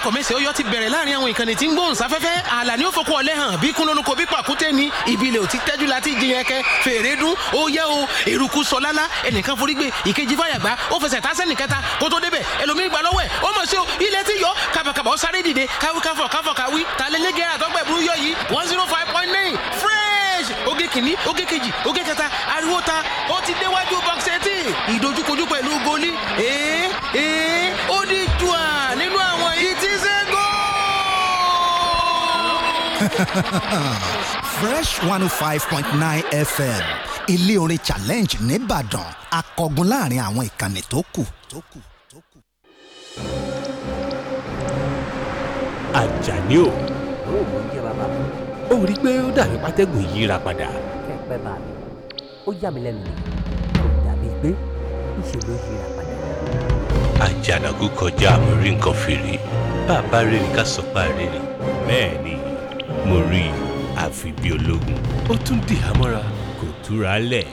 akẹ́kọ̀ọ́ mẹ́sẹ̀ ó yọ ti bẹ̀rẹ̀ láàrin àwọn ìkànnì tí ń gbóhùn sáfẹ́fẹ́ ààlà ni ó fokú ọlẹ́ hàn bí kúnlónúkọ bí pàkúté ni ìbílẹ̀ ò ti tẹ́jú láti jiyàn kẹ fèrè dún ó yẹ o eruku sọ lálá ẹnìkan forí gbé ìkejì fàyàgbá ó fẹsẹ̀ tásẹ̀ nìkẹta kó tó débẹ̀ ẹlòmíì gbà lọ́wọ́ ẹ̀ ó mọ̀ sí o ilẹ̀ ti yọ kàbàkàbà ó sáré dìde káfọ̀káfọ̀ oge kìíní oge kejì oge kẹta ariwo ta ó ti déwájú box eighteen ìdojúkojú pẹ̀lú goli ee ee fresh one oh five point nine fm ilé orin challenge nìbàdàn akọgun láàrin àwọn ìkànnì tó kù. àjàní o ó rí i pé ó dàbí pátẹ́gùn yíra padà. kẹ́pẹ́ bá mi ó yà mí lẹ́nu nìyí kò dàbí pé ìṣèlú yíra padà. àjànàkú kọjá àmọ́ nǹkan fèrè bá a bá rẹ́rìn ká sọ pé a bẹ́ẹ̀ ni mo rí i àfi bí ológun ó tún dìhámọ́ra kò túra lẹ̀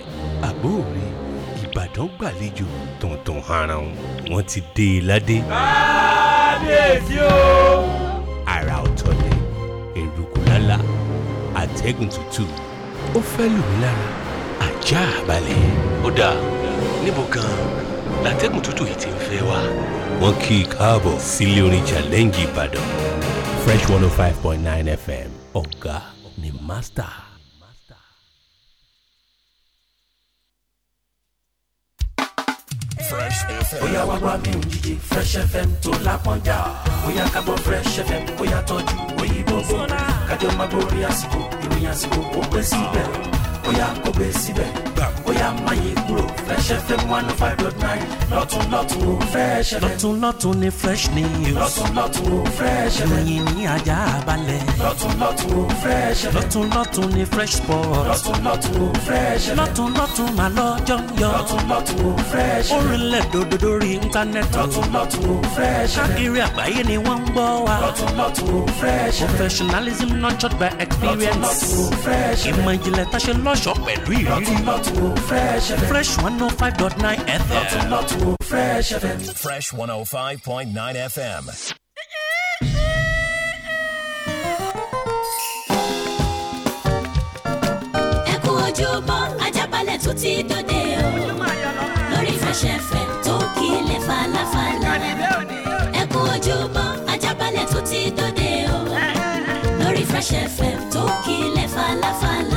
àbó rí ìbàdàn gbàlejò tuntun haran wọn ti dé e ládé. kábíyèsí o. ara ọ̀tọ̀ ni eruku lálá àtẹ̀gùn tútù ó fẹ́ lù mí lára ajá balẹ̀. ó dáa níbo gan-an látẹ̀gùn tútù yìí ti ń fẹ́ wá. wọ́n kí i káàbọ̀ sílé orin challenge ìbàdàn Fresh 105.9 FM ọ̀gá ni master. Fresh FM. Bóyá wá wá mi ò yíye Fresh FM tó lápọ́njà. Bóyá ká gbọ́ Fresh FM bóyá tọ́jú òyìnbó. Kájọ máa gbórí àsìkò ìròyìn àsìkò ó pẹ́ síbẹ̀ bóyá kò gbé síbẹ̀ bóyá má kúrò Fresh FM one oh five dot nine lọ́tún lọ́tún ó Fresh FM. lọ́tún lọ́tún ni fresh news. lọ́tún lọ́tún ó Fresh FM. ròyìn ní ajá balẹ̀. lọ́tún lọ́tún ó Fresh FM. lọ́tún lọ́tún ni fresh sports. lọ́tún lọ́tún ó Fresh FM. lọ́tún lọ́tún mà lọ́jọ́ yọ. lọ́tún lọ́tún ó Fresh FM. orílẹ̀ dòdò lórí íńtánẹ́ẹ̀tì. lọ́tún lọ́tún ó Fresh FM. káàkiri àgbáyé ni wọ́n ń gbọ́ wa. lọ́tún lọ́tún ó Fresh FM. professionalism nurtured by experience. lọ́tún lọ́tún ó Fresh FM. ìmọ̀ ṣọ pẹ̀lú ìrírí. lọ́tùlọ́tù fresh fm. fresh fm. fresh fm. fresh one oh five point nine fm. ẹkún ojúbọ ajábalẹ̀ tó ti dòde o lórí fresh fm tó kílẹ̀ falafala ẹkún ojúbọ ajábalẹ̀ tó ti dòde o lórí fresh fm tó kílẹ̀ falafala.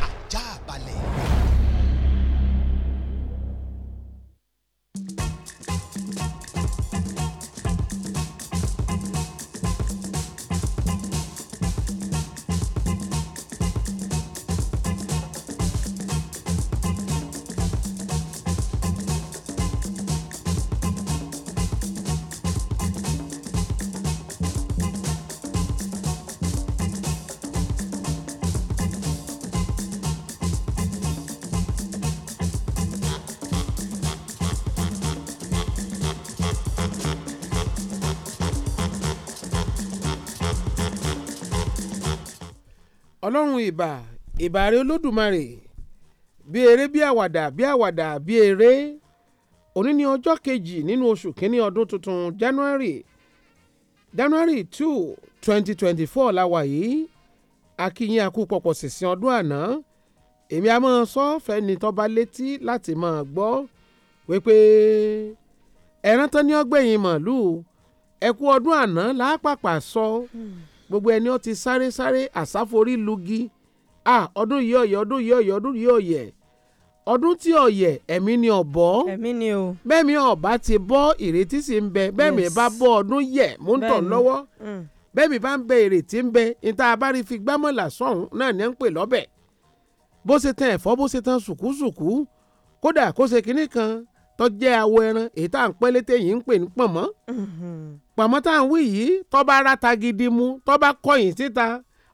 ìbà ìbàrẹ̀ olódùmarè bí eré bí àwàdà bí àwàdà bí eré òní ni ọjọ́ kejì nínú oṣù kínní ọdún tuntun january january two twenty twenty four la wà yìí akínyìn àkú pọ̀pọ̀ sísìn ọdún àná èmi a máa sọ fẹ́ni tọ́ba létí láti máa gbọ́ wípé ẹran tán ní ọgbẹ́yìn màlúù ẹkú ọdún àná lápapà sọ hmm. gbogbo ẹni ó ti sáré sáré àsáforí lugi. So, ah ọdún yìí ọyẹ ọdún yìí ọyẹ ọdún yìí ọyẹ ọdún tí ọyẹ ẹ̀mí ni ọbọ ẹ̀mí ni o. bẹ́ẹ̀mi ọba ti bọ ìrètí sì ń bẹ bẹ́ẹ̀mi bá bọ́ ọdún yẹ mò ń tọ̀ lọ́wọ́ mm. bẹ́ẹ̀mi bá ń bẹ ìrètí ń bẹ níta abárí fi gbámọ̀là sọ̀hún náà ní ń pè lọ́bẹ̀ bó ṣe tan ẹfọ bó ṣe tan sùkúsùkú kódà kó ṣe kinní kan tó jẹ́ awọ ẹran èyí tá à ń pẹ́ létè yìí ń pè ní pọ̀nmọ́ mm-hmm. pọ̀nmọ́ tá à ń wí yìí tó bá ráta gidi mu tó bá kọ̀yìn síta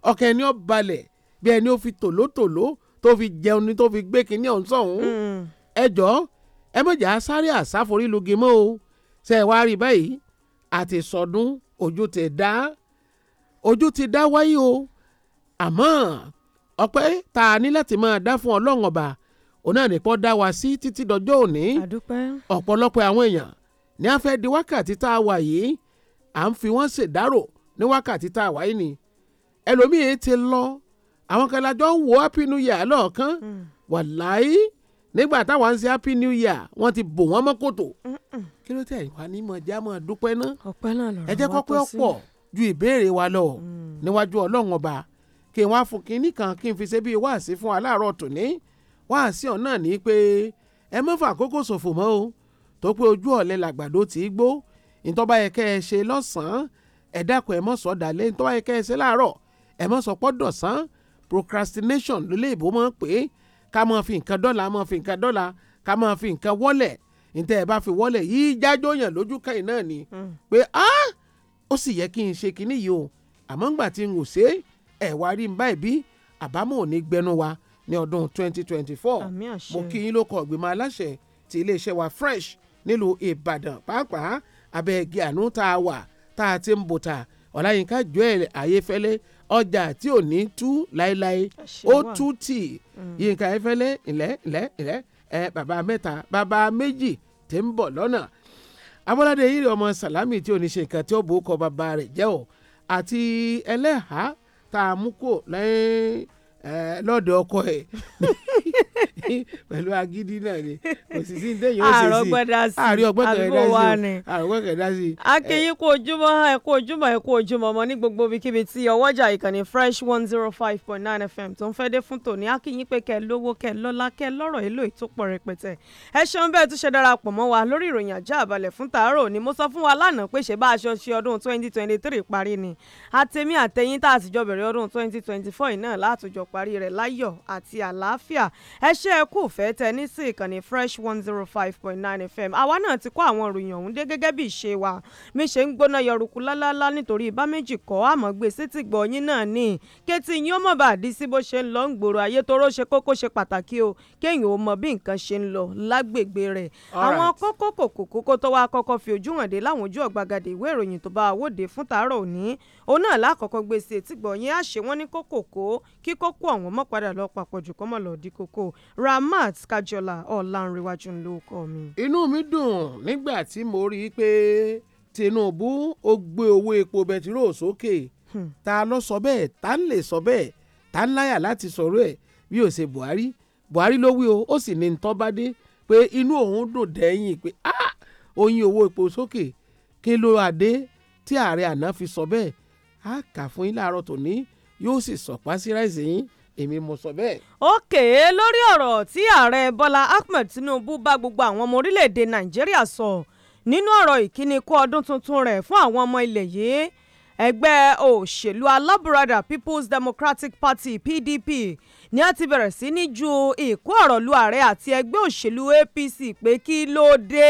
ọkàn ẹni ó balẹ̀ bí ẹni ó fi tòlótòló tó fi jẹun ni tó fi gbé kinní ọ̀hún sọ̀hún hmm. ẹ jọ̀ọ́ ẹ mọ̀jà sáré àsáforílugi mọ́ o ṣe é wá rí báyìí àti sọdún ojú ti dá ojú ti dá wáyé o àmọ́ ọpẹ́ tá a ní láti máa dá fún ọlọ́run ọba òun náà nìkan dá wa sí títí dọjọ́ òní ọ̀pọ̀lọpọ̀ àwọn èèyàn ní a wákàtí tá a wà yìí à ń fi wọ́n ṣèdárò ní wákàtí tá a wà ni ẹlòmíì ti lọ àwọn kan lájọ ń wo happy new year lọ́ọ̀kan mm. wàláì nígbà táwọn ń ṣe happy new year wọ́n ti bò wọ́n mọ́ kòtò mm, mm. kí ló tẹ̀ wá ní mọ̀já mọ̀ dúpẹ́ náà ọpẹ́ náà lọ́rọ̀ wá tó sí ẹ jẹ́ kó pé ọ̀pọ̀ ju ìbéèrè wa lọ níwájú ọlọ́run ọba kí n wá fún kinní kan kí n fi ṣe bíi wáàsí fún aláàárọ̀ tòní wáàsí ọ̀nà ní pé ẹ má fà àkókò ṣòfò mọ́ o tó pé ojú ọ̀lẹ làgbàdo tí gbó ìtọ́ba yẹ kẹ́ ẹ ṣe lọ́sàn-án ẹ ẹ mọ́ sọ dalẹ́ ìtọ́ba yẹ kẹ́ ẹ ṣe láàárọ̀ ẹ mọ́ sọ pọ́ dọ̀sán procrastination ló lè bó mọ́ pé ká máa fi nǹkan dọ́là máa fi nǹkan dọ́là ká máa fi nǹkan wọ́lẹ̀ níta ẹ̀ bá fi wọ́lẹ̀ yìí jájó yàn lójú kan náà ni hmm. pé ó sì yẹ kí n ṣe kinní yìí o àmọ́ ngbà tí n ò ṣe ẹ̀ wá rí n báyìí bí àbámọ̀ ò ní gbẹnu wa ní ọdún 2024 mo kí yín ló kọ ìgbìmọ̀ aláṣẹ ti iléeṣẹ́ wa fresh nílùú ìbàdàn pàápàá abẹ́ẹ̀gì àánú tá a wà tá a ti ń bòtà ọláyínká joel ayéfẹ́lẹ́ ọjà tí ò ní tú láéláé ó tú tì mm. Yínká Ayéfẹ́lẹ́ ìlẹ́ ìlẹ́ ìlẹ́ ẹ bàbá mẹ́ta bàbá méjì tí ń bọ̀ lọ́nà Abọ́ládé yìí ọmọ Sàlámì tí ò ní ṣe nǹkan tí ó bò ó kọ bàbá rẹ̀ jẹ́ o àti ẹlẹ́hàá tá a mú kò lẹ́yìn lọ́dọ̀ ọkọ ẹ̀ pẹ̀lú agídí náà ni kò sì sí déyìn ó sì sí àárí ọgbọ́n kẹ̀kẹ́ dá sí o àárí ọgbọ́n kẹ̀kẹ́ dá sí. akeyin kú ojúmọ́ ẹ kú ojúmọ́ ẹ kú ojúmọ́ ọmọ ní gbogbo ibikíbi tí ọwọ́jà ìkànnì fresh one zero five point nine fm tó ń fẹ́ dé fún tòní akeyin pé kẹ́ lówó kẹ́ lọ́lá kẹ́ lọ́rọ̀ èlò ìtòpọ̀ rẹpẹtẹ. ẹ ṣeun bẹ́ẹ̀ tún ṣe darapọ̀ mọ́ wa lórí ìròyìn àjá àbálẹ̀ fún tàárọ̀ ni mo sọ fún wa lánàá pé ṣe bá aṣọ ṣe ọdún twenty twenty three parí ni àtẹ̀mí àtẹ̀yìn tá a sì jọ bẹ̀rẹ̀ ọdún twenty twenty four yìí náà látòjọ pa parí rẹ̀ láyọ̀ àti àlàáfíà ẹ ṣé ẹ kú fẹ́ tẹ ní sí ìkànnì fresh one zero five point nine fm àwa náà ti kó àwọn ìròyìn ọ̀hún dé gẹ́gẹ́ bí ìṣe wa mi ṣe ń gbóná yọrùkú lálálá nítorí bá méjì kọ́ àmọ́ gbé sétí gbọ́ yín náà ní kétí yín ó mọ̀ bá àdí sí bó ṣe ń lọ ń gbòòrò ayé toró ṣe kókó ṣe pàtàkì o kéèyàn ó mọ bí nǹkan ṣe ń lọ lágbègbè rẹ̀ àwọn kókó kòkó kókó tó wá kọ́kọ́ fi ojú hàn dé láwọn ojú ọ̀gbagadè ìwé ìròyìn tó bá wòde fún tàárọ̀ òní òun náà lákọ̀ọ́kọ́ gbèsè tí gbọ̀nyìn àṣẹ wọn ní kókòkó kí kókó kó àwọn ọmọ padà lọ papọ̀jù kọ́ mọ̀ lọ di kókó Ramat Kájọlá Ọ̀làǹrẹ̀wájú ń lo ọkọ mi. inú mi dùn nígbà tí mo rí i pé Tinubu ó gbé owó epo bẹtiró sókè hmm. ta ló sọ bẹ́ẹ̀ ta ń lè sọ bẹ́ẹ̀ ta ń láyà láti sọ̀rọ̀ ẹ̀ bí ó ṣe Buhari Buhari ló wí o ó sì ní tọ́ bá dé pé inú òun dùn dẹ́yìn pé ah oyin owó epo sókè kí ló adé tí ààrẹ àná fi sọ bẹ́ẹ̀ á kà fún yín láàárọ̀ tòní yóò sì sọ̀pá sí ráìsì yín èmi mo sọ bẹ́ẹ̀. òkè lórí ọ̀rọ̀ tí ààrẹ bọ́lá ahmed tinubu bá gbogbo àwọn ọmọ orílẹ̀-èdè nàìjíríà sọ nínú ọ̀rọ̀ ìkíni kú ọdún tuntun rẹ̀ fún àwọn ọmọ ilẹ̀ yìí ẹgbẹ́ òṣèlú alábùradà people's democratic party pdp ni wọ́n ti bẹ̀rẹ̀ sí ní ju ìkó ọ̀rọ̀ lu ààrẹ àti ẹgbẹ́ òṣèlú APC pé kí ló dé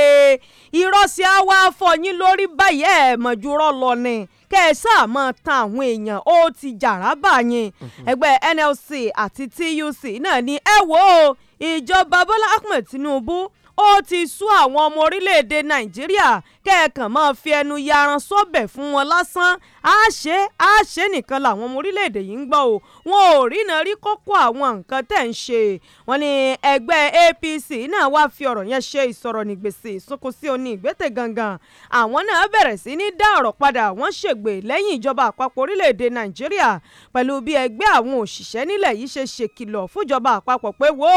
ìrọ́sí àwa fọyín lórí báyìí ẹ̀ mọ̀júrọ̀ lọ ni kẹsà mọ tan àwọn èèyàn ó ti jàrá báyìí mhm. ẹgbẹ́ NLC àti TUC náà ni ẹ wò ó ìjọba Bọ́lá Ahmed Tinubu ó ti sú àwọn ọmọ orílẹ̀-èdè Nàìjíríà kẹ́ẹ̀kan máa fi ẹnu yaran sóbẹ̀ fún wọn lásán á ṣe á ṣe nìkan làwọn ọmọ orílẹ̀-èdè yìí ń gbọ́ o wọn ò rína rí kókó àwọn nǹkan tẹ̀ ń ṣe wọn ni ẹgbẹ́ APC náà wá fi ọ̀rọ̀ yẹn ṣe ìsọ̀rọ̀ nígbèsè ìsúnkù sí oní ìgbésẹ̀ gangan àwọn náà bẹ̀rẹ̀ sí ní dá ọ̀rọ̀ padà wọ́n ṣègbè lẹ́yìn ìjọba àpapọ̀ orílẹ̀-èdè Nàìjíríà pẹ̀lú bí ẹgbẹ́ àwọn òṣìṣẹ́ nílẹ̀ yìí ṣe ṣèkìlọ̀ fúnjọba àpapọ̀ pé wo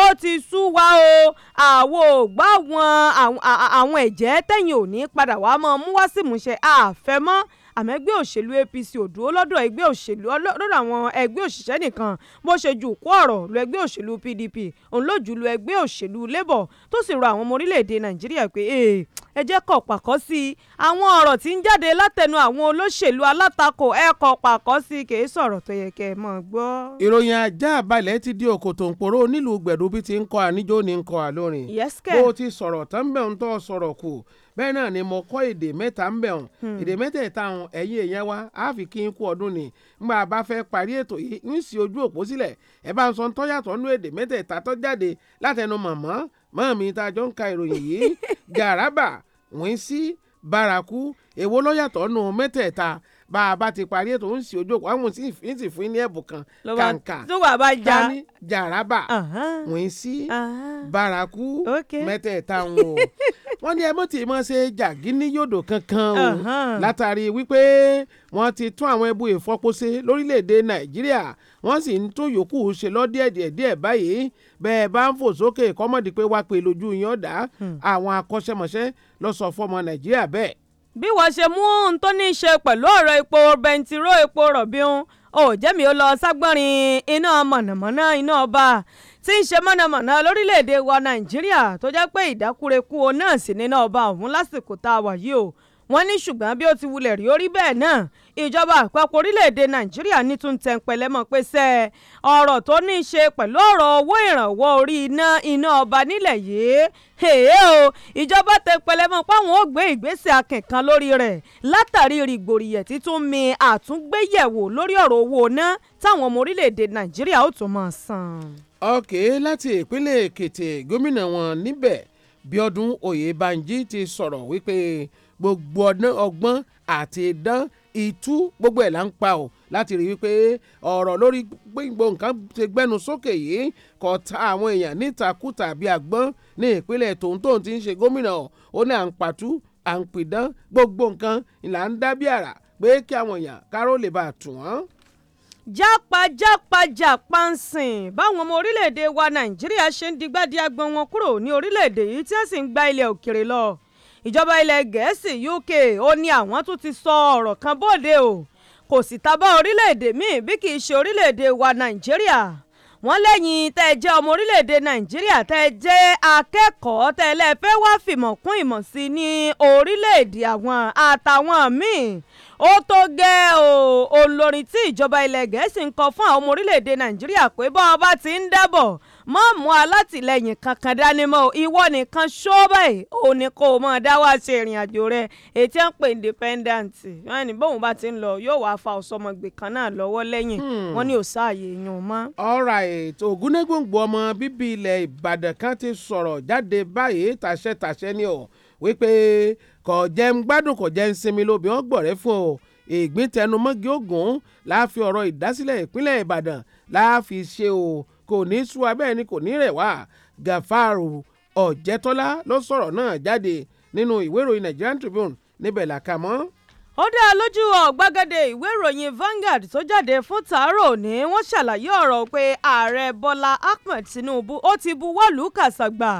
ó ti sú wa o àwọn lẹ́yìn òní padà wàá mọ́ mú wá sí ìmúṣẹ àfẹ́ mọ́ àmọ́ ẹgbẹ́ òṣèlú APC ò dúró lọ́dọ̀ ẹgbẹ́ òṣèlú lọ́dọ̀ àwọn ẹgbẹ́ òṣìṣẹ́ nìkan bó ṣe ju òkú ọ̀rọ̀ lu ẹgbẹ́ òṣèlú PDP òun ló jù lu ẹgbẹ́ òṣèlú Labour tó sì rọ àwọn ọmọ orílẹ̀-èdè Nàìjíríà pé ẹ jẹ́ kọ̀ pàkọ́ sí i àwọn ọ̀rọ̀ tí ń jáde látẹnu àwọn olóṣèlú alátakò ẹ kọ̀ pàkọ́ sí i kìí sọ̀rọ̀ tó yẹ kẹ́ ẹ mọ̀ gbọ́. ìròyìn ajá balẹ̀ ti di òkòtò ńpòrò nílùú gbẹ̀dú ti ń kọ́ àníjó ni ń kọ́ àlórin. yẹ́sìkẹ́ bó ti sọ̀rọ̀ tán bẹ́ẹ̀ ń tọ́ sọ̀rọ̀ kù bẹ́ẹ̀ náà ni mo kọ́ èdè mẹ́ta ń bẹ̀ hàn hmm. èdè mẹ́tẹ̀ẹ̀ta hàn ẹ̀yin èèyàn wa á fi kí n kú ọdún ni ngbà bá fẹ́ parí ètò yìí ń sì ojú òpó sílẹ̀ ẹ bá ń sọ tọ́yàtọ̀ nú èdè mẹ́tẹ̀ẹ̀ta tó jáde látẹnu màmá màmí tá a jọ ń ka ìròyìn yìí gàràbà wíńsí bàràkú èwo ló yàtọ̀ nù mẹ́tẹ̀ẹ̀ta bá a bá ti parí ètò ń sì ojú òkú àwọn tí ń sì fún ní ẹ̀bùn kan kàǹkà tani jaraba wíńsí baraku mẹ́tẹ̀ẹ̀ta wọn o wọ́n ní ẹ mọ̀ tí mo ṣe jàgínníyòdò kankan o látàrí wípé wọ́n ti tún àwọn ẹbu ìfọpo ṣe lórílẹ̀‐èdè nàìjíríà wọ́n sì ń tún yòókù ṣe lọ́díẹ̀díẹ̀ báyìí bẹ́ẹ̀ bá ń fò sókè kọ́mọ̀dé pé wá pé lójú yín ọ̀dà hmm. àwọn akọ́ṣẹ́mọṣẹ́ ló sọ fọ́mọ nàìjíríà bẹ́ẹ̀ bí wọ́n ṣe mú ohun tó ní í ṣe pẹ̀lú ọ̀rọ̀ epo bẹntiró epo rọ̀bì ń ò jẹ́mi ó lọ ságbọ́nrin iná mọ̀nàmọ́ná iná ọba tí ń ṣe mọ̀nàmọ́ná lórílẹ̀‐èdè wa nàìjíríà tó jẹ́ pé ìdákúrekú o náà sì níná ọba ọ̀hún lásìkò tá a wà yìí o wọ́n ní ṣùgbọ́n bí ó ti wulẹ̀ rí orí bẹ́ẹ̀ náà ìjọba àpapọ̀ orílẹ̀-èdè nàìjíríà ní tún tẹ̀ǹpẹ̀lẹ̀ mọ́ pé sẹ́ ọ̀rọ̀ tó ní í ṣe pẹ̀lú ọ̀rọ̀ owó ìrànwọ́ orí iná iná ọba nílẹ̀ yìí èyí o ìjọba tẹ̀ǹpẹ̀lẹ̀ mọ́ páwọn ó gbé ìgbésẹ̀ akẹ̀kan lórí rẹ̀ látàrí rìgbòrìyẹ̀ títún mi àtúngbéyẹ̀wò lórí ọ̀rọ̀ owó ná táwọn ọmọ orílẹ̀-èdè nàìjíríà ó tún máa san. ọ̀kẹ́ láti ìpínlẹ̀ èkìtì gómìnà wọn níbẹ̀ Bíọ́dún Oyèbánjí ti sọ̀rọ̀ wípé gbogbo ọgbọ́n àti idán ìtú gbogbo ẹ̀ là ń pa ọ́ láti rí wípé ọ̀rọ̀ lórí gbogbo nǹkan ti gbẹ́nu sókè yìí kò ta àwọn èèyàn nítakùtà bí àgbọ́n ní ìpínlẹ̀ tòǹtòǹ ti ń ṣe gómìnà ó ní à ń patú à ń pìdán gbogbo nǹkan là ń dá àrà pé kí àwọn èèyàn káró lè bá a tù wọ́n jápajápajàpá ń báwọn ọmọ orílẹ̀-èdè wa nàìjíríà ṣe ń digbá di agbọn wọn kúrò ní orílẹ̀-èdè yìí tí wọ́n sì ń gba ilẹ̀ òkèrè lọ ìjọba ilẹ̀ gẹ̀ẹ́sì UK ó ní àwọn tún ti sọ ọ̀rọ̀ kan bóde o kò sì tabá orílẹ̀-èdè míì bí kì í ṣe orílẹ̀-èdè wa Nàìjíríà wọ́n lẹ́yìn tẹ́ ẹ jẹ́ ọmọ orílẹ̀-èdè Nàìjíríà tẹ́ ẹ jẹ́ akẹ́kọ̀ọ́ tẹ́ ẹ lẹ́ẹ̀fẹ́ wá fìmọ̀ kún ìmọ̀ sí ní orílẹ̀-èdè àwọn àtàwọn míì ó tó gẹ́ o olórin tí ìjọba ilẹ̀ gẹ̀ẹ́sì ń kọ fún àwọn ọmọ orílẹ̀-èdè Nàìjíríà pé bọ́ọ̀ bá ti ń dábọ̀ má mú alátìlẹyìn kankan dání mọ́ ìwọ nìkan ṣó báyìí òun ni kó mọ̀ dá wá ṣe ìrìn àjò rẹ ètí ń pè independent wọn ni bóun bá ti ń lọ yóò wáá fa ọ̀sọ́mọgbè kan náà lọ́wọ́ lẹ́yìn hmm. wọn ni ò sáàyè yàn mọ́. alright ògúnnégbòǹgbò ọmọ bíbí ilẹ̀ ìbàdàn kan ti sọ̀rọ̀ jáde báyìí tàṣẹ tàṣẹ ni ọ̀ wípé kò jẹ́ ń gbádùn kò jẹ́ ń sinmi lóbi wọ́n gbọ̀rẹ́ fún ọ ìgbín tẹnumọ́gi ogun láàfin ọ̀rọ̀ ìdásílẹ̀ ìpínlẹ̀ ìbàdàn láàfin ṣe o kò ní sú abẹ́ẹ̀ ni kò ní rẹ̀ wá Gàfárù Ọ̀jẹ̀tọ́lá ló sọ̀rọ̀ náà jáde nínú ìwé ìròyìn Nigerian Tribune níbẹ̀ làkà mọ́. ó dá lójú ọ̀gbàgede ìwé ìròyìn Vanguard tó jáde fún tàárọ̀ òní wọ́n ṣàlàyé ọ̀rọ̀ pé ààrẹ Bọ́lá Ahmed Tinubu ó ti buwọ́lù kàṣàgbà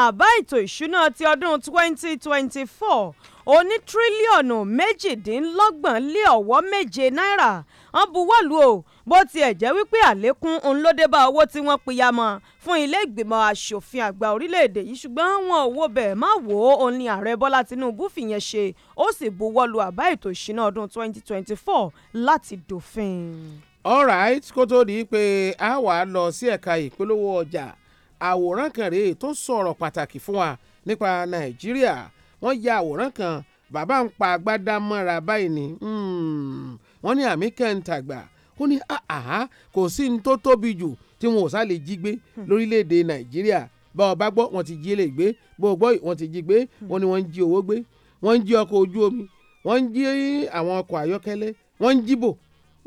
àbá ètò ìṣúná ti ọdún 2024 oní tírílíọ̀nù méjìdínlọ́gbọ̀n lé ọ̀wọ́ méje náírà ń buwọ́lù o bó tiẹ̀ jẹ́ wípé àlékún òun ló dé bá owó tí wọ́n piya mọ́ fún ilé ìgbìmọ̀ asòfin àgbà orílẹ̀-èdè yìí ṣùgbọ́n wọn ò wo bẹ́ẹ̀ má wò ó òun ni ààrẹ bọ́lá tinubu fìyẹn ṣe ó sì buwọ́lù àbá ètò ìṣúná ọdún 2024 láti dòfin. alright kó tó di pé a wà á lọ sí ẹ̀ka ìpolówó ọjà àwòrán kan rèé tó sọ̀rọ̀ pàtàkì fún wa nípa nàìjíríà wọ́n ya àwòrán kan bàbá ń pa agbádá mọ́ra báyìí ni hmm. wọ́n ní àmì kẹ́ńtàgbà ó ní àhá kò sí ní tó tóbi jù tí wọn ò sá lè jí gbé lórílẹ̀‐èdè nàìjíríà bá ọ bá gbọ́ wọn ti jí èlé gbé bó o gbọ́ wọn ti jí gbé wọn ni wọ́n ń jí owó gbé wọ́n ń jí ọkọ̀ ojú omi wọ́n ń jí àwọn ọkọ̀ ayọ́kẹ́lẹ́ wọ́n ń jíbò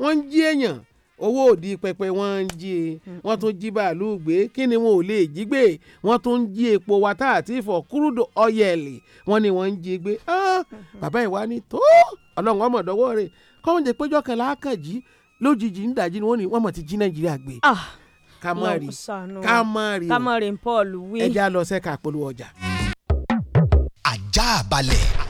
wọ́n ń jí èèyàn owó di pẹpẹ wọ́n ń jí e wọ́n tún jí bàálù gbé kí ni wọn ò lè jí gbé wọ́n tún ń jí epo wa tá àti ìfọ̀ kúrúdò ọ̀yẹ̀lì wọ́n ni wọ́n ń jí gbé bàbá ìwà ni tó ọlọ́run ọmọ ìdánwò rẹ̀ kọ́mọ̀ jẹ́ péjọ́ kan láàkànjí lójijì ń dàjí ni wọ́n ní wọ́n mọ̀ ti jí nàìjíríà gbé kamari kamari kamari paul wi ẹja lọ sẹ́ka polówó ọjà. ajá balẹ̀.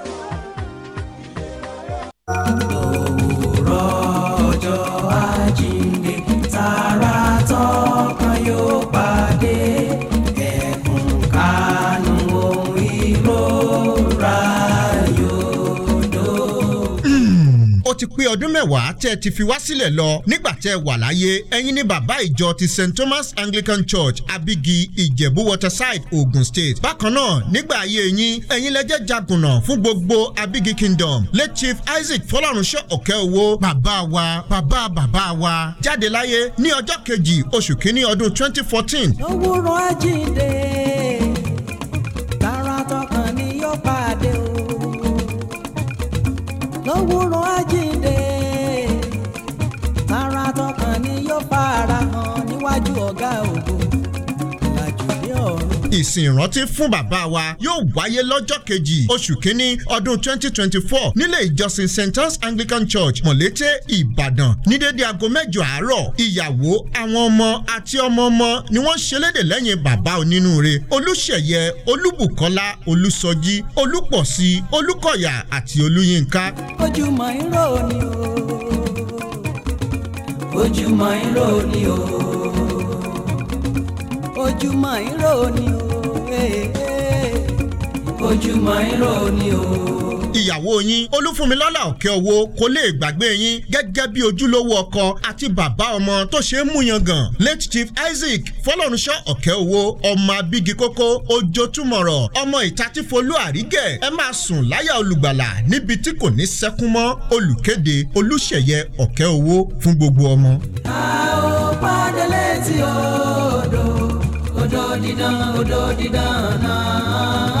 òwúrọ̀ ọjọ́ àjíǹde tá a. ọdún mẹ́wàá tẹ́ ẹ ti fi wá sílẹ̀ lọ nígbà tẹ́ ẹ wà láyé ẹ̀yin ni bàbá ìjọ ti St Thomas Anglican Church Abigi Ìjẹ̀bú Waterside Ogun State bákan náà nígbà ayé yín ẹ̀yin lẹ́jẹ́ jagùnà fún gbogbo Abigi Kingdom late Chief Isaac Fọlọ́runṣọ́ Òkèowó bàbá wa bàbá bàbá wa jáde láyé ní ọjọ́ kejì oṣù kínní ọdún twenty fourteen. lówùrọ̀ àjíǹde. ọ̀gá ògo ìlàjò ní ọ̀run ìsìn ìrántí fún bàbá wa yóò wáyé lọ́jọ́ kejì oṣù kínní ọdún 2024 nílé ìjọsìn St. John's Anglican Church Mọ̀lété Ìbàdàn ní dédé aago mẹ́jọ àárọ̀ ìyàwó àwọn ọmọ àti ọmọ ọmọ ni wọ́n ṣẹlẹ́dẹ̀ lẹ́yìn bàbá onínúure Olúṣeyẹ Olúbùkọ́lá Olúsọjí Olúpọ̀sí Olúkọ̀yà àti Olúyínká. ojúmọ́ irọ́ ni o ojúmọ́ irọ́ ni o ojúmọ́ ìró ni o eh, eh. ojúmọ́ ìró ni o ìyàwó yín olúfúnmilọ́lá òkè owó kò lè gbàgbé yín gẹ́gẹ́ bí ojúlówó ọkọ àti bàbá ọmọ tó ṣe é múyangàn late chief isaac fọlọ́runṣọ́ òkè owó ọmọ abígi kókó ojoojúmọ̀rọ̀ ọmọ ìtatífolú àrígẹ̀ ẹ máa sùn láyà olùgbàlà níbi tí kò ní sẹ́kún mọ́ olùkéde olùṣeyẹ òkè owó fún gbogbo ọmọ. a ò padà létí odò. do di da na.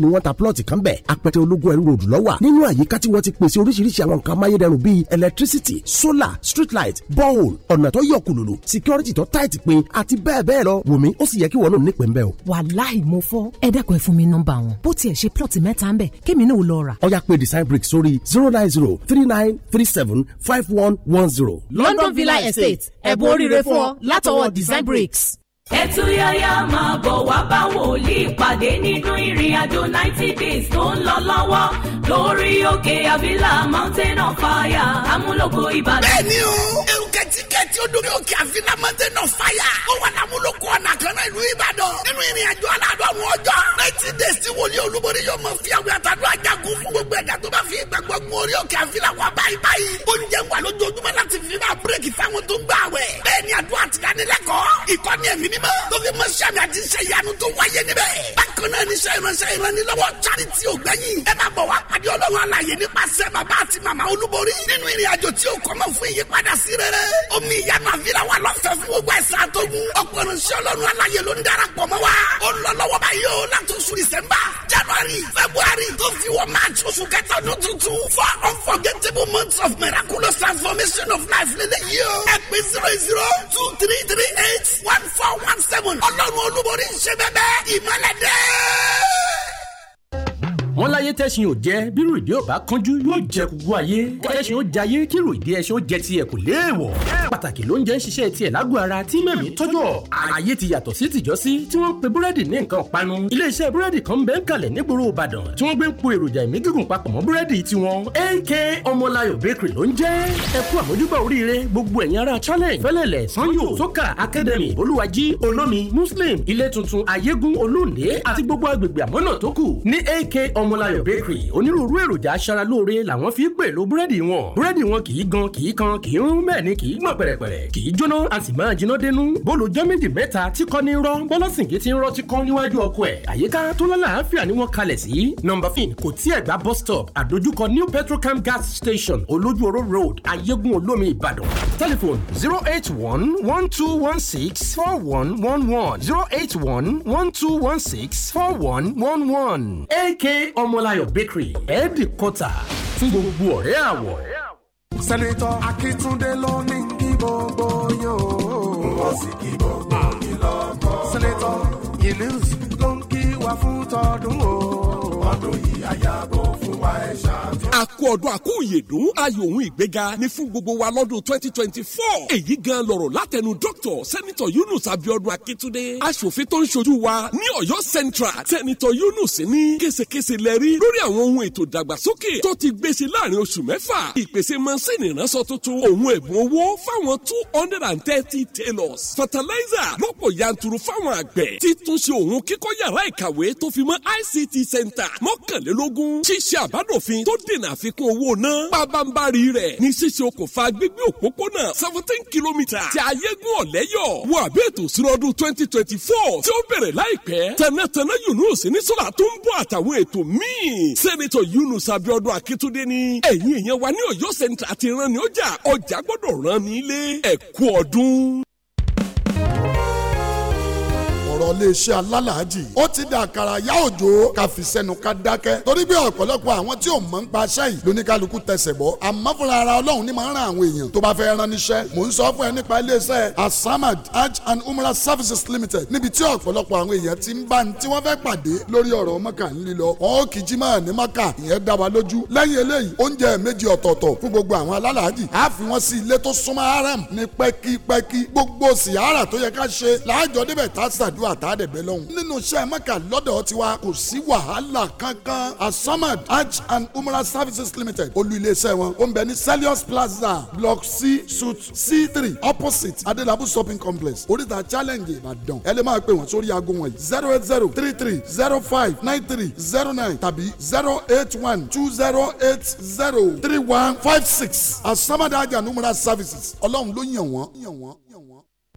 ni wọ́n ta plọ̀tì kan bẹ̀ apẹtẹ ológun ẹ̀rú ròdù lọ́wà nínú àyíká tí wọ́n ti pèsè oríṣiríṣi àwọn nǹkan amáyédẹrùn bíi electricity solar street light borehole ọ̀nà tó yọ kùlùlù security tó tight pin àti bẹ́ẹ̀ bẹ́ẹ̀ lọ wùmí ó sì yẹ kí wọ́n lòun nípìn bẹ́ẹ̀ o. wàláì mo fọ ẹ dẹ́kun ẹ fún mi nọ́mbà wọn bó tiẹ̀ ṣe plọ̀tì mẹ́ta ń bẹ̀ kémi náà lọ rà. ọ̀yá pé design brick sórí zero nine zero three nine three seven five one one zero. London Villa Estate ẹ̀bùn oríire fún ọ látọwọ́ design bricks ẹtú yáyá máa bọ̀ wá bá wòlíì pàdé nínú ìrìn àjò ninety days tó ń lọ lọ́wọ́ lórí òkè àbílà mountain of fire amúlòkọ ìbàdàn. bẹ́ẹ̀ni o ó dórí òkè àfínà mountain of fire. ó wà lámúlòkọ ọ̀nà kan náà ìlú ìbàdàn. nínú ìrìn àjò aládọ́run ọjọ́. ninety days tí wòlíì olúborí yóò mọ fi àwọn àtàdó ajagun fún gbogbo ẹ̀dá tó bá fi ìgbàgbọ́ gun orí òkè àfínà wà báyìí báyìí. oúnjẹ ń wà lójoojúmọ́ láti fi máa bírèkì fáwọn tó ń gbà wẹ̀. bẹ́ẹ̀ ni àdúrà ti dánilẹ́kọ̀ọ́. ìkọ́ni ẹ̀mí mímọ́ tó fi mọ sàmì àti iṣẹ́ ìyanu tó wáyé níbẹ̀. bákan náà níṣẹ́ ìránṣẹ́ ìrànlọ́wọ́ charity ògbẹ́yìn. ẹ máa bọ̀ wá pàdé ọlọ́run àlàyé nípasẹ̀ bàbá àti màmá olúborí nínú ìrìn àjò tí ó kọ́mọ fún ìyípadà sí rere. omi ìy ìyanu àfihàn wa lọ́fẹ̀ẹ́ fún gbogbo ẹ̀sìn àtọ́gùn ọ̀pọ̀lọpọ̀ iṣẹ́ ọlọ́run aláyè ló ń darapọ̀ mọ́ wa ó ń lọ lọ́wọ́ báyìí o láti oṣù december january february tó fi wọ march oṣù kẹta ọdún tuntun for unforgettable months of miraculous transformation of life lélẹ́yìí o ẹ pé zero zero two three three eight one four one seven ọlọ́run olúborí ń ṣe bẹ́ẹ̀ ìmọ̀lẹ́dẹ́ wọ́n láyé tẹ́sìn ò jẹ́ bírò ìdí ò bá kánjú yóò jẹ gbogbo ayé kẹ́sìn ó jayé kírò ìdí ẹṣin ó jẹ tiẹ̀ kò léèwọ̀ pàtàkì ló ń jẹ́ ń ṣiṣẹ́ tiẹ̀ lágbo ara tí mẹ́mí tọ́jọ́ ayé ti yàtọ̀ sí tìjọ́sí tí wọ́n ń pe búrẹ́dì ní nǹkan panu iléeṣẹ́ búrẹ́dì kan bẹ́ẹ̀ kalẹ̀ nígboro Ìbàdàn tí wọ́n gbé ń po èròjà ìmí gígùn papọ̀ mọ́ búrẹ́dì bakery ló ń jẹ́ ẹ kú àmójúbà oríire gbogbo ẹ̀yin ará challenge fẹ́lẹ̀lẹ̀ academy olúwají olómi muslim ilé tuntun ayégún olóńdé àti gbogbo agbègbè àmọ́nà tó kù ní AK ọmọ ọmọláyọ̀ bakery onírúurú èròjà aṣaralóore làwọn fi pèlò búrẹ́dì wọn búrẹ́dì wọn kì í gan kì í kan kì í rún bẹ́ẹ̀ ni kì í gbọ̀n pẹ̀rẹ̀pẹ̀rẹ̀ kì í jóná a sì máa jiná dénú bólú jọ́ mẹ́ta tí kọ́ ní rọ́ bọ́lọ́sìnkì ti ń rọ́ ti kọ́ níwájú ọkọ ẹ̀ àyíká tó lálàáfíà ni wọ́n kalẹ̀ sí nọmba fin kò tí ẹ̀ gba bus stop àdójúkọ new petrocam gas station olójúoró road ayégun olómi ìbàdàn telephone zero eight one one two one six four one one one zero eight one one two one six four one one one aka ọmọláyọ̀ bakery ẹ̀ẹ́dìkọ́tà fún gbogbo ọ̀rẹ́ àwọ̀. sẹ́nitọ́ akíntúndé ló ní kí gbogbo yóò. wọ́n sì kí gbogbo yìí lọ́kọ́. sẹ́nitọ́ yìlíùs ló ń kí wa fún tọdún o. ọdún yìí àyàbọ̀. àkú ọdún àkú ìyèdún ayò òun ìgbéga ni fún gbogbo wa lọ́dún twenty twenty four èyí gan lọ̀rọ̀ látẹnu dr sẹ́nitọ̀ yunus abiodun akitunde aṣòfin tó ń ṣojú wa ní ọ̀yọ́ central sẹ́nitọ̀ yunus ní késekése lẹ́rí lórí àwọn ohun ètò ìdàgbàsókè tó ti gbèsè láàrin oṣù mẹ́fà ìpèsè mọ́sìnì ìránṣọ tuntun òun ẹ̀bùn owó fáwọn two hundred and thirty tailors fertilizer lọ́pọ̀ yanturu fáwọn àgbẹ̀ títúnṣe òun kíkọ́ yàrá ìkàwé tó fi mọ́ ict center mọ́kànlélógún ṣíṣe àbá àbádòfin tó dènà àfikún owó náà pabambari rẹ̀ ní ṣíṣe okòfà gbígbé òpópónà seventeen kilometre ti ayégún ọ̀lẹ́yọ̀ wo àbí ètò ìṣúná ọdún twenty twenty four tí ó bẹ̀rẹ̀ láìpẹ́ tẹ̀nẹ́tẹ̀nẹ́ Yunus ní sọ́la tó ń bọ̀ àtàwọn ètò míì sẹ́nitọ̀ Yunus Abiodun Akitunde ni ẹ̀yin èèyàn wa ní Ọ̀yọ́ Central àti ìran ni ọjà ọjà gbọ́dọ̀ ràn mí lé ẹ̀kú ọdún ọ̀rọ̀ iléeṣẹ́ alálàájì ó ti dà àkàrà yá òjò ká sẹ́nu ká dákẹ́ torí pé ọ̀pọ̀lọpọ̀ àwọn tí ò mọ̀ ń pa aṣẹ́ yìí lóníkálukú tẹsẹ̀ bọ́ àmọ́ fúnra ara ọlọ́run ní máa ń ran àwọn èèyàn tó bá fẹ́ rán níṣẹ́ mò ń sọ fún ẹ nípa iléeṣẹ́ asamad hajj and umrah services limited níbi tí ọ̀pọ̀lọpọ̀ àwọn èèyàn ti ń bá ní tí wọ́n fẹ́ pàdé lórí ọ̀rọ̀ mọ́kà ń lílọ wọn ó kì jimá ní mọ́kà ìyẹn dá wa lójú lẹ́yìn eléyìí oúnjẹ méjì ọ̀tọ̀ọ̀tọ̀ fún gbogbo àwọn alálàájì á fi wọ́n sí ilé tó súnmọ́ haram ní pẹ́kípẹ́kí gbogbo sìyára tó yẹ ká ṣe láàjọ débẹ̀ tá a ṣàdúrà àdúrà tá a dẹ̀ bẹ́ lọ́hùn. nínú iṣẹ́ mẹ́ka lọ́dọ̀ tiwa kò sí wàhálà kankan asamad hajj and umrah services limited olú iléeṣẹ́ wọn ó ń bẹ ní salius plaza block c suite c three opposite adelabu shopping complex oríta challenge ìbàdàn ẹ lè máa pè wọ́n sórí aago wọ̀nyí zero eight zero three three zero five nine three zero nine tàbí zero eight one two zero eight zero three one five six asamad hajj and umrah services ọlọ́run ló yàn wọ́n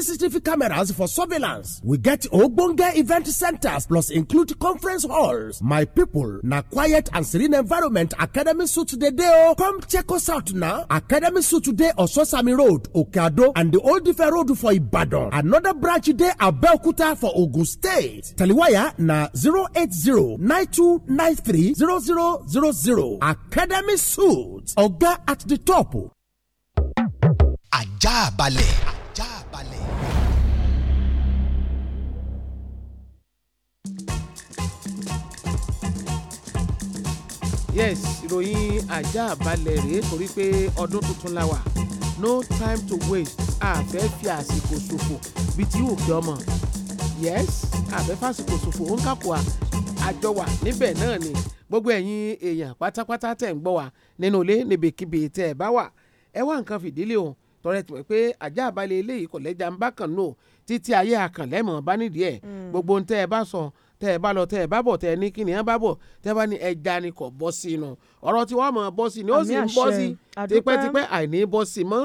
CCTV cameras for surveillance. We get ogbonge event centers plus include conference halls. My people, na quiet and serene environment Academy Suit dey dey Oh, Come check us out now. Academy Suit dey Ososami Road, Okeado and the Old Ife Road for Ibadan. Another branch at Belkuta for Ogun State. Taliwaya na 08092930000. Academy Suit. Oga at the top. Ajá balẹ̀. yes ìròyìn ajá balẹ̀ rèé torí pé ọdún tuntun la wà no time to waste àfẹ́ fi àsìkò ṣòfò bíi ti òkè ọmọ yes àfẹ́ fàsìkò ṣòfò ó ń kàkọ́ àjọ wà níbẹ̀ náà ni gbogbo ẹ̀yin èèyàn pátápátá tẹ̀ ń gbọ́ wa nínú ilé níbikíbi tẹ́ ẹ bá wà ẹ wá nǹkan fìdílé o tọrẹ tí mo pé ajá àbálẹ̀ eléyìí kò lẹ́jà ń bá kàn nù títí ayé àkànlẹ́mọ̀ bá nídìí ẹ̀ mm. gbogbo ohun tẹ́ ẹ bá sọ tẹ́ ẹ bá lọ tẹ́ ẹ bá bọ̀ tẹ́ ẹ ní kíni ẹ bá bọ̀ tẹ́ ẹ bá ní ẹja ni kò bọ́ sí inú ọ̀rọ̀ tí wọ́n mọ̀ bọ́ sí ni ó sì ń bọ́ sí tipẹ́tipẹ́ àìní bọ́ sí mọ́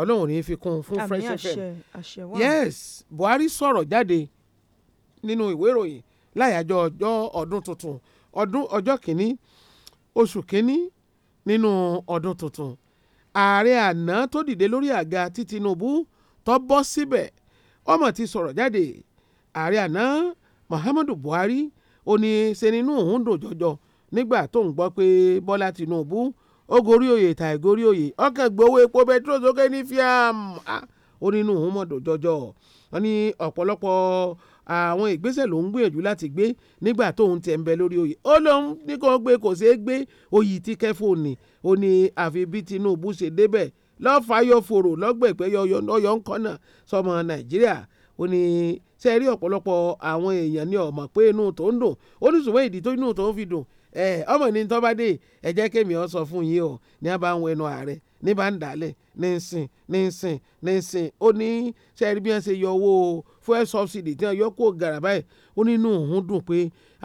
ọlọ́run ní fi kún fún Fresh FM yes Buhari sọ̀rọ̀ jáde nínú ìwé ìròyìn láyàjọ ọjọ́ ọdún tuntun ọdún ọjọ́ kìíní oṣù kìíní nínú ọdún tuntun ààrẹ àná tó dìde lórí àga tí Tinubu tó bọ́ síbẹ̀ ọmọ ti sọ̀rọ̀ jáde ààrẹ àná Muhammadu Buhari ó ní ṣe nínú òun dùn jọjọ nígbà tóun gbọ́ pé Bọ́lá Tinubu ó gorí oyè tàì gorí oyè ọkàn gbowó epo bẹtiró sókè ní fíàm ó nínú òun mọ̀ dùn jọjọ wọn ní ọ̀pọ̀lọpọ̀ àwọn ìgbésẹ̀ ló ń gbìyànjú láti gbé nígbà tóun tẹ̀ ń bẹ lórí oyè ó lóun ní kó gbé kò ṣeé gbé oyè tí kẹ́fọ́ ni ó ní àfi bí Tinubu ṣe débẹ̀ lọ́fàáyọ̀ fòrò lọ́gbẹ̀gbẹ́ yọyọ ńkọ́nà sọmọ Nàìjíríà ó ní ṣe rí ọ̀pọ̀lọpọ̀ àwọn èèyàn ní ọ̀mọ̀ pé inú tó ń dùn ó ní ṣùgbọ́n ìdí tó inú tó ń fi dùn ọmọ ní tọ́ dé ẹ kémi ọ sọ fún yín o ní a bá ààrẹ ní bá ń dálẹ̀ ní ń sìn ní ń sìn ní ń sìn ó ní sẹ́ẹ̀rí bí wọ́n ṣe yọ owó fuel subsidy tí wọ́n yọ kó gàrà báyìí ó nínú òun dùn pé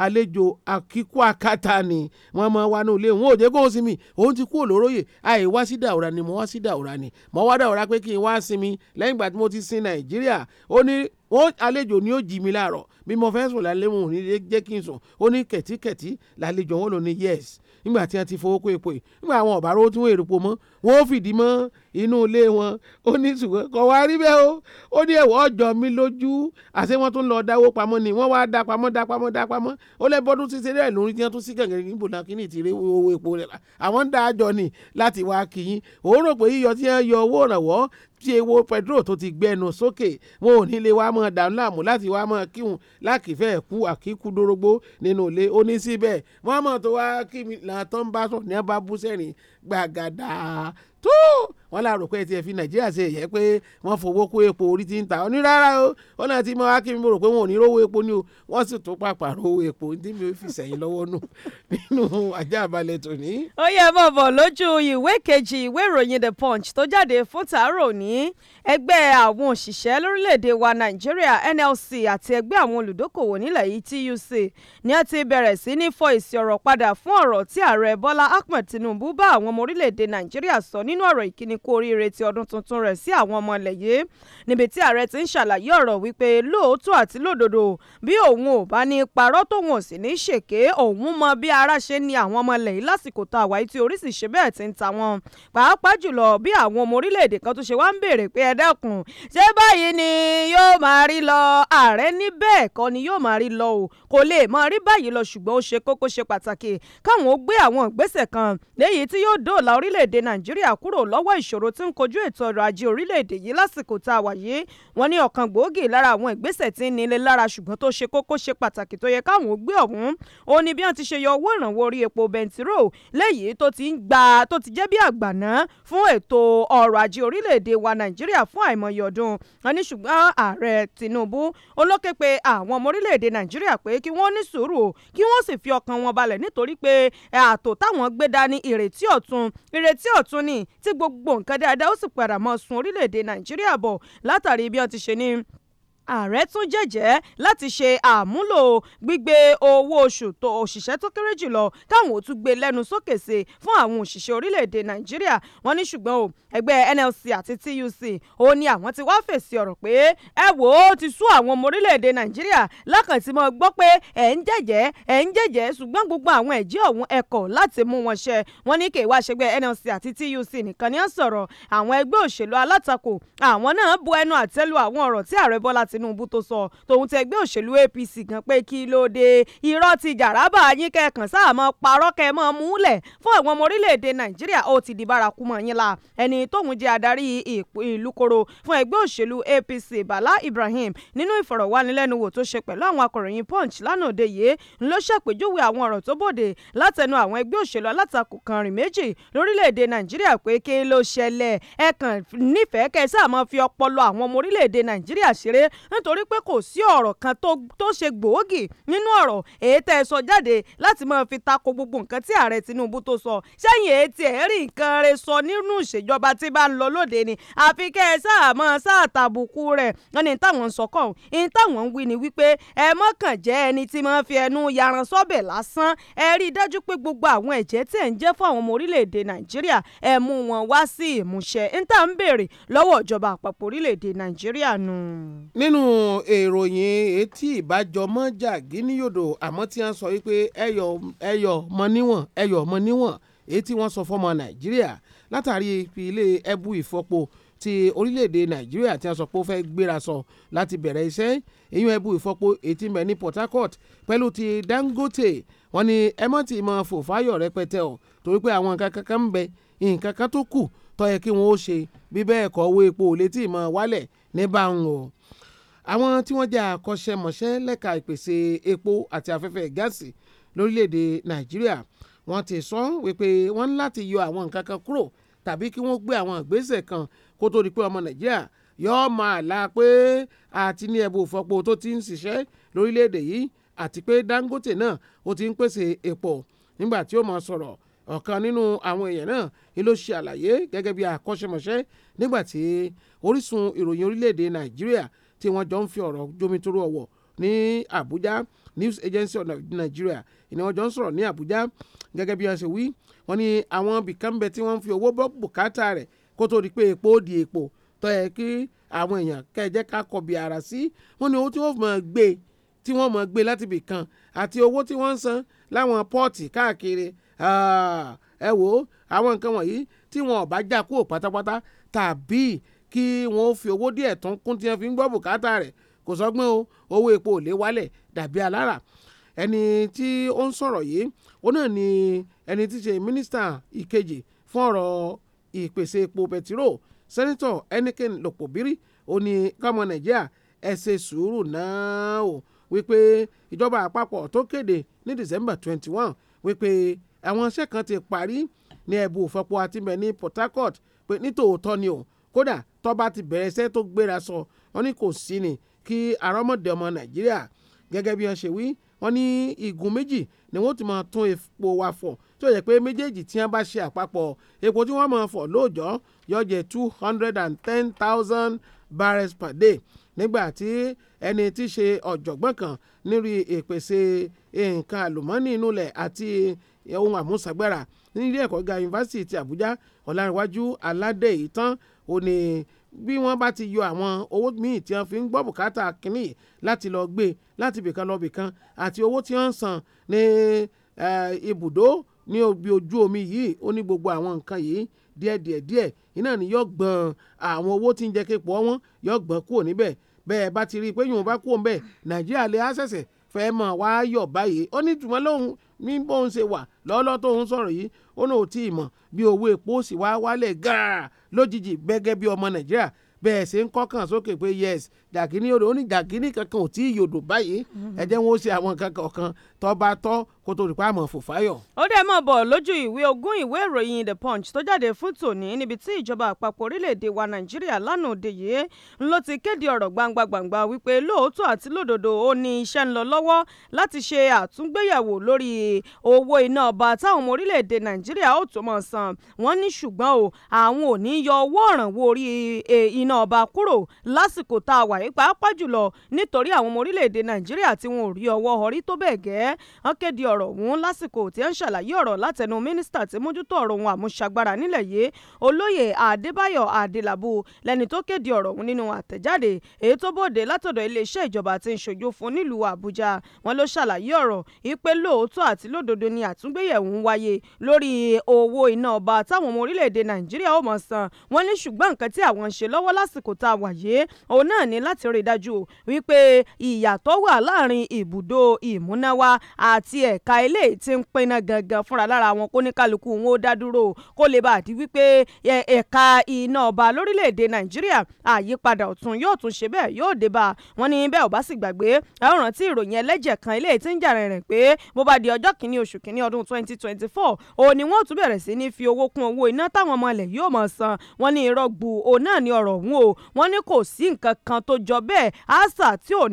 àlejò akíkú àkàtà ni wọ́n mọ wá ní ilé òun ò jẹ́ kó o sinmi òun ti kú olóróyè àì wá sí Daura ni mo wá sí Daura ni mo wá Daura pé kí n wá sinmi lẹ́yìn ìgbà tí mo ti sin Nàìjíríà ó ní wọ́n àlejò ni ó jí mi láàárọ̀ bí mo fẹ́ sùn lálẹ́ wọn ò ní jẹ́ kí n sùn ó ní kẹ̀tíkẹ̀tí lálejò wọn ló ní yes nígbà tí wọ́n ti fowó kó epo yìí nígbà àwọn ọ̀bá rówó tí wọ́n èrò po mọ́ wọ́n fìdí mọ́ inú ilé wọn ó ní ṣùgbọ́n kò wá rí bẹ́ẹ̀ o ó ní ẹ̀wọ́ ọ̀jọ́ mi lójú àṣé wọ́n tún lọ dáwó pamọ́ ni wọ́n wá dá pamọ́ dá pamọ́ dá pamọ́ ó lẹ́ bọ́dún ti ṣe rẹ̀ lórí tí wọ́n tún sí gàngàn níbo náà kí ni ìtìrẹ́ owó epo rẹ̀ la àwọn ń dá àjọ ni láti wá kì í òun rò pé yíyọ tí wọ́n yọ owó ìrànwọ́ tí ewo petro tó ti gbẹnu sókè wọn ò ní lè wá mọ dànù láàmú láti wá mọ kíhun lákìfẹ́ kú àkíkú dórógbó nínú ilé ó ní síbẹ̀ wọn mọ̀ tó wá kí mi làtọ́ ń bá sọ̀ ní abá bú sẹ́rìn gbàgàdà tó wọn láàrò pé tiẹ̀ fi nàìjíríà ṣe yẹ pé wọ́n fowó kó epo orí ti ń ta ọní rárá o wọn náà ti mọ akínmi mo rò pé wọn ò ní rówó epo ni o wọ́n sì tún pàpàrọ̀ owó epo ní mi ò fi sẹ́yìn lọ́wọ́ nù nínú ajá àbálẹ̀ tòní. ó yẹ bọ̀bọ̀ lójú ìwé kejì ìwé ìròyìn the punch tó jáde fún tàárọ̀ ní ẹgbẹ́ àwọn òṣìṣẹ́ lórílẹ̀‐èdè wa nàìjíríà NLC àti ẹgbẹ́ àwọn olùdókòwò nílẹ̀ yìí TUC ni a ti bẹ̀rẹ̀ sí ní fọ èsì ọ̀rọ̀ padà fún ọ̀rọ̀ àwọn ọmọ orílẹ̀-èdè nàìjíríà sọ nínú ọ̀rọ̀ ìkíni kú oríire ti ọdún tuntun rẹ̀ sí àwọn ọmọ ilẹ̀ yìí níbi tí ààrẹ ti ń ṣàlàyé ọ̀rọ̀ wípé lóòótọ́ àti lódodo bí òun ò bá ní parọ́ tóun ò sì ní ṣèké òun mọ bí ara ṣe ni àwọn ọmọ ilẹ̀ yìí lásìkò tá a wáyé tí orí sì ṣe bẹ́ẹ̀ ti ń ta wọn pàápàá jùlọ bí àwọn ọmọ orílẹ̀-èdè kan tó ṣe wá ń béèrè pé ẹ ṣé báyìí ni yóò máa rí lọ ààrẹ ní bẹ́ẹ̀ kọ́ ni yóò máa rí lọ o kò lè mọ rí báyìí lọ ṣùgbọ́n ó ṣe kókó ṣe pàtàkì káwọn ó gbé àwọn ìgbésẹ̀ kan léyìí tí yóò dóòlà orílẹ̀-èdè nàìjíríà kúrò lọ́wọ́ ìṣòro tí ń kojú ètò ọrọ̀ ajé orílẹ̀-èdè yìí lásìkò tá a wà yìí wọ́n ní ọ̀kan gbòógì lára àwọn ìgbésẹ̀ tí ń nílé lára ṣùgbọ́n tó ṣe kókó ṣe pàtàkì tó yẹ káwọn gbé ọ̀hún ó ní bí wọ́n ti ṣe yọ owó ìrànwọ́ orí epo bẹntiró léyìí tó ti ń gba tó ti jẹ́ bí àgbàná fún ètò ọrọ̀ ajé orílẹ̀-èdè wa nàìjíríà fún àìmọye ọdún wọ́n ní ṣùgbọ́n ààrẹ tinubu olókè pé àwọn ọmọ orílẹ̀-èdè nàìjíríà pé kí wọ́n ní sùúrù kí wọ́n sì fi ọkàn wọn balẹ̀ nítorí pé ààtò táwọn gbé dání ìrètí ọ̀t tuntun ìrètí ọ̀tun ni tí gbogbo nǹkan dáadáa ó sì padà mọ́ sun orílẹ̀-èdè nàìjíríà bọ̀ látàrí bí wọ́n ti ṣe ní ààrẹ tún jẹ́jẹ́ láti ṣe àmúlò gbígbé owó oṣù tó òṣìṣẹ́ tó kéré jùlọ káwọn ò tún gbé lẹ́nu sókè sí i fún àwọn òṣìṣẹ́ orílẹ̀-èdè nàìjíríà wọ́n ní ṣùgbọ́n o ẹgbẹ́ NLC àti TUC ó ní àwọn ti wá fèsì ọ̀rọ̀ pé ẹ wò ó ti sú àwọn ọmọ orílẹ̀-èdè nàìjíríà lákàntí mọ́ gbọ́ pé ẹ̀ ń jẹ́jẹ́ ẹ̀ ń jẹ́jẹ́ ṣùgbọ́n gbogbo àwọn ẹ̀jí ọ̀hún ẹ̀kọ́ láti mú wọn ṣẹ wọ́n ní kèwà ṣẹgbẹ́ NLC àti TUC nìkan ni ó sọ̀rọ̀ àwọn ẹgbẹ́ òṣèlú alátakò àwọn náà bu ẹnu àtẹ́lu àwọn ọ̀rọ̀ tí ààrẹ Bọ́lá Tinubu tó sọ tòun tẹgbẹ́ òṣèlú APC gan pé kí ló dé irọ́ ti jàràbà yín kẹkàn sáàmọ́ parọ́ kẹ múlẹ̀ fún àwọn ọmọ orílẹ̀-èdè Nàìjíríà ó ti di bárakú mọ́ yín la ẹni tóun jẹ́ adarí ìlúkoro fún ẹgbẹ́ òṣèlú APC Bala Ibrahim nínú ìfọ̀rọ̀wánilẹ́nuwò tó ṣe pẹ̀lú àwọn akọ̀ròyìn Punch lánàá òde yìí ló ṣàpèjúwe àwọn ọ̀rọ̀ tó nítorí pé kò sí ọ̀rọ̀ kan tó ṣe gbòógì nínú ọ̀rọ̀ èyí tẹ́ ẹ sọ jáde láti máa fi tako gbogbo nǹkan tí ààrẹ Tinubu tó sọ sẹ́yìn èyí tí ẹ̀ rí nǹkan rẹ̀ sọ nínú ìṣèjọba tí bá ń lọ lóde ni àfi kẹ́ ẹ sáà mọ́ sáà tàbùkù rẹ̀ wọ́n ní táwọn ń sọkàn ní táwọn ń wí ni wípé ẹ mọ́kàn jẹ́ ẹni tí máa fi ẹnu yaran sọ́bẹ̀ lásán ẹ rí i dájú pé gbogbo àwọn ẹ̀jẹ́ tẹ̀ ń jẹ́ fún àwọn ọmọ orílẹ̀-èdè Nàìjíríà ẹ mú wọn wá sí ìmúṣẹ ní tá ń béèrè lọ́wọ́ ìjọba àpapọ̀ orílẹ̀-èdè Nàìjíríà nù nínú ìròyìn etí ìbájọmọ́ jàgínníyòdò àmọ́ tí wọ́n sọ wípé ẹyọ ọmọ níwọ̀n ẹyọ ọmọ níwọ̀n èyí tí wọ́n sọ fọ́mọ nàìjíríà látàrí ilé ẹbú ìfọpo ti orílẹ̀-èdè nàìjíríà tí wọ́n sọ pé ó fẹ́ gbéra sọ láti bẹ̀rẹ̀ iṣẹ́ ìyún ẹbú ìfọpo èyí tí ń ní Port Harcourt pẹ̀lú ti Dangote wọ́n ní ẹ mọ́ ti mọ fòfáyọ̀ rẹpẹtẹ ọ̀ torí pé àwọn nǹkan kankan ń bẹ nǹkan kan tó kù tó yẹ kí wọ́n ó ṣe bí bẹ́ẹ̀ kọ́ owó epo ò lè tí ì mọ wálẹ̀ ní o àwọn tí wọ́n jẹ́ àkọ́ṣẹ́mọṣẹ́ lẹ́ka ìpèsè epo àti afẹ́fẹ́ gáàsì lórílẹ̀‐èdè nàìjíríà wọ́n ti sọ wípé wọ́n ń láti yọ àwọn nǹkan kan kúrò tàbí kí wọ́n gbé àwọn ìgbésẹ̀ kan kó tó di pé ọmọ nàìjíríà yọ́ọ́ máa la pé àti ní ẹ̀bù ìfọpo tó ti ń ṣiṣẹ́ lórílẹ̀‐èdè yìí àti pé dangote náà ó ti ń pèsè epo nígbà tí ó mọ sọ̀rọ̀ ọ̀kan nínú àwọn èèyàn náà ni ló ṣe àlàyé gẹ́gẹ́ bí akọ́ṣẹ́mọṣẹ́ nígbà tí orísun ìròyìn orílẹ̀‐èdè nàìjíríà tí wọ́n jọ ń fi ọ̀rọ̀ jomitoro ọ̀wọ̀ ní Àbújá News Agency of Nigeria ni wọ́n jọ ń sọ̀rọ̀ ní Àbújá gẹ́gẹ́ bí wọ́n ṣe wí wọ́n ní àwọn bìkánbẹ tí wọ́n ń fi owó bọ́ bùkátà rẹ̀ kó tó di pé epo ó di epo tó yẹ kí àwọn èèyàn kẹjẹ ká kọbi ara sí wọ́n ní owó tí wọ́n máa gbé tí wọ́n máa gbé láti bìkan àti owó tí wọ́n ń san láwọn pọ́ọ̀tì káàkiri ẹ wò ó àwọn nǹkan wọ̀nyí tí wọn ò bá já kúrò pátápátá tàbí kí wọ́n fi owó díẹ̀ tún kún tí wọ́n fi ń gbọ́ bùkátà rẹ̀ kò sọgbọ́n o owó epo ò lè wálẹ̀ dàbí alára ẹni tí ó ń sọ̀rọ̀ yìí ó náà ni ẹni tí ṣe mínísítà ìkejì fún ọ̀rọ̀ ìpèsè epo bẹtiró sẹ́nitọ̀ ẹnikẹ́ni lòpòbírí ó ní nàìjíríà ẹ sùúrù náà o wípé ìjọba àpapọ̀ tó kéde ní december twenty one wípé àwọn iṣẹ́ kan ti parí ní ẹ̀bù òfọpo àtìmẹ̀ ní port harcourt pé nítòótọ́ ni o kódà tó bá ti bẹ̀rẹ̀ iṣẹ́ tó gbéra sọ wọ́n ní kò sí ni kí arọ́mọdé ọmọ nàìjíríà gẹ́gẹ́ bí wọ́n ṣe wí wọ́n ní igun méjì ni wọ́n ti máa tún epo wa fọ̀ tó yẹ pé méjèèjì tí wọ́n bá ṣe àpapọ̀ epo tí wọ́n máa fọ̀ lóòjọ́ yóò jẹ́ two hundred and ten thousand barrels per day nígbà tí ẹni tí ṣe ọ̀jọ̀gbọ́n kan nírí ìpèsè nǹkan àlùmọ́ọ́nì inú ilẹ̀ àti ohun àmúṣagbára nílé ẹ̀kọ́ ga yunifásitì ti Àbújá Ọ̀làǹwájú Aládé ìtàn ó ní bí wọ́n bá ti yọ àwọn owó míì tí wọ́n fi ń gbọ́ bùkátà kínní láti lọ gbé láti bìkan lọ bìkan àti owó tí wọ́n ń san ní ibùdó ní ibi ojú omi yìí ó ní gbogbo àwọn nǹkan yìí díẹ̀díẹ̀ díẹ̀ iná ni yóò gbọ̀n àwọn owó tí ń jẹ́ kéèpọ̀ wọn yóò gbọ̀n kúrò níbẹ̀ bẹ́ẹ̀ bá ti rí i pé yòówá kúrò níbẹ̀ nàìjíríà lè á ṣẹ̀ṣẹ̀ fẹ́ mọ̀ wá yọ̀ báyìí ó ní jùmọ̀ lóhùn ní bóun ṣe wà lọ́lọ́ tóun sọ̀rọ̀ yìí ó náà tí ì mọ̀ bí owó epo sì wá wálẹ̀ gàrà lójijì gẹ́gẹ́ bí ọmọ nàìjíríà bẹ́ẹ̀ ṣe ń kọ́kàn sókè pé yes dàkíní odò ó ní dàkíní kankan ò tí ì yòdò báyìí ẹ̀jẹ̀ wọn ó ṣe àwọn kankan kan tọ́ba tọ́ kó tó di pé àmọ̀ fòfáyọ̀. ó dẹ̀ mọ̀ bọ̀ lójú ìwé ogún ìwé ìròyìn the punch tó jáde fún tòní níbi tí ìjọba àpapọ̀ orílẹ̀-èdè wa nàìjíríà lánàá òde yìí ló ti kéde ọ̀rọ̀ gbangba gbangba wípé lóòótọ́ àti lódodo ó ní iṣẹ́ ń lọ lọ́wọ́ láti ṣe àtúngbéyẹ̀wò lórí owó iná ọba táwọn ọmọ orílẹ̀-èdè nàìjíríà ó tó mọ̀ san wọ́n ní ṣùgbọ́n o àwọn ò ní yọ owó ìrànwọ́ orí e, iná ọba kúrò lásìkò tá a wà yìí pàápàá jùlọ nítorí àwọn ọmọ orílẹ̀-èdè nàìjíríà tí wọn ò rí ọwọ́ ọrí tó bẹ́ẹ̀ gẹ́ wọ́n kéde ọ̀rọ̀ ọ̀hún lásìkò tí ó ń ṣàlàyé ọ̀rọ̀ látẹnu mínísítà tí mójútó ọ̀rọ̀ ohun àmúṣagbára nílẹ̀ yìí olóyè adébáyọ̀ adélábù lẹ́ni tó kéde ọ̀rọ̀ ọ̀hún nínú àtẹ̀jáde èyí tó bòde látọ̀dọ̀ iléeṣẹ́ ìjọba tí ń ṣojú fún nílùú àbújá wọn ló ṣàlàyé ọ̀rọ̀ ìpè lóòótọ́ àti lódodo ni àtúngbéyẹ̀wò ń wáyé lórí owó iná ọba táwọn ọmọ orílẹ̀-èdè nàìjíríà ó mọ̀ ìmúnáwá àti ẹ̀ka ẹ̀ka eléyìí ti ń pinna gangan fúnra lára wọn kó ní kálukú wọn ó dá dúró kó lè bá àdí wípé ẹ̀ka iná ọba lórílẹ̀‐èdè nàìjíríà àyípadà ọ̀tun yóò tún ṣe bẹ́ẹ̀ yóò dé bá wọn ní bẹ́ẹ̀ ò bá sì gbàgbé ẹ̀rọ rántí ìròyìn ẹlẹ́jẹ̀ kan eléyìí ti ń jà rìnrìn pé bó bá di ọjọ́ kìíní oṣù kìíní ọdún 2024 òun ni wọ́n tún bẹ̀rẹ̀ sí ní fi owó kún owó iná táwọn ọmọ ilẹ̀ yóò mọ̀ o wọ́n ní kò sí nǹkan kan tó jọ bẹ́ẹ̀ àṣà tí ò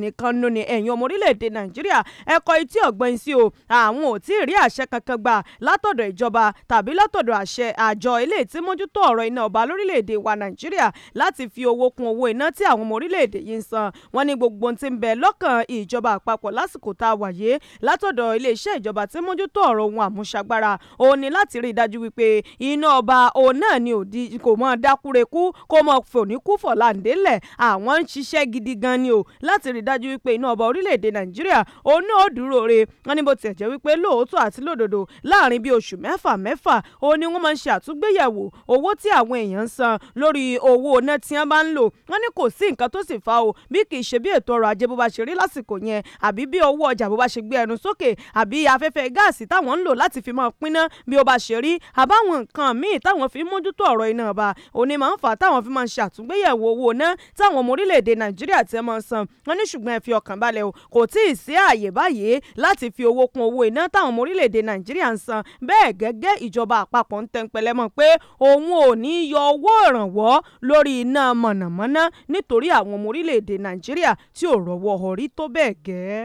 ni ẹ̀yin ọmọ orílẹ̀-èdè nàìjíríà ẹ̀kọ́ etí ọ̀gbẹ́n sí o àwọn ò tí ì rí àṣẹ kankan gbà látọ̀dọ̀ ìjọba tàbí látọ̀dọ̀ àṣẹ àjọ eléyìí tí mójútó ọ̀rọ̀ iná ọba lórílẹ̀‐èdè wa nàìjíríà láti fi owó kún owó iná tí àwọn ọmọ orílẹ̀‐èdè yìí ń san wọ́n ní gbogbo ohun tí ń bẹ lọ́kàn ìjọba àpapọ̀ lásìkò tá a wà yé látọ̀dọ̀ iléeṣẹ́ ìjọba tí mójútó ọ̀rọ̀ ohun àmúṣagbára òun ni láti rí i dájú wípé iná ọba òun náà ni òdi kò mọ dákúrekú kó mọ fòníkú fọ̀làǹdélẹ̀ àwọn ń ṣiṣẹ́ gidi gan ni o láti rí i dájú wípé iná ọba orílẹ̀-èdè nàìjíríà òun náà dúró re wọ́n ní bó tiẹ̀ jẹ́ jẹ́ wípé lóòótọ́ àti lódodo láàrin bíi oṣù mẹ́fà mẹ́fà òun ni wọ́n máa ń ṣe àtúgbéyẹ̀wò owó tí àwọn èèyàn ń san lórí owó iná tí wọ́n bá ń lò wọ́n ní kò sí nǹkan tó sì fa o bí kì í ṣe bí ètò ọrọ̀ ajé bó bá ṣe rí lásìkò yẹn àbí bí owó ọjà bó bá ṣe gbé ẹnu sókè àbí afẹ́fẹ́ gáàsì táwọn ń lò láti fi máa pinná bí ó bá ṣe rí àbáwọn nǹkan míì táwọn fi ń mójútó ọ̀rọ̀ iná ọba òní máa ń fà táwọn fi máa ń ṣàtúngbéyẹ̀wò owó ná táwọn ọmọ orílẹ̀-èdè nàìjíríà ti máa ń san wọ́n ní ṣùgbọ́n ẹ fi ọkàn balẹ̀ o kò tí sí ààyè báyìí láti fi owó kún owó owó iná táwọn ọmọ orílẹ̀-èdè nàìjíríà ń san bẹ́ẹ̀ gẹ́gẹ́ ìjọba àpapọ̀ ń tẹnpẹlẹ mọ́ pé òun ò ní yọ owó ìrànwọ́ lórí iná mọ̀nàmọ́ná nítorí àwọn ọmọ orílẹ̀-èdè nàìjíríà tí ò rọ̀wọ́ ọ̀rí tó bẹ́ẹ̀ gẹ́.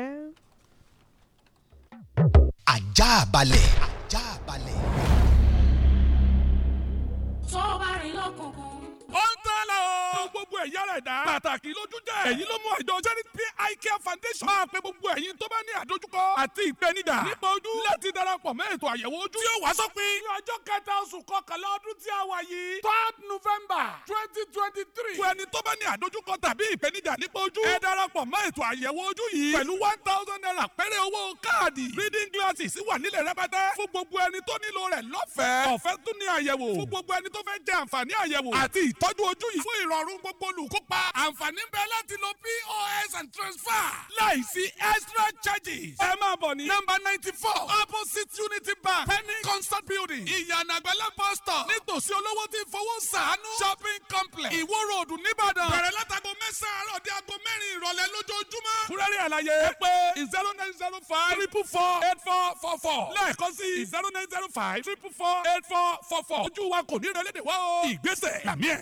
àjà balẹ̀. àjà balẹ̀. tó lálẹ́ o. gbogbo ẹ̀yà rẹ̀ dá. pàtàkì lójú jẹ́. èyí ló mú àjọ charity pi care foundation. máa pe gbogbo ẹ̀yin tó bá ní àdójúkọ. àti ìpènijà. nípa ojú. láti darapọ̀ mẹ́ ètò àyẹ̀wò ojú. tí ó wá sópin. ní ọjọ́ kẹta oṣù kọkànlá ọdún tí a wà yìí. third november twenty twenty three. fún ẹni tó bá ní àdójúkọ tàbí ìpènijà nípa ojú. ẹ darapọ̀ mẹ́ ètò àyẹ̀wò ojú yìí. pẹ̀lú one thousand naira péré owó káàdì. reading glasses wà nílẹ̀ rẹpẹtẹ. fún gbogbo ẹni tó nílò rẹ̀ lọ́fẹ̀ẹ́. ọ̀fẹ́ tún ní àyẹ̀wò. fún gbogbo ẹni tó fẹ́ jẹ àǹfààní àyẹ̀wò. àti ìtọ́jú ojú yìí fún ìrọ̀rùn gbogbo olùkópa àǹfààní ń láti lo pos and transfer láìsí extra charges. ẹ máa bọ̀ ní. nọ́mbà ninety four opposite unity bank penny concert building ìyànàgbẹ́lẹ̀ bus stop nítòsí olówó tí fowó ṣàánú shopping complex ìwó ròdù nìbàdàn. bẹ̀rẹ̀ látago mẹ́sàn-án àárọ̀ dé aago mẹ́rin ìrọ̀lẹ́ lójoojúmọ́. fúrẹ́rì àlàyé ẹ pé zero nine zero five triple four eight four four four lẹ́ẹ̀kan sí zero nine zero five triple four eight four four four ojú wa kò ní ìrẹ́lẹ́dẹ̀ wá o ìgbésẹ̀ làmí ẹ̀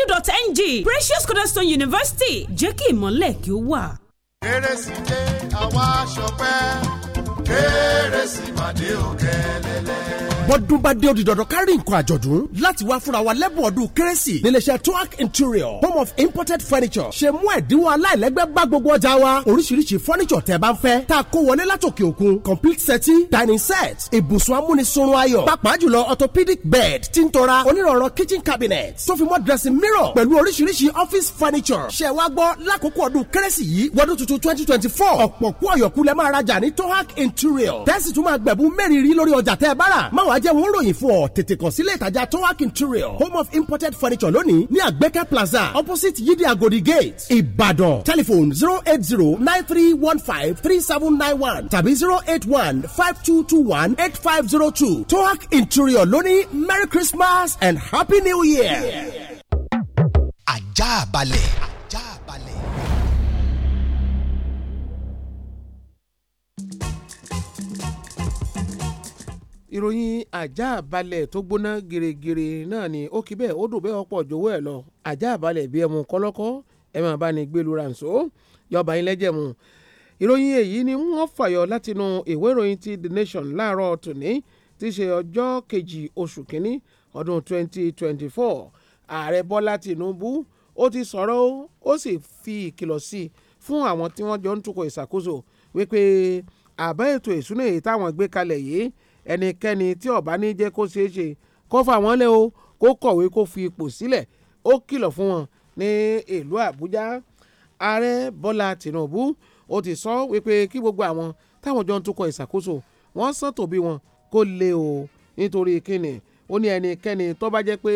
edu.ng Precious Cornerstone University jẹ́ kí ìmọ̀lẹ̀ kí ó wà. kérésìdé àwa aṣọ pẹ́ kérésìmàdé òkèlélẹ́ bọ́dún bá dé odi dandan kárí nǹkan àjọ̀dún láti wá fúnra wa lẹ́bùn ọdún kérésì níléeṣẹ́ tohac interior home of imported furniture ṣe mú ẹ̀dínwó aláìlẹ́gbẹ́ bá gbogbo ọjà wa oríṣiríṣi furniture tẹ́ bá ń fẹ́ tá a kó wọlé látòkè òkun complete seti dining set ibùsùn amúnisunrun ayọ̀ pàápàá jùlọ orthopedic bed tí ń tọ́ra onírọ̀rọ̀ kitchen cabinet tó fi mọ́ dressing mirror pẹ̀lú oríṣiríṣi office furniture ṣe wá gbọ́ lákòókò ọdún kérésì yìí wọ́dún tuntun twenty twenty four ọ̀pọ̀ kú ọ̀yọ̀kú lẹ́ máa rajà ní tohac interior tẹ́sí tún máa gbẹ̀bú mẹ́rin rí lórí ọjà tẹ́ bá rà má wá wàá jẹ́ wọ́n ròyìn fún ọ tètè kàn sílẹ̀ ìtajà Towac interior home of imported furniture lónìí ní Àgbẹ̀kẹ́ plaza opposite Yídí Agodi gate Ìbàdàn telephone zero eight zero nine three one five three seven nine one tàbí zero eight one five two two one eight five zero two Towac interior lónìí merry christmas and happy new year. Ajá balẹ̀. ìròyìn ajá balẹ̀ tó gbóná gèrègèrè náà ni ó kí bẹ́ẹ̀ ó dùn bẹ́ẹ̀ ọ̀pọ̀ jòwó ẹ̀ lọ ajá balẹ̀ bí ẹmu kọ́lọ́kọ́ ẹ máa bá ní gbèlú ranṣó yọba yín lẹ́jẹ̀mú ìròyìn èyí ni wọ́n fàyọ látinú ìwé ìròyìn ti The Nation láàárọ̀ tòní ti ṣe ọjọ́ kejì oṣù kínní ọdún 2024 ààrẹ Bọ́lá Tinubu ó ti sọ̀rọ̀ ó sì fi ìkìlọ̀ sí i fún àwọn tí wọ́n jọ ń tukọ̀ ìṣàkóso wípé àbá ètò ìsúná èyí táwọn gbé kalẹ̀ yìí ẹnikẹ́ni tí ó bá ní jẹ́ kó ṣeé ṣe kó fà wọ́n lé o kó kọ̀wé kó fi ipò sílẹ̀ ó kìlọ̀ fún wọn ní ìlú Àbújá ààrẹ Bọ́lá Tinubu ó ti sọ wípé kí gbogbo àwọn táwọn jọ ń tukọ̀ ìṣàkóso wọ́n sàn tòbí wọn kó lé o nítorí kíni ó ní ẹnikẹ́ni tó bá jẹ́ pé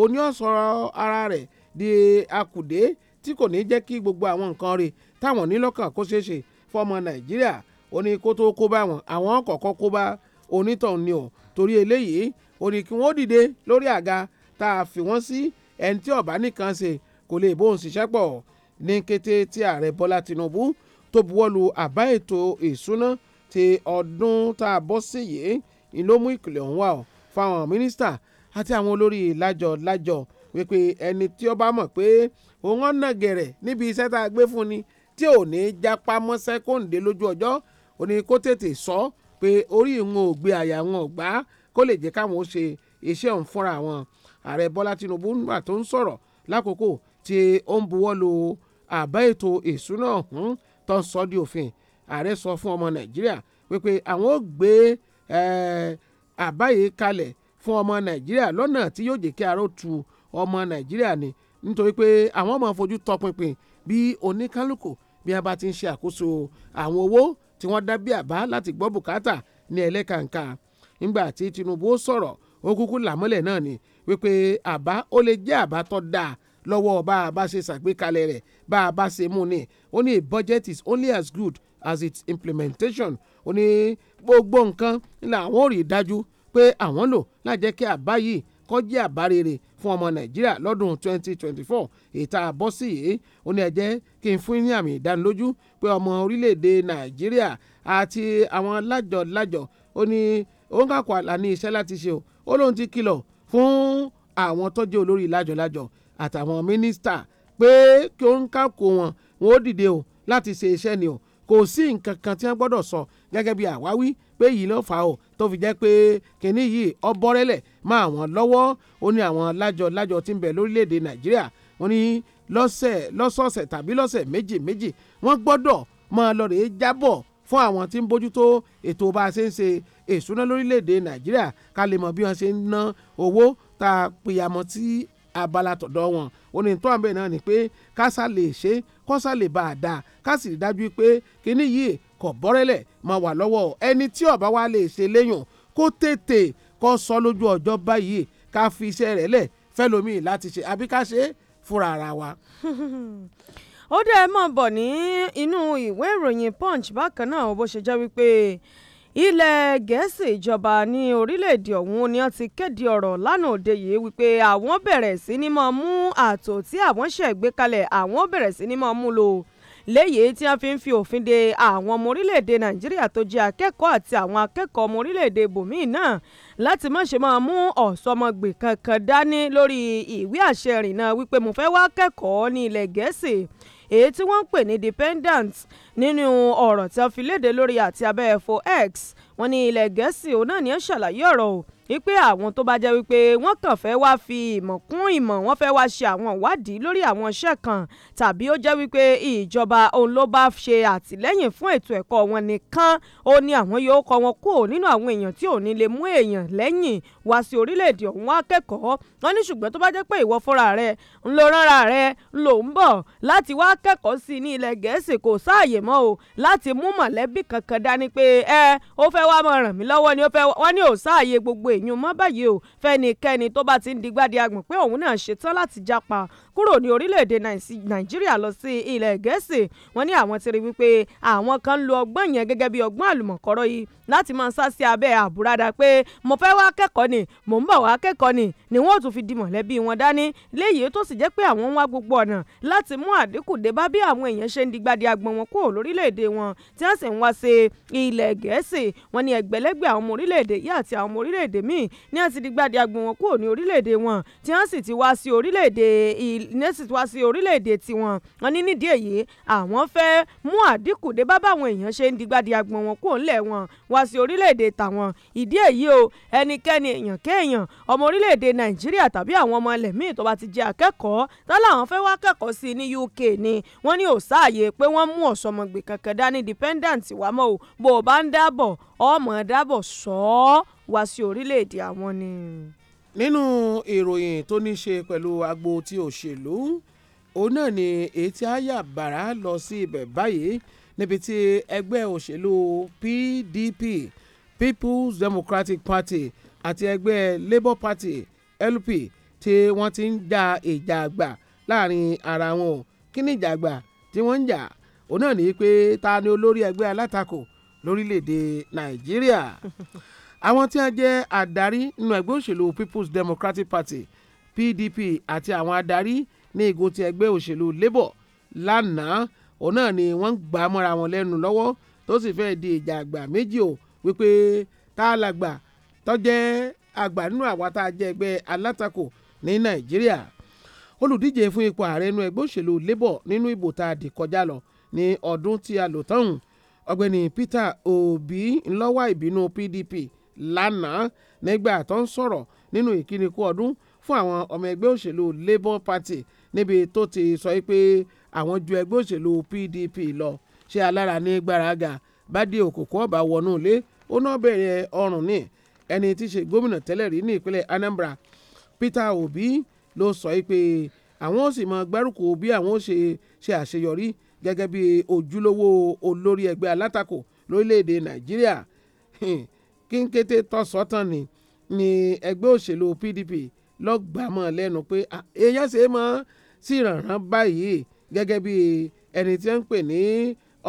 òní ọ̀sọ̀rọ̀ ara rẹ̀ di akùdé tí kò ní jẹ́ kí gbogbo àwọn nǹkan rẹ̀ táwọn nílọ́kàn kó ṣeéṣe fọmọ Nàìjíríà ó ní kó tó kó bá wọn àwọn kọ̀ọ̀kan kó bá wọn onítọ̀hún ni ọ̀ torí eléyìí ó ní kí wọ́n dìde lórí àga tá a fi wọ́n sí ẹni tí ọ̀bá nìkan ṣe kò lè bóun ṣiṣẹ́ pọ̀ ní kété tí ààrẹ bọ́lá tinubu tó buwọ́lu àbá ètò ìsúná ti ọdún tá a bọ́ sí yìí ni ló mú ìkìlẹ̀ ọ̀hún wá ọ̀ fáwọn mínísítà àti àwọn olórí lájọ lájọ wípé ẹni tí ó mọ̀ pé òun ọ̀nà gẹ̀rẹ̀ níbi iṣẹ́ tá a gbé fún ni tí ò ní jápá mọ́sẹ́ kóńdé lójú ọjọ́ òní kó tètè sọ pé orí wọn ò gbé àyà wọn ò gbá kó lè jẹ́ káwọn ó ṣe iṣẹ́ òun fúnra wọn ààrẹ bọ́lá tinubu nígbà tó ń sọ̀rọ̀ lákòókò tí ó ń buwọ́ lu àbá ètò ìsúná ọ̀hún tó ń sọ di òfin ààrẹ sọ fún ọmọ nàìjíríà wípé àwọn ò gbé àbá yìí kalẹ̀ fún ọmọ nàìjíríà lọ́nà tí yóò jẹ́ kí aró tu ọmọ nàìjíríà ni nítorí pé àwọn máa fojú tọpinpin bí oníkálukú bí a bá ti ń ṣe àkóso àwọn owó tí wọ́n dá bí àbá láti gbọ́ bùkátà ní ẹlẹ́kàǹkà nígbà tí Tinubu sọ̀rọ̀ ó kúkú làmọ́lẹ̀ náà ni wípé àbá ó lè jẹ́ àbá tó dáa lọ́wọ́ bá a bá ṣe ṣàgbékalẹ̀ rẹ̀ bá a bá ṣe mú ni ó ní a budget is only as good as its implementation ó ní gbogbo nǹkan ni àwọn ò rí dájú pé àwọn lò lájẹ́ kí àbá yìí kó jẹ́ àbá rere fún ọmọ nàìjíríà lọ́dún 2024 ètà àbọ́sí yìí ó ní ẹ̀jẹ̀ kí n fún ní àmì ìdánilójú pé ọmọ orílẹ̀-èdè nàìjíríà àti àwọn lájọ̀lájọ̀ ó ní òun kàkọ́ àlà ní iṣẹ́ láti ṣe o ó lóun ti kìlọ̀ fún àwọn tó jẹ́ olórí lájọ̀lájọ̀ àtàwọn mínísítà pé kí òun kàkọ́ wọn wọn ó dìde o láti ṣe iṣẹ́ ni o kò sí nǹkan kan tí wọ́n gbọ́dọ̀ sọ gẹ́gẹ́ bí àwáwí pé èyí ló fà ó tó fi jẹ́ pé kínní yìí ọ bọ́rẹ́lẹ̀ mọ́ àwọn lọ́wọ́ ó ní àwọn lájọ lájọ tí ń bẹ lórílẹ̀‐èdè nàìjíríà wọ́n ní lọ́sẹ̀ lọ́sọ̀ọ̀sẹ̀ tàbí lọ́sẹ̀ méjì méjì wọ́n gbọ́dọ̀ máa lọ rèé jábọ̀ fún àwọn tí ń bójútó ètò bá a ṣe ń ṣe ìṣúná lórílẹ̀‐èdè nàìjíríà ká lè mọ̀ bí wọ́n ṣe ń ná owó tá pìyàmọ́ tí abala tọ̀dọ̀ wọn onítọ́ àbẹ̀ náà ni pé kásá lè ṣe kọ́sá lè bá a dáa ká sì dájú pé kínní yìí kọ̀ bọ́rẹ́lẹ̀ máa wà lọ́wọ́ ẹni tí ọ̀bá wa lè ṣe léyùn kó tètè kọ́ sọ lójú ọjọ́ báyìí ká fi iṣẹ́ rẹ̀ lẹ̀ fẹ́lómi láti ṣe àbí ká ṣe é fúnra ara wa. ó dẹ́ ẹ mọ̀ bọ̀ ní inú ìwé ìròyìn punch bákan náà bó ṣe jẹ́ wípé ilẹ̀ gẹ̀ẹ́sì ìjọba ní orílẹ̀-èdè ọ̀hún ni wọ́n ti kéde ọ̀rọ̀ lánàá òde yìí wípé àwọn bẹ̀rẹ̀ sí ni máa mú ààtò tí àwọn ṣẹ̀ gbé kalẹ̀ àwọn bẹ̀rẹ̀ sí ni máa mú lò léyìí tí wọ́n fi ń fi òfin de àwọn ọmọ orílẹ̀-èdè nàìjíríà tó jẹ́ akẹ́kọ̀ọ́ àti àwọn akẹ́kọ̀ọ́ ọmọ orílẹ̀-èdè bòmíì náà láti má ṣe máa mú ọ̀sọ́mọgbè kankan dání lórí ìwé àṣẹ ìrìnnà wípé mo fẹ́ wá kẹ́kọ̀ọ́ ní ilẹ̀ gẹ̀ẹ́sì èyí tí wọ́n ń pè ní dependent nínú ọ̀rọ̀ tí wọ́n fi léde lórí àti abẹ́ ẹ̀fọ́ x wọ́n ní ilẹ̀ gẹ̀ẹ́sì òun náà ni ó ṣàlàyé ọ̀rọ̀ o wípé àwọn tó bá jẹ́ wípé wọ́n kàn fẹ́ wá fi ìmọ̀ kún ìmọ̀ wọ́n fẹ́ wá ṣe àwọn ìwádìí lórí àwọn iṣẹ́ kan tàbí ó jẹ́ wípé ìjọba òun ló bá ṣe àtìlẹ́yìn fún ètò ẹ̀kọ́ wọn nìkan ó ní àwọn yóò kọ́ wọn kúrò nínú àwọn èèyàn tí ò ní lè mú èèyàn lẹ́yìn wá sí orílẹ̀-èdè ọ̀hún wá kẹ́kọ̀ọ́ wọn ní ṣùgbọ́n tó bá jẹ́ pé ìwọ fúnra rẹ ń lo ránra rẹ ń lò ń bọ̀ láti wá kẹ́kọ̀ọ́ sí ní ilẹ̀ gẹ̀ẹ́sì kò sáàyè mọ́ o láti mú mọ̀lẹ́bí kankan dání pé ẹ ó fẹ́ wá máa mí lọ́wọ́ ni ó fẹ́ wọ́n ní ò sáàyè gbogbo èyún mọ́ báyìí o fẹ́nikẹ́ni tó bá ti ń digbá di agbọ̀n pé òun náà ṣetán láti jápa kúrò ní orílẹ̀-èdè nàìjíríà lọ sí ilẹ̀ gẹ̀ẹ́sì wọ́n ní àwọn ti rí wípé àwọn kan ń lo ọgbọ́n yẹn gẹ́gẹ́ bí ọgbọ́n àlùmọ̀kọ́rọ́ yìí láti máa sá sí abẹ́ àbúradà pé mo fẹ́ wá kẹ́kọ̀ọ́ ni mò ń bọ̀ wá kẹ́kọ̀ọ́ ni ni wọ́n tún fi di mọ̀lẹ́bí wọn dání léyìí tó sì jẹ́ pé àwọn ń wá gbogbo ọ̀nà láti mú àdínkù dé bá bí àwọn èèyàn ṣe ń digbadi agbọ̀n wọn kúrò lórílẹ̀‐èdè wọn tí wọ́n sì ń wá sí ilẹ̀ gẹ̀ẹ́sì wọn ni ẹgbẹ̀lẹ́gbẹ̀ àwọn ọmọ orílẹ̀‐èdè yìí àti àwọn ọmọ orílẹ̀‐èdè míì ní àti digbadi agbọ̀n wọn kúrò ní orílẹ̀‐èdè wọn tí wọ́n sì ti wá sí orílẹ̀‐èdè nurses wá sí orílẹ̀-èdè tiwọn wọn ní nídìí èyí àwọn fẹ́ mú àdínkù dé bá báwọn èèyàn ṣe ń digbadi agbọ̀n wọn kúrò ńlẹ̀ wọn wá sí orílẹ̀-èdè tàwọn ìdí èyí o ẹnikẹ́ni èèyàn kéèyàn ọmọ orílẹ̀-èdè nàìjíríà tàbí àwọn ọmọ ilẹ̀ míì tó bá ti jẹ́ akẹ́kọ̀ọ́ tálà àwọn fẹ́ wá kẹ́kọ̀ọ́ sí ní UK ni wọ́n ní ò sáàyè pé wọ́n mú ọ̀sọ́mọgbè kankan dání dependent wá mọ́ o bó o bá ń dábọ̀ ọmọ dábọ̀ sọ ọ́ wá sí orílẹ̀-èdè àwọn ni nínú ìròyìn tó ní ṣe pẹ̀lú agbo ti òṣèlú òun náà ni èyí tí àyà bàrà lọ sí ibẹ̀ báyìí níbi tí ẹgbẹ́ òṣèlú PDP People's Democratic Party àti ẹgbẹ́ Labour Party LP tí wọ́n ti ń da ìjà àgbà láàrin ara wọn kí ni ìjà àgbà tí wọ́n ń jà òun náà ní pé ta ni olórí ẹgbẹ́ alátakò lórílẹ̀‐èdè Nàìjíríà àwọn tí wọ́n jẹ́ adarí nínú ẹgbẹ́ òṣèlú People's Democratic Party PDP àti àwọn adarí ní ìgò ti ẹgbẹ́ òṣèlú Labour lánàá òun náà ni wọ́n ń gbà mọ́ra wọn lẹ́nu lọ́wọ́ tó sì fẹ́ di ìjà àgbà méjì o wípé tá a làgbà tó jẹ́ àgbà nínú àwa tá a jẹ́ ẹgbẹ́ alátakò ní Nàìjíríà olùdíje fún ipò ààrẹ inú ẹgbẹ́ òṣèlú Labour nínú ìbò tá a dì kọjá lọ ní ọdún tí a lò tán ọ̀gbẹ́ni Peter Obi ńlọ́wọ́ ìbínú PDP lánàá nígbà tó ń sọ̀rọ̀ nínú ìkíni kú ọdún fún àwọn ọmọ ẹgbẹ́ òṣèlú Labour Party níbi tó ti sọ pé àwọn ju ẹgbẹ́ òṣèlú PDP lọ ṣé alára ní gbàràgà bá dé òkòkò ọ̀bà wọnú ilé ó náà bẹ̀rẹ̀ ọrùn ní ẹni tí í ṣe gómìnà tẹ́lẹ̀ rí ní ìpínlẹ̀ Anambra Peter Obi ló sọ pé àwọn ó sì mọ gbárùkù bí àwọn ó ṣe ṣe àṣeyọrí gẹ́gẹ́ bí ojúlówó olórí ẹgbẹ́ alátakò lórílẹ̀‐èdè Nàìjíríà kíńkété tán sọ́tàn ni ni ẹgbẹ́ òṣèlú PDP lọ gbà mọ́ lẹ́nu pé èèyàn ṣe é mọ́ sí ìrànràn báyìí gẹ́gẹ́ bí ẹni tí wọ́n ń pè ní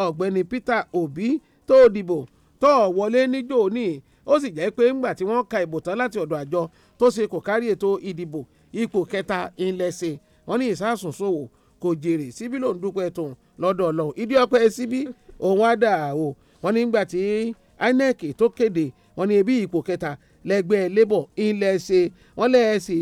ọ̀gbẹ́ni Peter Obi tó dìbò tó wọlé níjó ní ó sì jẹ́ pé ńgbà tí wọ́n ka ìbò tán láti ọ̀dọ̀ àjọ tó ṣe kò kárí ètò ìdìbò ipò kẹta ńlẹ̀ṣẹ̀ wọ́n ní ìsásùnṣòwò kò jèrè síbí ló ń dúpẹ́ tó lọ́dọ̀ ọlọ́run ìdí ọpẹ́ síbí òun á dà o wọ́n nígbà tí INEC tó kéde wọ́n ní ebi ipò kẹta lẹ́gbẹ́ labour ilẹ̀ ṣe wọ́n lẹ́ẹ̀sì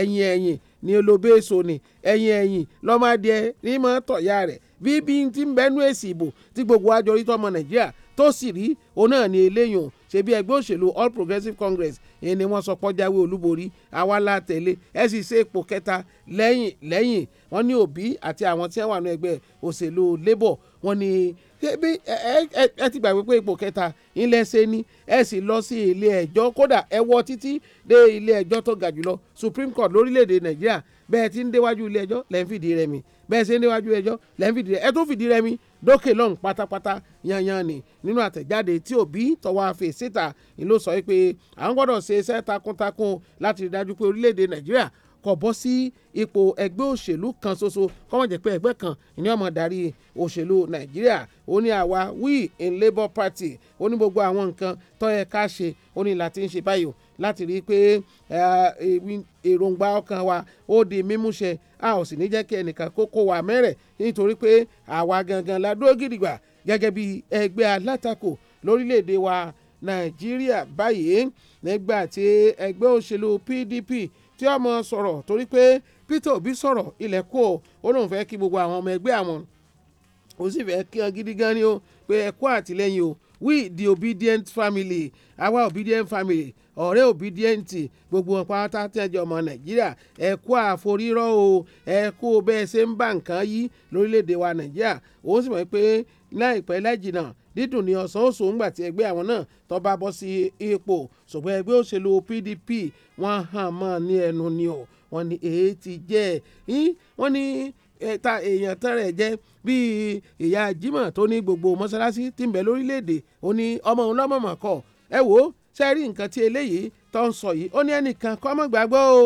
ẹ̀yìn ẹ̀yìn ní olóbèso ni ẹ̀yìn ẹ̀yìn lọ́mọdé ní mọ́ tọ̀yà rẹ̀ bí bí ti ń bẹ́nu èsì ìbò tí gbogbo àjọ orí tọmọ nàìjíríà tó sì rí òun náà ní eléyìí hàn ṣebí ẹgbẹ́ òṣèlú all progressives congress yẹn ni wọ́n sọ pọ́jáwé olúborí àwa la tẹ̀lé ẹ sì ṣe ipò kẹta lẹ́yìn lẹ́yìn wọ́n ní òbí àti àwọn tí wọ́n wà ní ẹgbẹ́ òṣèlú labour wọ́n ní bí ẹ ti gbàgbé pé ipò kẹta ńlẹ́sẹ̀ ni ẹ sì lọ sí ilé ẹjọ́ kódà ẹ wọ títí dé ilé ẹjọ́ tó ga jùlọ Supreme Court lórílẹ̀‐èdè Nàìjíríà bẹ́ẹ̀ ti ń déwájú ilé ẹjọ́ lẹ́ ń fìdí rẹ̀ mi bẹ́ẹ̀ ṣe ń déwájú ẹjọ́ lẹ́ ń fìdí rẹ̀ ẹ tó fìdí rẹ̀ mi dókè lọ́hùn pátápátá yanyan ni nínú àtẹ̀jáde tí òbí tọwọ́ àfẹ́ síta ìlú sọ pé à ń gbọ́dọ̀ ṣe iṣẹ́ takuntakun láti rí dájú pé orílẹ̀-èdè Nàìjíríà kó bọ́ sí ipò ẹgbẹ́ òṣèlú kan ṣoṣo kó má jẹ́ pé ẹgbẹ́ kan ni ọmọ darí òṣèlú nàìjíríà ó ní àwa we in labour party ó ní gbogbo àwọn nǹkan tó yẹ ká ṣe ó ní láti ń ṣe báyìí láti rí i pé èròǹgbà ọkàn wa ó di mímúṣẹ a ò sì ní jẹ́ kí ẹnìkan kó kó wa mẹ́rẹ̀ nítorí pé àwa gangan la dúró gidigba gẹ́gẹ́ bí ẹgbẹ́ alátakò lórílẹ̀‐èdè wa nàìjíríà báyìí nígbà tí ẹgbẹ́ òṣèlú pdp tí ọmọ sọ̀rọ̀ torí pé Peter Obi sọ̀rọ̀ ilẹ̀ kó o lóun fẹ́ kí gbogbo àwọn ọmọ ẹgbẹ́ àwọn ó sì fẹ́ kí wọn gidi gan ni o pé ẹ kó àtìlẹ́yìn o we the obedient family àwa obedient family ọ̀rẹ́ obedient gbogbo wọn pátá tí ẹjọ́ ọmọ nàìjíríà ẹ kó àforírọ́ o ẹ kó bẹ́ẹ̀ ṣe ń bá nǹkan yí lórílẹ̀‐èdè wa nàìjíríà òun sì mọ̀ pé láìpẹ́ láìjìnà dídùn ní ọ̀sán oṣù ńgbà tí ẹgbẹ́ àwọn náà tó bá bọ́ sí ipò ṣùgbọ́n ẹgbẹ́ òṣèlú PDP wọ́n hàn mọ́ ní ẹnu ni o wọ́n ní èyí ti jẹ́ ẹ̀ wọ́n ní ta èèyàn tán rẹ̀ jẹ́ bíi ìyá Jimoh tó ní gbogbo mọ́ṣáláṣí tí ń bẹ lórílẹ̀‐èdè ó ní ọmọ òun lọ́mọ̀mọ̀ kọ ẹ wò ó ṣe rí nǹkan tí eléyìí tó ń sọ yìí ó ní ẹnìkan kọ́ mọ́ gbàgbọ́ o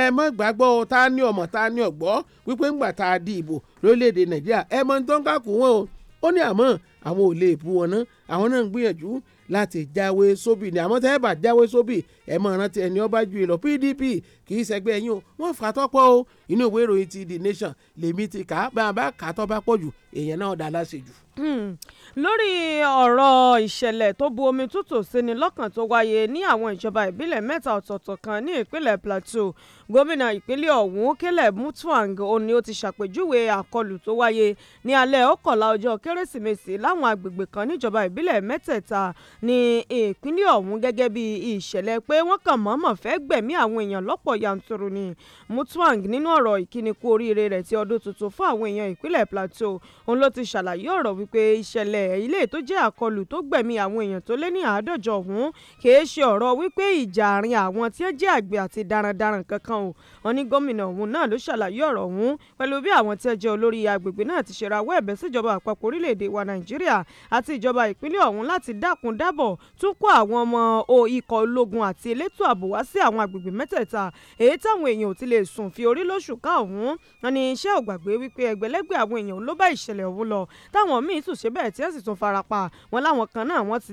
ẹ mọ́ gbàgbọ́ o ta ni ọmọ ta ni ọ̀gbọ́ wípé ńgbà tá a di ìbò lórílẹ̀‐èdè Nàìjíríà ẹ mọ́ ń tó ń kàkùn wọn o ó ní àmọ́ àwọn ò lè bu wọn ná àwọn náà ń gbìyànjú láti jáwé sóbì ni àmọ́ tẹ́ẹ̀bà jáwé sóbì ẹ̀ mọ̀ rántí ẹni ọba ju ìlọ PDP kì í ṣẹgbẹ́ ẹ̀yìn o wọ́n fà tọ́pọ̀ o inú ìwé ìròyìn ti The Nation lèmi ti kà á bá a bá kà á tọ́ bá pọ̀ jù èèyàn náà dá láṣejù. Hmm. lórí ọ̀rọ̀ ìṣẹ̀lẹ̀ tó bu omi tútù síni lọ́kàn tó wáyé ní àwọn ìjọba ìbílẹ̀ mẹ́ta ọ̀tọ̀ọ̀tọ̀ kan ní ìpínlẹ̀ Plateau gómìnà ìpínlẹ̀ ọ̀hún Caleb Mutvang òní ó ti ṣàpèjúwe àkọlù tó wáyé ní alẹ́ ọ̀kọ̀lá ọjọ́ kérésìmesì láwọn agbègbè kan níjọba ìbílẹ̀ mẹ́tẹ̀ẹ̀ta ní ìpínlẹ̀ ọ̀hún gẹ́gẹ́ bí ìṣẹ̀lẹ̀ pé wọ́n kàn mọ̀ọ́mọ̀ fẹ́ gbẹ̀mí àwọn èèyàn lọ́pọ̀ yanturu ni Mutvang nínú ọ̀rọ̀ ìkíni kú oríire rẹ̀ ti ọdún tuntun fún àwọn èèyàn ìpínlẹ̀ Plateau òun ló ti ṣàlàyé ọ̀rọ̀ wí wípé ìṣẹ̀lẹ̀ eléyìí tó jẹ́ àkọlù tó gbẹ̀mí àwọn èèyàn tó lé ní àádọ́jọ ọ̀hún kìí ṣe ọ̀rọ̀ wípé ìjà àárín àwọn tí ó jẹ́ àgbẹ̀ àti darandaran kankan o wọn ní gómìnà ọ̀hún náà ló ṣàlàyé ọ̀rọ̀ ọ̀hún pẹ̀lú bí àwọn tí ó jẹ́ olórí agbègbè náà ti ṣe rawọ́ ẹ̀bẹ̀ síjọba àpapọ̀ orílẹ̀-èdè wa nàìjíríà àti ìjọba ìpínlẹ̀ míì tún ṣe bẹ́ẹ̀ tí ẹ̀ sì tún farapa wọn láwọn kan náà wọ́n ti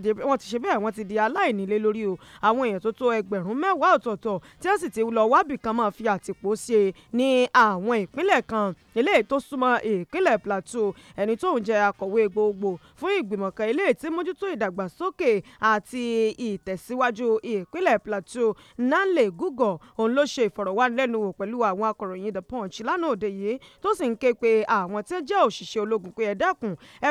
ṣe bẹ́ẹ̀ wọ́n ti di aláìnílé lórí o àwọn èèyàn tó tó ẹgbẹ̀rún mẹ́wàá ọ̀tọ̀ọ̀tọ̀ tí ẹ̀ sì ti lọ wábì kan máa fi àtìpó ṣe ní àwọn ìpínlẹ̀ kan eléyìí tó súnmọ́ ìpínlẹ̀ Plateau ẹni tóun jẹ́ akọ̀wé gbogbo fún ìgbìmọ̀ kan eléyìí tí mójútó ìdàgbàsókè àti ìtẹ̀síwájú ìpínlẹ̀ Plateau Nanle Gugọ òun ló ṣe ìfọ̀rọ̀wánilẹ́nuwò pẹ̀lú àwọn akọ̀ròyìn The Punch lánàá òde yìí tó sì ń ké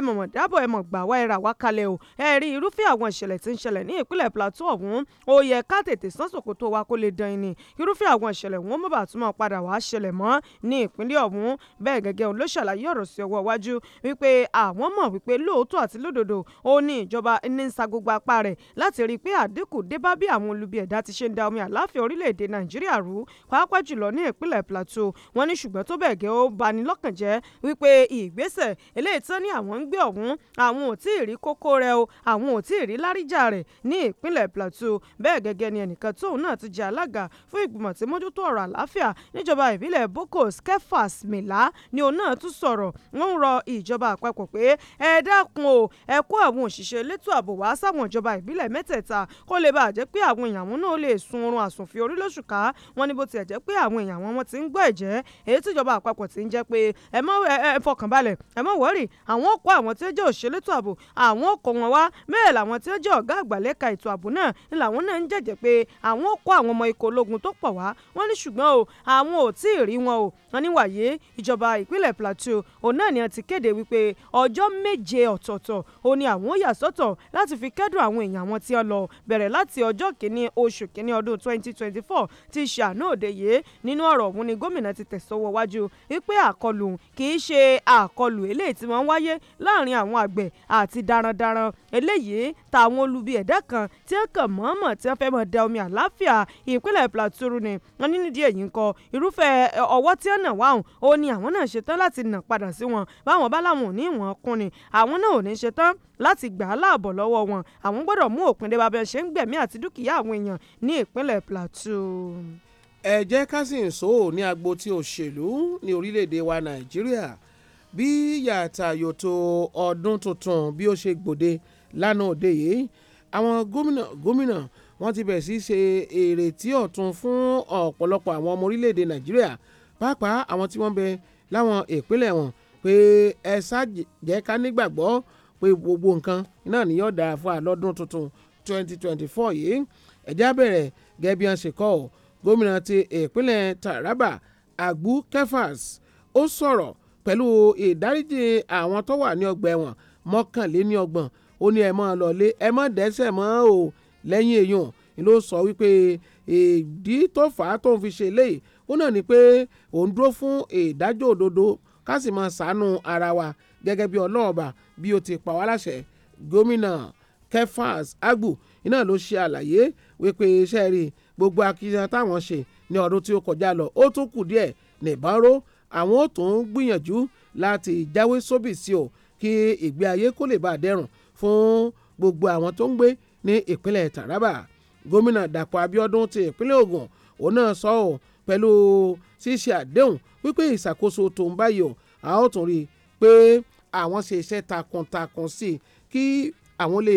ẹ mọ̀mọ̀ dábọ̀ ẹ mọ̀ gbà wá ẹ wá kalẹ̀ o ẹ rí irúfẹ́ àwọn ìṣẹ̀lẹ̀ tí ń ṣẹlẹ̀ ní ìpínlẹ̀ plateau ọ̀hún ó yẹ ká tètè sán ṣòkòtò wa kó lè dan ẹni irúfẹ́ àwọn ìṣẹ̀lẹ̀ wọn mọ̀ bá tún padà wá ṣẹlẹ̀ mọ́ ní ìpínlẹ̀ ọ̀hún bẹ́ẹ̀ gẹ́gẹ́ òun ló ṣàlàyé ọ̀rọ̀ sí ọwọ́ iwájú wípé àwọn mọ̀ wípé lóòótọ́ àti lódodo ó ní ìjọba ní ẹgbẹ́ ọ̀hún àwọn ò tí ì rí kókó rẹ̀ o àwọn ò tí ì rí láríjà rẹ̀ ní ìpínlẹ̀ Plateau bẹ́ẹ̀ gẹ́gẹ́ ni ẹnìkan tóun náà ti jẹ́ alága fún ìgbìmọ̀ tí mójútó ọ̀rọ̀ àláfíà níjọba ìbílẹ̀ Bokos Kefas Mila ni òun náà tún sọ̀rọ̀ ń rọ ìjọba àpapọ̀ pé ẹ dákun o ẹ kó àwọn òṣìṣẹ́ elétò ààbò wá sáwọn ìjọba ìbílẹ̀ mẹ́tẹ̀ẹ̀ta kó lè bàa jẹ́ pé àwọn èèyàn náà lè sun oorun àsùnfin orí lóṣù ká wọn ní bó tiẹ̀ jẹ́ pé àwọn èèyàn wọn ti ń gbọ́ ẹ̀jẹ̀ èyí tíjọba àpapọ̀ ti ń jẹ́ pé ẹ má ẹ fọkànbalẹ̀ ẹ má wọ́rì àwọn kó àwọn tí ó jẹ́ òṣèlétò ààbò àwọn ò kó wọn wá bẹ́ẹ̀ làwọn tí ó jẹ́ ọ̀gá àgbà lẹ́ka ètò ààbò náà ni làwọn náà ń jẹ́jẹ́ pé àwọn ò kó àwọn ọmọ ikọ̀ ológun tó pọ̀ wá wọ́n ní ṣùgbọ́n o àwọn ò tí ì rí wọn o wọ́n ní wàyé ìjọba ìpínlẹ̀ Plateau òun náà ni a ti kéde wípé ọjọ́ méje ọ̀tọ̀ọ̀tọ̀ òun ni àwọn ó yà sọ́tọ̀ láti fi kẹ́dùn àwọn èèyàn àwọn tí ó lọ bẹ̀rẹ̀ láti ọjọ́ kìíní oṣù kìíní ọdún 2024 ti ṣàánú òde yìí nínú ọ̀rọ̀ ọ̀hún ni gómìnà ti tẹ̀sọ́wọ́ wájú wípé àkọlù kì ṣe àkọlù eléyìí tí wọ́n wáyé l láàrin àwọn àgbẹ̀ àti darandaran eléyìí tàwọn olubi ẹ̀dá kan tí wọ́n kàn mọ̀ọ́mọ̀ tí wọ́n fẹ́ mọ̀ da omi àláfíà ìpínlẹ̀ Plateau ni wọ́n ní nídìí èyí ń irúfẹ́ ọwọ́ tí wọ́n nà wá òun ó ní àwọn náà ṣetán láti nà padà sí wọn báwọn bá láwọn ò ní ìwọ̀n kún ni àwọn náà ò ní ṣetán láti gbà á láàbọ̀ lọ́wọ́ wọn àwọn gbọ́dọ̀ mú òpin dé babẹ́ ṣe ń gbẹ̀mí àti dúkìá àwọn èèyàn ní ìpínlẹ̀ Plateau. ẹ jẹ́ ká sì ń sọ ní agbo tí òṣèlú ní orílẹ̀-èdè wa Nàìjíríà bí yàtà yòtò ọdún tuntun bí ó ṣe gbòde lánàá òde yìí àwọn gómìnà gómìnà wọ́n ti bẹ̀rẹ̀ sí ṣe èrètí ọ̀tun fún ọ̀pọ̀lọpọ̀ àwọn ọmọ orílẹ̀-èdè nàìjíríà pàápàá àwọn tí wọ́n bẹ láwọn ìpínlẹ̀ wọn pé ẹ ṣàjẹ́ ká nígbàgbọ́ pé gbogbo nǹkan náà ni yóò dára fún àlọ́dún tuntun 2024 yìí ẹ̀já bẹ̀rẹ̀ gẹ́gẹ́ bí wọ́n ṣe kọ́ ọ gómìnà ti ìpínlẹ̀ taraba agbu kefas ó sọ̀rọ̀ pẹ̀lú ìdáríjì àwọn tó wà ní ọgbà ẹ̀wọ̀n mọ́kànléníọgbọ̀n ó ní ẹ máa lọlé ẹ má dẹ́sẹ̀ mọ́ o lẹ́yìn èèyàn ló sọ wípé ìdí tó fà á tóun fi ṣe léyìí ó náà ni pé òun dúró fún ìdájọ́ òdodo ká sì máa ṣàánú ara wa gẹ́gẹ́ bí ọlọ́ọ̀bà bí ó ti pa wá láṣẹ gómìnà Kefas Agbu iná ló ṣe àlàyé wípé iṣẹ́ rí gbogbo akitiyan táwọn ṣe ní ọdún tí ó kọjá lọ ó tún kù díẹ̀ nìbọn ró àwọn ò tún gbìyànjú láti jáwé sóbì sí o kí ìgbé ayé kó lè bá a dẹrùn fún gbogbo àwọn tó ń gbé ní ìpínlẹ̀ Taraba gómìnà Dàpọ̀ Abíọ́dún ti ìpínlẹ̀ Ògùn òun náà sọ ọ́ pẹ̀lú ṣíṣe àdéhùn wípé ìṣàkóso tó ń báyìí o a ó tún rí i pé àwọn ṣe iṣẹ́ takuntakun sí i kí àwọn lè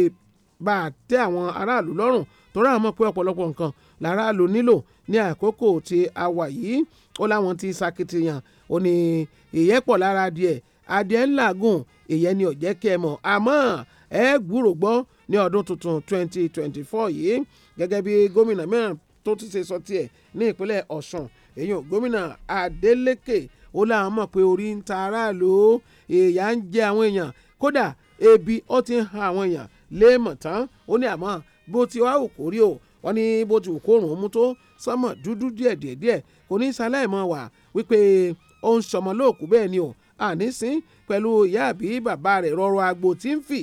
bá a tẹ́ àwọn aráàlú lọ́rùn torí àwọn mọ̀ pé ọ̀pọ̀lọpọ̀ nǹkan lára ló nílò ní àkókò tí a wà yìí ó láwọn ti sakitiyan ó ní ìyẹn pọ̀ lára adìẹ adìẹ ńlágùn ìyẹn ni ó jẹ́ kí ẹ mọ̀ àmọ́ ẹ gbúrò gbọ́ ní ọdún tuntun 2024 yìí gẹ́gẹ́ bí gómìnà mìíràn tó ti ṣe sọ tiẹ̀ ní ìpínlẹ̀ Ọ̀ṣun èyàn gómìnà Adeleke ó láwọn mọ̀ pé orí ń ta aráàlú ìyà ń jẹ àwọn èèyàn kódà ebi ó ti ń han àwọn èèyàn léèmọ̀ tán ó ní àmọ́ bó ti wá òkò rí o wọ́n ní bó ti òkò òrùn mú tó sánmọ̀ dúdú díẹ̀ díẹ̀ díẹ̀ kò ní sáláìmọ̀ wà wípé ó ń sọmọ lóòkú bẹ́ẹ̀ ni o ànísín pẹ̀lú ìyá àbí bàbá rẹ̀ rọrọ agbo tí ń fì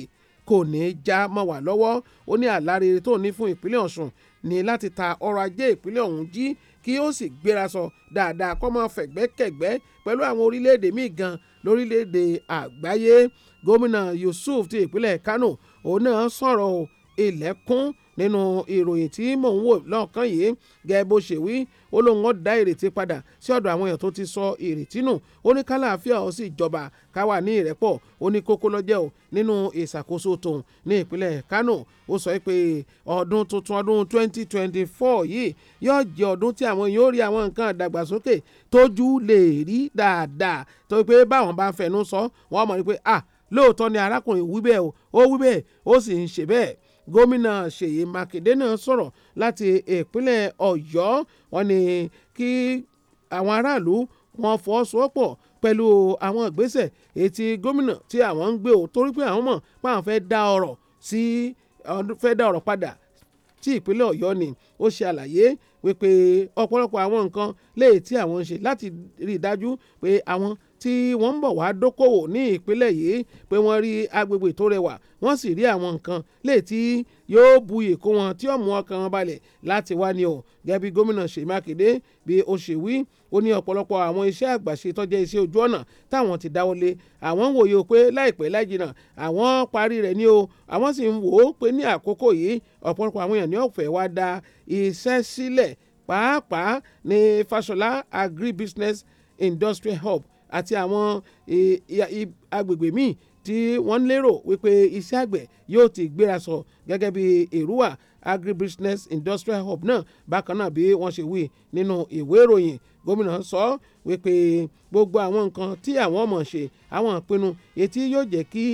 kò ní já mọ́ wà lọ́wọ́ ó ní àlárere tó ní fún ìpínlẹ̀ Ọ̀ṣun ní láti ta ọrọ̀ ajé ìpínlẹ̀ ọ̀hún jí kí ó sì gbéra sọ dáadáa kọ́ mọ́ fẹ̀gbẹ́kẹ̀gbẹ́ pẹ̀lú àwọn orílẹ̀-èdè míì gan lórílẹ̀-èdè àgbáyé gómìnà Yusuf ti ìpínlẹ̀ Kánò òun náà sọ̀rọ̀ ilẹ̀ kún nínú ìròyìn tí mò ń wò lọ́ọ̀kan yìí gẹ́gẹ́ bó ṣe wí ó lóun ó dá ìrètí padà sí ọ̀dọ̀ àwọn èèyàn tó ti sọ ìrètí nù ó ní kálàáfíà ó sì jọba káwa ní ìrẹ́pọ̀ ó ní kókó lọ́jẹ́ o nínú ìṣàkóso tòun ní ìpínlẹ̀ Kánò ó sọ pé ọdún tuntun ọdún 2024 yìí yóò jẹ́ ọdún tí àwọn yóò rí àwọn nǹkan ìdàgbàsókè tójú lè rí dáadáa tó pé báwọn bá fẹnu sọ wọ́n mọ̀ ní pé ah lóòótọ́ ni arákùnrin wí bẹ́ẹ̀ o ó wí bẹ́ẹ̀ ó sì ń ṣe bẹ́ẹ̀ gómìnà Ṣèyí Mákindé náà sọ̀rọ̀ láti ìpínlẹ̀ Ọ̀yọ́ wọ́n ní kí àwọn aráàlú wọn fọwọ́sowọ́pọ̀ pẹ̀lú àwọn ìgbésẹ̀ ètí gómìnà tí àwọn ń gbé o torí pé àwọn mọ̀ pé àwọn fẹ́ dá ọ̀rọ̀ sí fẹ́ dá ọ̀rọ̀ padà tí ìpínlẹ̀ Ọ̀yọ́ ni ó ṣe àlàyé wípé ọ̀pọ̀lọpọ̀ àwọn nǹkan léè tí àwọn ń ṣe láti rí i dájú pé àwọn tí wọ́n ń bọ̀ wá dókòwò ní ìpínlẹ̀ yìí pé wọ́n rí agbègbè tó rẹwà wọ́n sì rí àwọn nǹkan léè tí yóò bu ìkó wọn tí ó mú ọkàn wọn balẹ̀ láti wá ní o gẹ́gẹ́ bí gómìnà Ṣèyí Mákindé bí ó ṣe wí ó ní ọ̀pọ̀lọpọ̀ àwọn iṣẹ́ àgbàṣe tó jẹ́ iṣẹ́ ojú ọ̀nà táwọn ti dáwọ́lé àwọn ń wòye pé láìpẹ́ láìjìnà àwọn parí rẹ̀ ní o àwọn sì ń wò ó pé ní àkókò yìí ọ̀pọ̀lọpọ̀ àwọn èèyàn ní ọ̀fẹ́ wá da iṣẹ́ sílẹ̀ pàápàá ní Fasola Agribusiness Industrial Hub àti àwọn agbègbè míì tí wọ́n lérò wípé iṣẹ́ àgbẹ̀ yóò ti gbéra sọ gẹ́gẹ́ bí èrúwà agribusiness industrial hub náà bákan náà bí wọ́n ṣe wí nínú ìwé ìròyìn gómìnà sọ wípé gbogbo àwọn nǹkan tí àwọn ọmọ ṣe àwọn ìpinnu etí yóò jẹ́ kí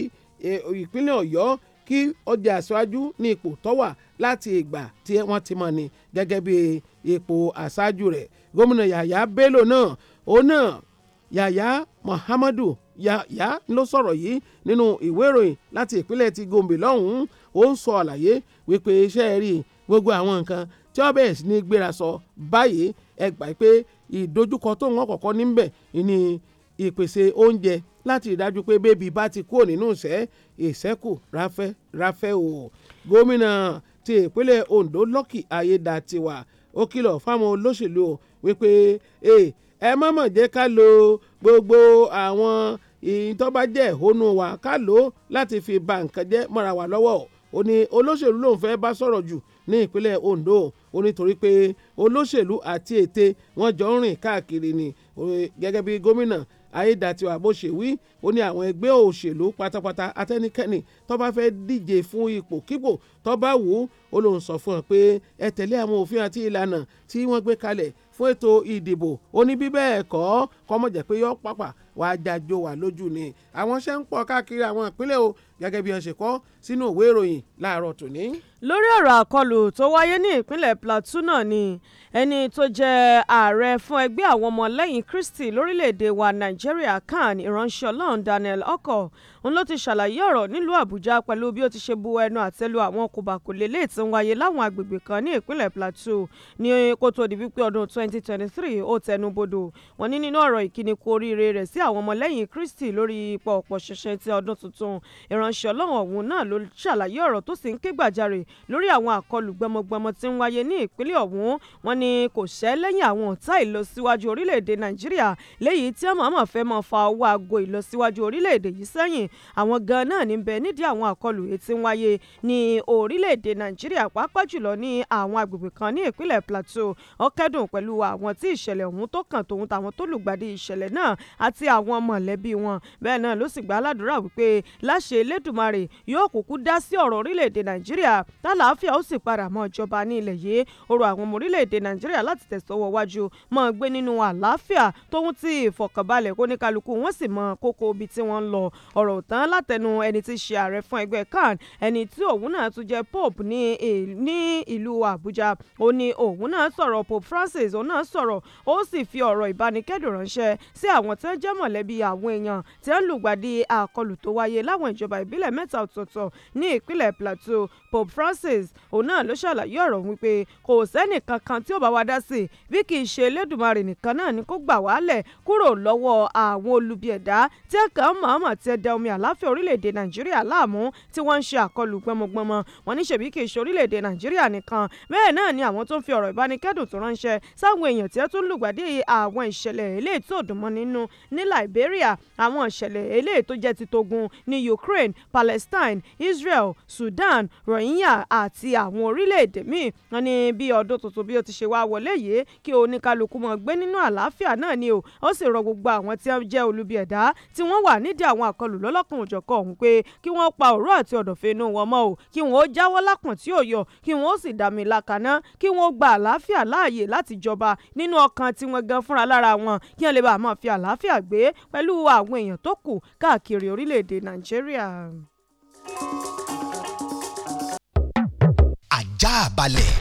ìpínlẹ̀ ọ̀yọ́ kí ọjà aṣáájú ní ipò tọ́wà láti ìgbà tí wọ́n ti mọ̀ ni gẹ́gẹ́ bí ipò aṣáájú rẹ̀ gómìnà yàyà bello náà òun náà yàyà muhammadu yàyà ló sọ̀rọ̀ yìí nínú ìwé ìròyìn láti ìpínlẹ̀ ti gombe lọ́hùn-ún ó ń sọ àlàyé wípé iṣẹ́ rí gbogbo àwọn nǹkan tí ó bẹ̀rẹ̀ sí ní gbéra sọ báyìí ẹ gbà pé ìdojúkọ tó wọn kọ̀kọ́ níbẹ̀ ni ìpèsè oúnjẹ láti ìdájú pé bébí bá ti kúrò nínú ìṣẹ́ ìṣẹ́kù ráfẹ́ ráfẹ́ o gómìnà ti ìpínlẹ̀ Ondo Lucky Ayédàtiwà ó kìlọ̀ fáwọn olóṣèlú o wípé ee eh, ẹ mọ̀mọ̀ jẹ́ ká lo gbogbo àwọn ìtọ́bàjẹ́ ìhónú wa ká lò ó láti fi ba nǹkan jẹ́ mọ́ra wa lọ́wọ́ ó ní olóṣèlú lòun fẹ́ bá sọ̀rọ̀ jù ní ìpínlẹ̀ Ondo ó nítorí pé olóṣèlú àti ète wọn jọ ń rìn káàkiri ni gẹ́gẹ́ bí gómìnà ayédàtiwa bó ṣe wí ó ní àwọn ẹgbẹ́ òṣèlú pátápátá atẹ́nikẹ́ni tó bá fẹ́ díje fún ipò kípò tó bá wù ú ó lòun sọ fún ọ pé ẹ tẹ̀lé àwọn òfin àti ìlànà tí wọ́n gbé kalẹ̀ fún ètò ìdìbò ó ní bí bẹ́ẹ̀ kọ́ kọ́mọ̀jẹ̀ pé yọ pápá wàá jájó wà lójú ni àwọn ṣẹ́ ń pọ̀ káàkiri àwọn ìpínlẹ̀ o gẹ́gẹ́ bí wọ́n ṣe kọ sínú òwe ìròyìn láàárọ̀ tòní. lórí ọ̀rọ̀ àkọlù tó wáyé ní ìpínlẹ̀ Plateau náà ni ẹni tó jẹ́ ààrẹ fún ẹgbẹ́ àwọn ọmọlẹ́yìn Kristi lórílẹ̀‐èdè wa Nàìjíríà kan ìránṣẹ́ Ọlọ́run Daniel Okor òun ló ti ṣàlàyé ọ̀rọ̀ nílùú Àbújá pẹ̀lú bí ó ti ṣe bu ẹnu àtẹ́lu àwọn kòbàkòlé lè tí ń wáyé láwọn agbègbè kan ní ìpínlẹ̀ Plateau ní kó tó di wípé ọdún 2023 ó tẹnubodò wọn ní nínú ọ̀rọ̀ ìkíni kú oríire rẹ̀ sí àwọn ọmọlẹ́yìn Kristi lórí ipò ọ̀pọ̀ ṣẹṣẹ ti ọdún tuntun ìránṣẹ́ ránṣẹ́ ọlọ́run ọ̀hún náà ló ṣàlàyé ọ̀rọ̀ tó sì ń ké gbàjarè lórí àwọn àkọlù gbọmọgbọmọ tí ń wáyé ní ìpínlẹ̀ ọ̀hún wọn ni kò ṣẹ́ lẹ́yìn àwọn ọ̀tá ìlọsíwájú orílẹ̀-èdè nàìjíríà léyìí tí àmọ́mọ́ fẹ́ máa fa owó aago ìlọsíwájú orílẹ̀-èdè yìí sẹ́yìn àwọn gan náà ní bẹ nídìí àwọn àkọlù etí ń wáyé ní orílẹ̀-èdè nàìjíríà pàápàá jùlọ ní àwọn agbègbè kan ní ìpínlẹ̀ plateau ọ̀kẹ́dùn pẹ̀lú àwọn tí ìṣẹ̀lẹ̀ ọ̀hún tó elédùnmarè yóò kúkú dá sí ọ̀rọ̀ orílẹ̀-èdè nàìjíríà tálàáfíà ó sì padà mọ́ ìjọba ní ilẹ̀ yìí ọ̀rọ̀ àwọn ọmọ orílẹ̀-èdè nàìjíríà láti tẹ̀sọ́wọ́ wájú mọ́ gbé nínú àlàáfíà tóhun ti ìfọ̀kànbalẹ̀ kóníkálukú wọ́n sì mọ kókó ibi tí wọ́n ń lọ ọ̀rọ̀ tán látẹnu ẹni tí ṣe ààrẹ fún ẹgbẹ́ CAN ẹni tí òun náà tún jẹ́ francis òun náà sọ̀rọ̀ ó sì fi ọ̀rọ̀ ìbánikẹ́dùn ránṣẹ́ sí àwọn tí wọ́n jẹ́ mọ̀lẹ́bí àwọn èèyàn tí wọ́n lùgbàdì àkọlù tó ìbílẹ̀ mẹ́ta ọ̀tọ̀ọ̀tọ̀ ní ìpínlẹ̀ Plateau Pope Francis òun náà ló ṣàlàyé ọ̀rọ̀ wípé kò sẹ́nì kankan tí ó bá wa dá sí bí kì í ṣe Elédùmarè nìkan náà ni kó gbà wálẹ̀ kúrò lọ́wọ́ àwọn olubi ẹ̀dá tí ẹ̀kan mọ̀ọ́mọ̀ ti ẹ̀dá omi àláfíà orílẹ̀-èdè Nàìjíríà láàmú tí wọ́n ń ṣe àkọlù gbọmọgbọmọ wọn ní ṣèbí kì í ṣe orílẹ̀-èdè Nàìjíríà nìkan bẹ́ẹ̀ náà ni àwọn tó ń fi ọ̀rọ̀ ìbánikẹ́dùn tó ránṣẹ́ sáwọn èèyàn tí ẹ tún lùgbàdì àwọn ìṣẹ̀lẹ̀ eléyìí tó dùn mọ́ nínú ní Liberia àwọn ìṣẹ̀lẹ̀ eléyìí tó jẹ́ ti togun ní Ukraine Palestine, Israel, Sudan, Rohingya àti àwọn orílẹ̀-èdè míì. Wọ́n ní bí ọdún tuntun bí ó ti ṣe wá wọlé yìí kí oníkálukú mọ̀ gbé nínú àlàáfíà náà ni o ó sì rọ gbogbo àwọn tí wọ́n jẹ́ olubi ẹ̀dá tí wọ́n wà nídìí àwọn àkọlù lọ́lọ́kan òjọ̀kan ọ̀hún pé kí wọ́n pa òró àti ọ̀dọ̀fẹ́ inú wọn mọ́ o kí wọ́n ó jáwọ́ lápọ̀n tí ò yọ kí wọ́n ó sì dàmí làkàná kí wọ́n ó gba àlàáfíà láàyè láti jọba nínú ọkàn tí wọ́n gan fúnra lára wọn kí wọ́n lè bá máa fi àlàáfíà gbé pẹ̀lú àwọn èèyàn tó kù káàkiri orílẹ̀-èdè Nàìjíríà ajá balẹ̀.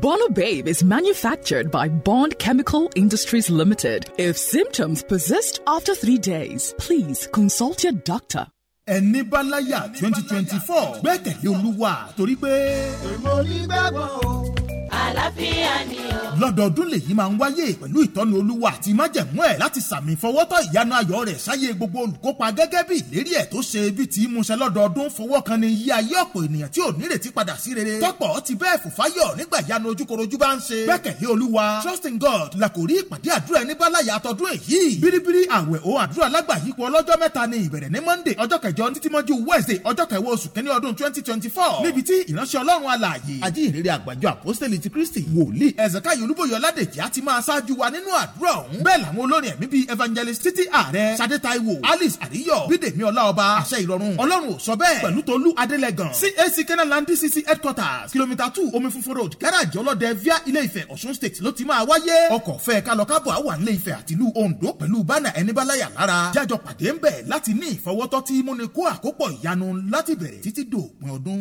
Bono Babe is manufactured by Bond Chemical Industries Limited. If symptoms persist after three days, please consult your doctor. ẹni bá láyà twenty twenty four gbẹ́kẹ̀lé olúwa torí pé. èmo ní gbàgbọ́ o. àlàáfíà ni o. lọ́dọọdún lèyí máa ń wáyé pẹ̀lú ìtọ́nu olúwa àti májẹ̀mú ẹ̀ láti sàmì fọwọ́tọ̀ ìyanu ayọ̀ rẹ̀ sáyé gbogbo olùkópa gẹ́gẹ́ bí ìlérí ẹ̀ tó ṣe bí ti ìmúṣẹ lọ́dọọdún fọwọ́ kan ni iye ayé ọ̀pọ̀ ènìyàn tí ò nírètí padà sí rere tọ́pọ̀ ti bẹ́ẹ̀ fòfáyọ̀ nígbà ìyanu ojúkorojú bá ń ṣe gbẹ́kẹ̀lé olúwa trust in God la kò rí ìpàdé àdúrà ẹni bálàyà àtọ́dún èyí bíríbírí àwẹ̀ o àdúrà lágbà yípo ọlọ́jọ́ mẹ́ta ni ìbẹ̀rẹ̀ ní Monday ọjọ́ kẹjọ títí mọ́jú Wednesday ọjọ́ kẹwọ́ oṣù kẹ́ni ọdún twenty twenty four níbi tí ìránṣẹ́ ọlọ́run alààyè àjíhìnrere àgbàjọ àpọ́sítẹ́lì ti kr kristi wòlíì ẹ̀sẹ̀káyọ̀ olúbòyọ̀ ládèjì á ti máa ṣáájú wa nínú àdúrà ọ̀hún bẹ́ẹ̀ làwọn olórin ẹ̀mí bíi evangelist títí ààrẹ sadé taiwo alice àríyọ̀ bídèmí ọláọba àṣẹ ìrọ̀rùn ọlọ́run ò sọ bẹ́ẹ̀ pẹ̀lú tolú adélẹ́gàn cac kenaland dcc headquarters kilomita two omi funfun road garage ọlọ́dẹ via ilé ìfẹ́ ọ̀ṣun state ló ti máa wáyé ọkọ̀ fẹ́ kálọ kábọ̀ àwọn ilé ìfẹ́ àtìlú ondo pẹ̀lú bánà ẹni bálayà lára jájọ pàdé ń bẹ̀ láti ní ìfọwọ́tọ́ tí múni kó àkópọ̀ ìyanu láti bẹ̀rẹ̀ títí dòpin ọdún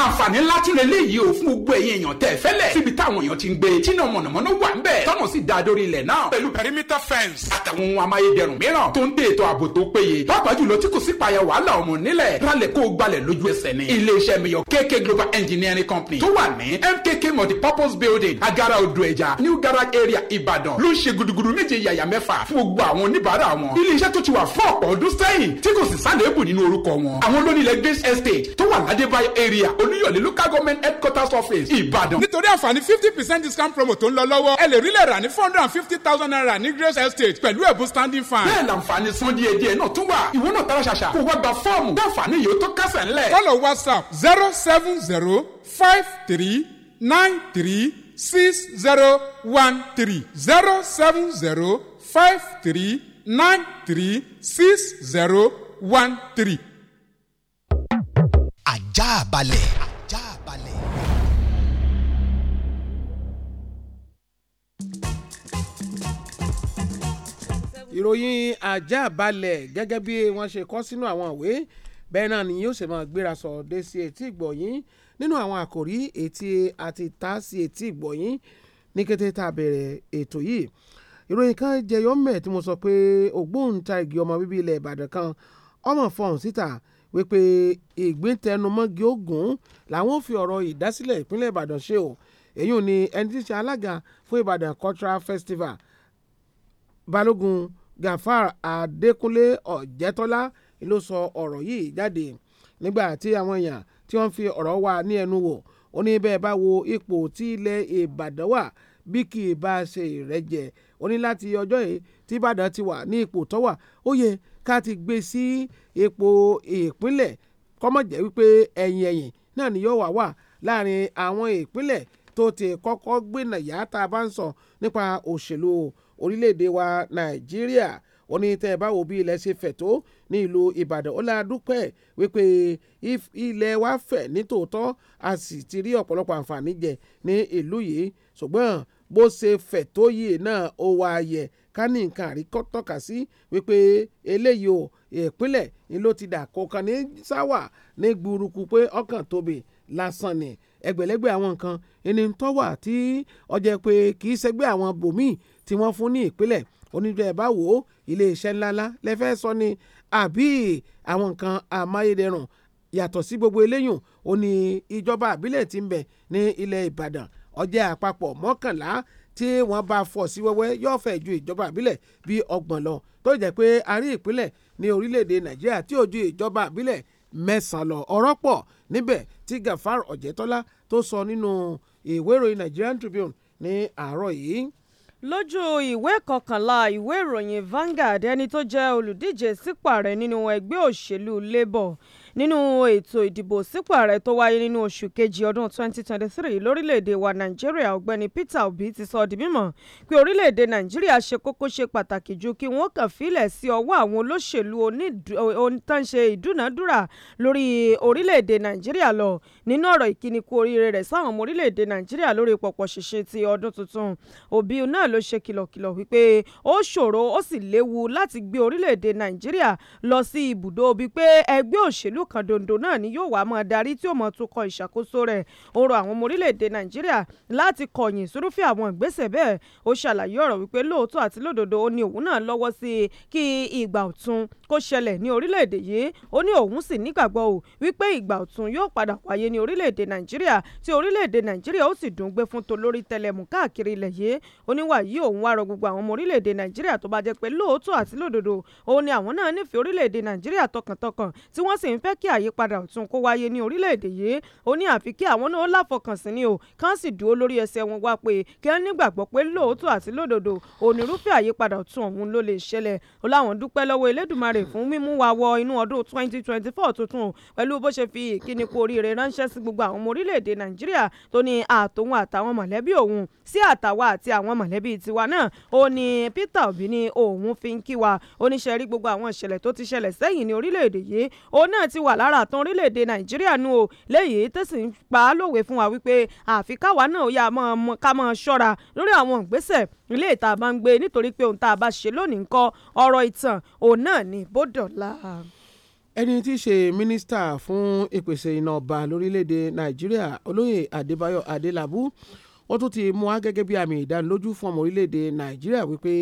àǹfààní ńlá tí eléyìí ò fún gbogbo ẹ̀yin èèyàn tẹ̀ fẹ́lẹ̀ síbi táwọn èèyàn ti ń gbé tí náà mọ̀nàmọ́ná wà ń bẹ̀ tọ́nà sì da dórí ilẹ̀ náà pẹ̀lú pẹ̀rímítà fẹ́ǹsì àtàwọn ohun amáyédẹrùn mìíràn tó ń dé ètò ààbò tó péye pàápàá jùlọ tí kò sí payà wàhálà ọmọ nílẹ̀ rálẹ̀ kó gbalẹ̀ lójú ẹsẹ̀ ni iléeṣẹ́ miyàn KK Global Engineering Company tó wà ní MKK Multipurpose Building agara odò ẹja New Garage Area Ìbàdàn ló ń ṣe gudugudu méje yàyà mẹ́fà fún gbogbo àwọn oníbàárà wọn iléeṣẹ́ tó ti wà fún ọ̀pọ̀ ọdún sẹ́yìn tí kò sì sálẹ̀ èbù nínú orúkọ wọn àwọn olónìlẹ̀ grace estate tó wà ládébáyé area olúyọ̀lé local government headquarters office ìbàdàn. nítorí àǹfààní fifty percent discount promo tó ń lọ lọ́wọ́ ẹ lè rí lẹ̀ ní four hundred and fifty thousand naira ní grace estate pẹ̀lú ẹ̀bùn standing fan. bẹ́ẹ̀ làǹfààní san díẹ̀ díẹ̀ náà tún wà ìwọ náà tara ṣàṣà kó wá gba fọ́ọ̀mù dáǹfààní yóò tó kásẹ̀ ńlẹ̀. kọ́lọ̀ whatsapp zero seven zero five three nine three six zero one three zero seven zero five three nine three six zero one three ajá balẹ̀. ajá balẹ̀. ìròyìn ajá balẹ̀ gẹ́gẹ́ bí wọ́n ṣe kọ́ sínú àwọn ìwé bẹ́ẹ̀ náà ni yóò ṣe máa gbéra sọ dé sí etí ìgbọ̀yìn nínú àwọn àkòrí etí àti ta sí etí ìgbọ̀yìn ní kété tá a bẹ̀rẹ̀ ètò yìí ìròyìn kan jẹyọ mẹ́ẹ̀ tí mo sọ pé ògbóǹtarìgì ọmọ bíbí ilẹ̀ Ìbàdàn kan ọmọ fọhùn síta si wípé ìgbìntẹnumọ́gi ogun làwọn ò fi ọ̀rọ̀ ìdásílẹ̀ ìpínlẹ̀ Ìbàdàn ṣe o èyí ni ẹni tí í ṣe alága fún Ìbàdàn Cultural Festival Balógun Gafar Adékúnlé Ọ̀jẹ́tọ́lá ló sọ ọ̀rọ̀ yìí jáde nígbà tí àwọn èèyàn tí wọ́n fi ọ̀rọ̀ wá ní ẹnu wò ó ní bẹ́ẹ̀ bá wo ipò tí ilẹ̀ Ìbàdàn wà bí kì í bá a ṣe ìrẹ́jẹ ó ní láti ọjọ́ yìí tí Ìbàdàn ti wà ní ipò tó wà ó yẹ ká ti gbé sí ipò ìpínlẹ̀ kọ́mọ̀jẹ́ wípé ẹ̀yìn ẹ̀yìn náà ni yóò wá wà láàrin àwọn ìpínlẹ̀ tó ti kọ́kọ́ gbénà yá tá a bá ń sọ nípa òṣèlú orílẹ̀-èdè wa Nàìjíríà ó ní tẹ́ ẹ bá wo bí ilẹ̀ ṣe fẹ̀ tó ní ìlú Ìbàdàn ó láà dúpẹ́ wípé ilẹ̀ wa fẹ̀ nítòótọ́ a sì ti rí ọ̀pọ̀lọpọ̀ àǹfààní jẹ ní ìlú yìí ṣùgbọ́n bó ṣe fẹ̀ tó yìí náà ó wá yẹ ká ní nǹkan àríkọ́ tọ́ka sí wípé eléyìí ò ìpínlẹ̀ ni ló ti dà kó kàn ní sáwà ní gburuku pé ọkàn tóbi lásán ni ẹgbẹ̀lẹ́gbẹ̀ àwọn nǹkan ẹni tó wà tí ọjọ́ pé kì í ṣẹgbẹ́ àwọn bòmíì tí wọ́n fún ní ìpínlẹ̀ onídìrí ẹ̀ bá wò ó iléeṣẹ́ ńláńlá lẹ́fẹ́ sọ ni àbí àwọn nǹkan amáyédẹrùn yàtọ̀ sí gbogbo eléyùn ó ìjọba àbílẹ̀ tí ń bẹ ní ilẹ̀ Ìbàdàn ọjà àpapọ̀ mọ́kànlá tí wọ́n bá fọ́ sí wẹ́wẹ́ yóò fẹ́ ju ìjọba àbílẹ̀ bíi ọgbọ̀n lọ tó jẹ́ pé àárín ìpínlẹ̀ ní orílẹ̀-èdè nàìjíríà tí ò ju ìjọba àbílẹ̀ mẹ́sàn-án lọ ọ̀rọ̀ pọ̀ níbẹ̀ tí gafar ọ̀jẹ̀tọ́lá tó sọ nínú ìwé ìròyìn Nigerian Tribune ní àárọ̀ yìí lójú ìwé kọkànlá ìwé ìròyìn Vanguard ẹni tó jẹ́ olùdíje sípò ààrẹ nínú ẹgbẹ́ òṣèlú Labour nínú ètò ìdìbò sípò ààrẹ tó wáyé nínú oṣù kejì ọdún 2023 lórílẹ̀‐èdè wa nàìjíríà ọ̀gbẹ́ni Peter Obi ti sọ di mímọ̀ pé orílẹ̀‐èdè nàìjíríà ṣe kókó ṣe pàtàkì ju kí wọ́n kàn filẹ̀ sí ọwọ́ àwọn olóṣèlú onítànṣe ìdúnàdúrà lórí orílẹ̀‐èdè nàìjíríà lọ nínú ọ̀rọ̀ ìkíni kú oríire rẹ̀ sáwọn ọmọ orílẹ̀‐èdè nàìjíríà lórí pọ̀pọ̀ ṣìnṣìn ti ọdún tuntun Obi náà ló ṣe kìlọ̀kìlọ̀ wípé ó ṣòro ó sì léwu láti gbé orílẹ̀‐èdè nàìjíríà lọ sí ibùdó bíi pé ẹgbẹ́ òṣèlú ìlú kan dòǹdò náà ni yóò wá máa darí tí ó mọ̀ tó kọ ìṣàkóso rẹ̀ ó rọ àwọn ọmọ orílẹ̀-èdè nàìjíríà láti kọ̀yìn sórúfẹ́ àwọn ìgbésẹ̀ bẹ́ẹ̀ ó ṣàlàyé ọ̀rọ̀ wípé lóòótọ́ àti lódodo ó ní òun náà lọ́wọ́ sí i kí ìgbà ọ̀tun kó ṣẹlẹ̀ ní orílẹ̀-èdè yìí ó ní òun sì nígbàgbọ́ ò wípé ìgbà ọ̀tun yóò padà wáyé ní orílẹ̀-èdè nàìjíríà tí orílẹ̀-èdè nàìjíríà ó sì dùn gbé fún tolórí tẹlẹmù káàkiri ilẹ̀ yìí oníwàyí òun wá rọ gbogbo àwọn ọmọ orílẹ̀-èdè nàìjíríà tó bá jẹ́ pé lóòótọ́ àti lódodo ó ní àwọn náà nífẹ̀ẹ́ orílẹ̀-èdè nàìjíríà tọkàntọkàn tí wọ́n sì ń f fẹ́ kí àyípadà ọ̀tun kó wáyé ní orílẹ̀-èdè yìí ó ní àfi kí àwọn náà láfọkànsìn ni o kán sì dúró lórí ẹsẹ̀ wọn wá pé kí wọ́n nígbàgbọ́ pé lóòótọ́ àti lódodo onírúfẹ́ àyípadà ọ̀tun ọ̀hún ló lè ṣẹlẹ̀ ó láwọn dúpẹ́ lọ́wọ́ elédùnmarè fún mímú wa wọ inú ọdún twenty twenty four tuntun pẹ̀lú bó ṣe fi ìkíni kú oríire ránṣẹ́ sí gbogbo àwọn ọmọ orílẹ̀-èdè nàìjíríà tó ní peter obi ní òun fi ń kí wa oníṣẹ́ rí gbogbo àwọn ìṣẹ̀lẹ̀ tó ti ṣẹlẹ̀ sẹ́yìn ní orílẹ̀-èdè ti wà lára àtàn orílẹ̀-èdè nàìjíríà nu o léyìí tó sì ń pa á lòwe fún wa wípé àfi káwa náà ó yà ká mọ́ ṣọ́ra lórí àwọn ìgbésẹ̀ ilé ìta bá ń gbé nítorí pé ohun tá a bá ṣe lónìí ńkọ́ ọ̀rọ̀ ìtàn òun náà ni bó ẹni tí í ṣe mínísítà fún ìpèsè iná ọba lórílẹ̀‐èdè nàìjíríà olóyè adébáyọ̀ adélabú ó tún ti mú wá gẹ́gẹ́ bí àmì ìdánilójú fún ọmọ orílẹ̀‐èdè nàìjíríà wípé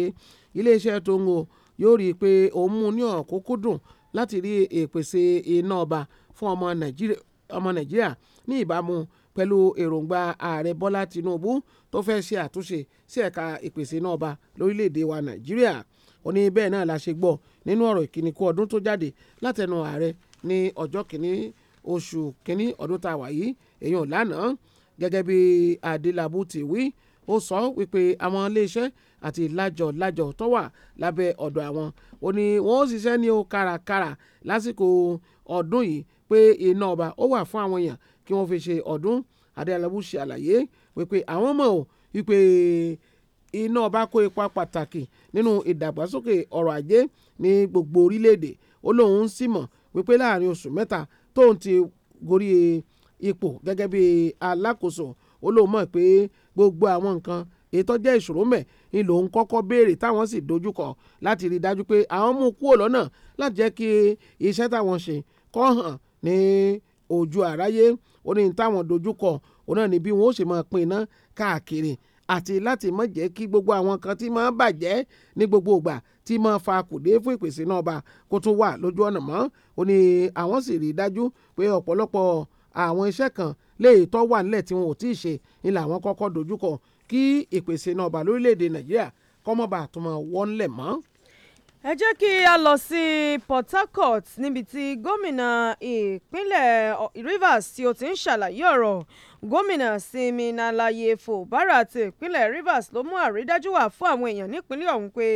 iléeṣẹ́ tó ń wò yóò rí i pé òun mú ní ọ̀kúnkúndùn láti rí ìpèsè iná ọba fún ọmọ nàìjíríà ní ìbámu pẹ̀lú èròǹgbà ààrẹ bọ́lá tìǹbù tó fẹ́ ṣe àtúnṣe sí ẹ̀ka ìpèsè iná ọba lórílẹ̀‐èdè wa nàìjíríà ó ní bẹ́ẹ̀ náà la ṣe gbọ́ nínú ọ̀rọ̀ ìkíni kú ọdún tó jáde látẹnu ààrẹ ní ọjọ́ kìíní oṣù kìíní ọdún tá a wà yìí èèyàn lánàá gẹ́gẹ́ bí adélábù ti wí ó sọ wípé àwọn iléeṣẹ́ àti lájọ lájọ tó wà lábẹ́ ọ̀dọ̀ àwọn ó ní wọ́n ṣiṣẹ́ ní o kárakára lásìkò ọdún yìí pé iná ọba ó wà fún àwọn èèyàn kí wọ́n fi ṣe ọdún adéalábù ṣe àlàyé wípé àwọn mọ̀ ò wípé iná ọba kó ipa pàtàkì nínú ìdàgbàsókè ọrọ̀ ajé ní gbogbo orílẹ̀-èdè ó lóun sì mọ̀ wípé láàrin oṣù mẹ́ta tóun ti gorí ipò gẹ́gẹ́ bí alákòóso ó lóun mọ̀ pé gbogbo àwọn nǹkan ètò jẹ́ ìṣòro mẹ́ ń lòun kọ́kọ́ béèrè táwọn sì dojúkọ láti rí i dájú pé àwọn mú kúrò lọ́nà láti jẹ́ kí iṣẹ́ táwọn ṣe kó hàn ní ojú àráyé ó ní táwọn dojúkọ òun náà ni bí wọn ó ṣe máa pín iná káàkiri àti láti má jẹ́ kí gbogbo àwọn kan tí máa bàjẹ́ ní gbogbo ìgbà tí máa fa kùdé fún ìpèsè náà bá kó tún wà lójú ọ̀nà mọ́ ó ní àwọn sì rí i dájú pé ọ̀pọ̀lọpọ̀ àwọn iṣẹ́ kan léè tó wà nílẹ̀ tí wọn ò tí ì ṣe ni làwọn kọ́kọ́ dojúkọ kí ìpèsè náà bá lórílẹ̀‐èdè nàìjíríà kọ́mọ́bà tó máa wọ́n lẹ̀ mọ́. ẹ jẹ́ kí a lọ sí Port Harcourt níbi tí gómìnà ìpínlẹ̀ Rivers tí ó ti ń ṣàlàyé ọ̀rọ̀ gómìnà Simi Nalaye Fubara ti ìpínlẹ̀ Rivers ló mú àrídájú wá fún àwọn èèyàn nípìnlẹ̀ ọ̀hún pé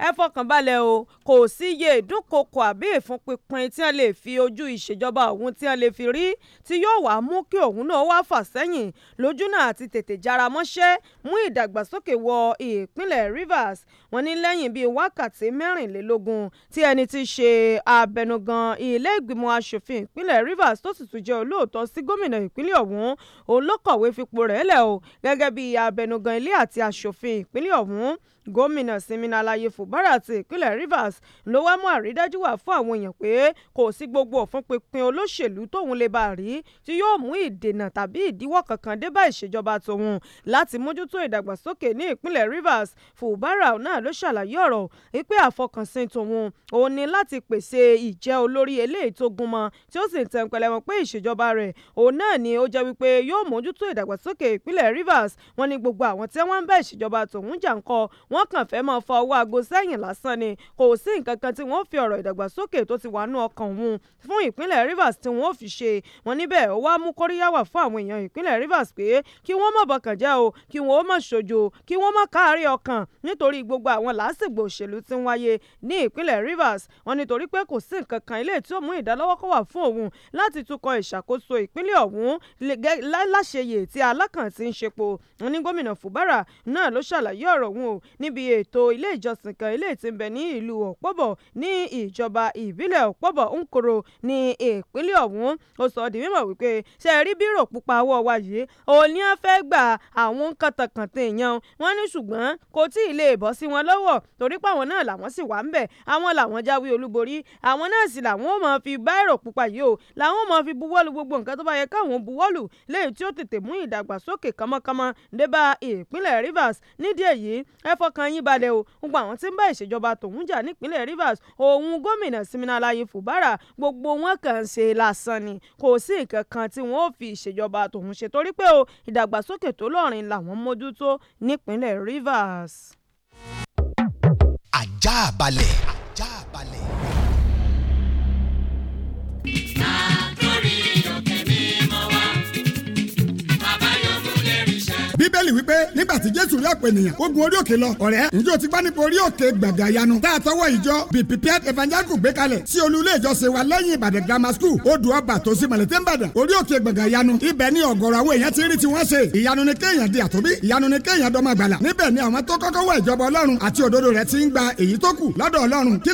ẹ fọkàn balẹ̀ o kò sí iye ìdúnkookò àbí ìfúnpinpin tí wọ́n lè fi ojú ìṣèjọba ọ̀hún tí wọ́n lè fi rí tí yóò wá mú kí òun náà wá fà sẹ́yìn lójúnà àti tètè jára mọ́ṣẹ́ mú ìdàgbàsókè wọ ìpínlẹ̀ Rivers wọ́n ní lẹ́yìn bíi wákàtí mẹ́rìnlélógún tí ẹni ti ṣe abẹnugan ilé ìgbìmọ̀ asòfin ìpínlẹ̀ Rivers tó sì tún jẹ́ olóòótọ́ sí gómìnà ìpínlẹ̀ ọ̀hún òun ló kọ̀wé fipò rẹ̀ lẹ̀ o gẹ́gẹ́ bí abẹnugan ilé àti asòfin ìpínlẹ̀ ọ̀hún gómìnà Siminalayi àlàyé Fubara ti ìpínlẹ̀ Rivers ló wá mú àrídájú wá fún àwọn èèyàn pé kò sí gbogbo òfin pinpin olóṣèlú tóun lè bá rí tí yóò mú ìdènà tàbí ìdíwọ́ kankan dé bá ìṣèjọba tòun láti mójútó ìdàgbàsókè ní ìpínlẹ̀ Rivers Fubara náà ló ṣàlàyé ọ̀rọ̀ wípé àfọkànsìn tòun òun ni láti pèsè ìjẹ́ olórí eléyìí tó gúnmọ́ tí ó sì ń tẹnpẹlẹ wọn pé ìṣèjọba rẹ̀ òun náà ni ó jẹ́ wípé y yóò mójútó ìdàgbàsókè ìpínlẹ̀ Rivers wọ́n ní gbogbo àwọn tí wọ́n ń bá ìṣèjọba tòun jà ń kàn fẹ́ máa fa ọwọ́ aago sẹ́yìn lásán ni kò sí nǹkan kan tí wọ́n fi ọ̀rọ̀ ìdàgbàsókè tó ti wà nú ọkàn òun fún ìpínlẹ̀ Rivers tí wọ́n fi ṣe wọ́n níbẹ̀ ó wá mú kóríyá wà fún àwọn èèyàn ìpínlẹ̀ Rivers pé kí wọ́n má bọkàn jẹ́ o kí wọ́n má ṣojo kí wọ́n má káàárẹ̀ ọkàn nítorí gbogbo àwọn làásìgbò òṣèlú tí ń wáyé ní ìpínlẹ̀ Rivers wọ́n nítorí pé kò sí nǹkan kan ilé tí ó mú ìdálọ́wọ́kọ̀ wà fún òun láti tukọ̀ ìṣàkóso ìpínlẹ̀ ọ̀hún láṣeyè tí alákàn ti ń ṣepò wọn ní gómìnà fubara náà ló ṣàlàyé ọ̀rọ̀ ọ̀hún o níbi ètò ilé ìjọsìn kan eléyìí tí ń bẹ ní ìlú ọ̀pọ̀bọ̀ ní ìjọba ìbílẹ̀ ọ̀pọ̀bọ̀ ńkoro ní ìpínlẹ̀ ọ̀hún ó sọ di mímọ̀ wípé ṣe rí bírò pupa ọwọ́ wa yìí òun ni wọ́n fẹ́ gba àwọn kàntàkàntà èèyàn wọn ní ṣùgbọ́n kò tí ì lè sí wọn lọ́wọ́ torí páwọn náà làwọn sì tí ó tètè mú ìdàgbàsókè kánmọ́kánmọ́ dé ìpínlẹ̀ Rivers nídìí èyí ẹ fọkàn yín balẹ̀ o gbogbo àwọn tí ń bá ìṣèjọba tòun jà nípínlẹ̀ Rivers òun gómìnà Siminalayi Fubara gbogbo wọn kàn ń ṣe lásán ni kò sí nǹkan kan tí wọn ò fi ìṣèjọba tòun ṣe torí pé o ìdàgbàsókè tó lọ́rin làwọn mójútó nípínlẹ̀ Rivers. àjà balẹ̀. àjà balẹ̀. bíbélì wípé nígbà tí jésù rí ọ̀pọ̀ ènìyàn ó gun orí òkè lọ ọ̀rẹ́ ǹjẹ́ ti gbá nípa orí òkè gbàgbà yanu tá a tọwọ́ ìjọ be prepared evangelical gbé kalẹ̀ sí olú ìjọsìn wa lẹ́yìn ìbàdàn grammar school ó dùn ọba tó sí mọ̀lẹ́tẹ́ ń bàdàn orí òkè gbàgbà yanu ibẹ̀ ni ọ̀gọ̀rọ̀ àwọn èèyàn ti rí tí wọ́n ṣe ìyanu ni kéèyàn di àtòbí ìyanu ni kéèyàn dọ́mọ gbàlà níbẹ̀ ni àwọn tó kọ́kọ́ wọ ìjọba ọlọ́run àti òdodo rẹ̀ ti ń gba èyí tó kù lọ́dọ̀ ọlọ́run kí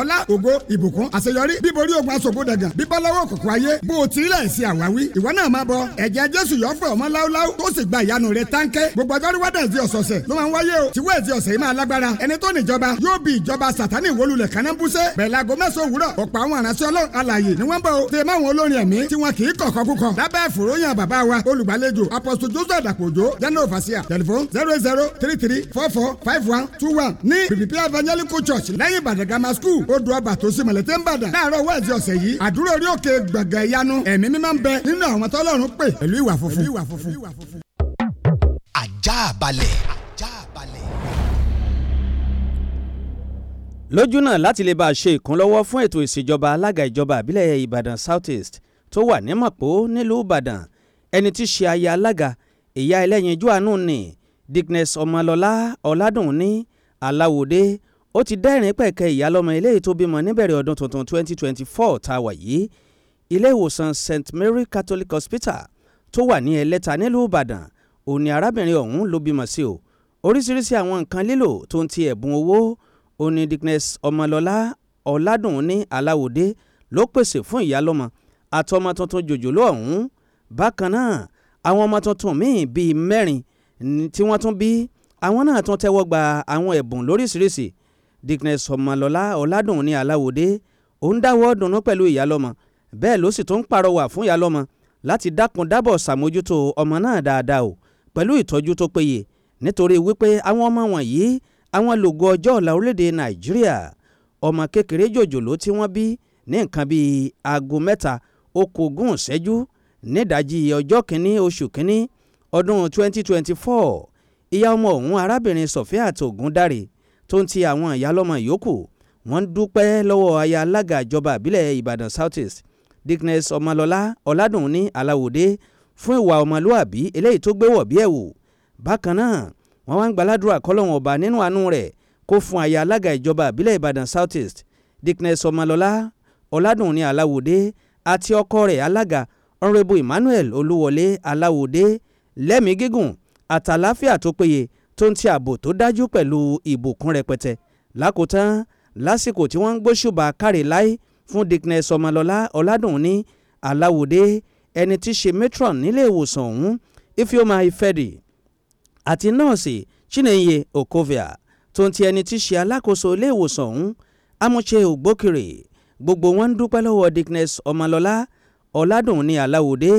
ọlá ògo ìbùkún àṣeyọrí bíborí ogun aṣògo dàgàn bíbọ́láwọ́ òkùnkùn ayé bó o ti rí láìsí àwáwí ìwọ náà má bọ ẹ̀jẹ̀ jésù yọ fún ọmọ láúláú tó sì gba ìyanu rẹ̀ tán Fánkẹ́ gbogbo ọjọ́rú wẹ́dẹ̀sì ọ̀sọ̀ọ̀sẹ̀ ló máa ń wáyé o tí wẹ́ẹ̀sì ọ̀sẹ̀ yìí máa lágbára ẹni tó níjọba yóò bí ìjọba sàtánì wólulẹ̀ kánábùsẹ̀ bẹ̀rẹ̀ aago mẹ́sàn-án òwúrọ̀ ọ̀pọ̀ àwọn àránṣẹ́ ọlọ́run alàyè ni wọ́n bọ̀ o tẹ máwọn olórin ẹ̀mí tí wọn kì í kọ̀kọ́ kúkọ lábẹ́ ìfòròyìn bàbá wa olùgbàlejò apostle joseph dàpọ̀jọ́ general overseer telephone zero zero three three four four five one two one ní pdp evangelical church lẹ́yìn badagama school odò ọba tó sì mọ̀lẹ́tẹ̀ ń bàdàn láàárọ̀ wẹ́ẹ̀sì ọ̀sẹ̀ yìí àdúrà orí òkè gbọ̀ngàn ìyanu ẹ̀mí mímọ́ àjàbalẹ̀. àjàbalẹ̀. lójú náà láti lè bá a ṣe ìkúnlọ́wọ́ fún ètò ìṣèjọba alága ìjọba àbílẹ̀ ìbàdàn south east tó wà ní mọ̀pó nílùú ìbàdàn ẹni tí ṣe aya alága ìyá ẹlẹ́yinjú àánú ni dickness ọmọlọ́lá ọ̀làdùnní aláwòdé ó ti dẹ́rìn pẹ̀kẹ́ ìyálọ́mọ eléyìí tó bímọ níbẹ̀rẹ̀ ọdún tuntun 2024 tá a wà yìí ilé ìwòsàn st mary catholic hospital tó wà ní ẹlẹ́ta nílùú ìbàdàn òun ni arábìnrin ọ̀hún ló bímọ sí o oríṣiríṣi àwọn nǹkan lílò tó ń ti ẹ̀bùn owó òní dickness ọmọlọ́lá ọ̀làdùnní aláwòdé ló pèsè fún ìyálọ́mọ àtọmọ tuntun jòjòló ọ̀hún bákan náà àwọn ọmọ tuntun míì bíi mẹ́rin tí wọ́n tún bí àwọn náà tún tẹ́wọ́ gba àwọn ẹ̀bùn lóríṣiríṣi dickness ọmọlọ́lá ọ̀làdùnní aláwòdé òun dáwọ́ dùnú pẹ̀lú ìyálọ́mọ bẹ́ẹ̀ ló sì tún pàrọwà fún ìyálọ́mọ láti dákun dábọ̀ ṣàmójútó ọmọ náà dáadáa o pẹ̀lú ìtọ́jú tó péye nítorí wípé àwọn ọmọ wọ̀nyí àwọn lògo ọjọ́ ọ̀la orílẹ̀-èdè nàìjíríà ọmọ kékeré jòjòló tí wọ́n bí ní nǹkan bíi aago mẹ́ta okòógùn ìṣẹ́jú nídàjí ọjọ́ kìíní oṣù kìíní ọdún 2024 ìyá ọmọ ọ̀hún arábìnrin Sọ̀fíàt Ògúndáre tó ń ti àwọn ìyálọ́mọ yòókù wọ́n ń dúpẹ́ lọ́wọ́ aya alága ìjọba ìbílẹ̀ Ìbàdàn South East Dickness Ọmọlọ́lá Ọ̀làdùnní Aláwòdé fún ìwà ọmọlúàbí eléyìí tó gbé wọ̀bí ẹ̀ wò bákan náà wọ́n wá ń gbaládùra kọ́lọ́hún ọba nínú àánú rẹ̀ kó fún aya alága ìjọba àbílẹ̀ ìbàdàn south east dickness ọmọlọ́lá ọ̀làdùnní aláwòdé àti ọkọ rẹ̀ alága honourable emmanuel olúwọlé aláwòdé lẹ́mìí gígùn àtàláfíà tó péye tó ń ti ààbò tó dájú pẹ̀lú ìbùkún rẹpẹtẹ lákòótán lásìkò tí wọ́n ń gbóṣùbà káre láì fún dickness ọmọlọ́lá ọ̀làdùnní aláwòdé ẹni tí ṣe matron nílé ìwòsàn ọ̀hún Ifeoma Ifedi àti nọ́ọ̀sì Chinenye Okovia tó ń ti ẹni tí ṣe alákòóso ilé ìwòsàn ọ̀hún Amuche Ogbokiri gbogbo wọn ń dúpẹ́ lọ́wọ́ Dickness Ọmọlọ́lá Ọ̀làdùnní Aláwòdé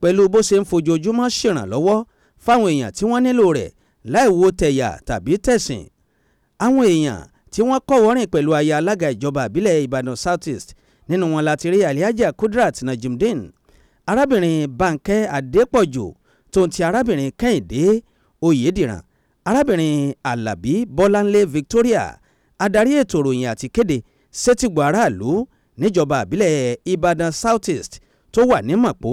pẹ̀lú bó ṣe ń fojoojúmọ́ ṣèrànlọ́wọ́ fáwọn èèyàn tí wọ́n nílò rẹ̀ láì wo tẹ̀yà tàbí tẹ̀sìn àwọn èèyàn tí wọ́n kọ̀wọ́rìn pẹ̀lú aya alága ìjọba ìbílẹ̀ Ìbàdàn South East nínú wọn láti rí Alhaja Kudrat Najimdeen arábìnrin Bánkẹ́ Adépọ̀jù tó ń ti arábìnrin Kẹ́hìndé Oyèdìran arábìnrin Àlàbí Bọ́láńlé Victoria adarí ètò ìròyìn àti kéde sétígbọ̀ aráàlú níjọba àbílẹ̀ Ìbàdàn South East tó wà ní Màpó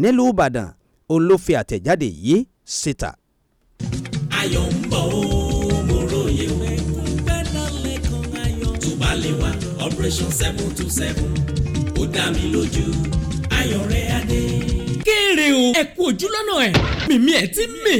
nílùú Ìbàdàn olófin àtẹ̀jáde yìí síta. ayọ̀ ń bọ̀ ó mo róye o tó bá lè wá operation seven two seven ó dá mi lójú ayọ̀ rẹ̀ kú ojú lọ́nà ẹ̀ mímí ẹ̀ ti mì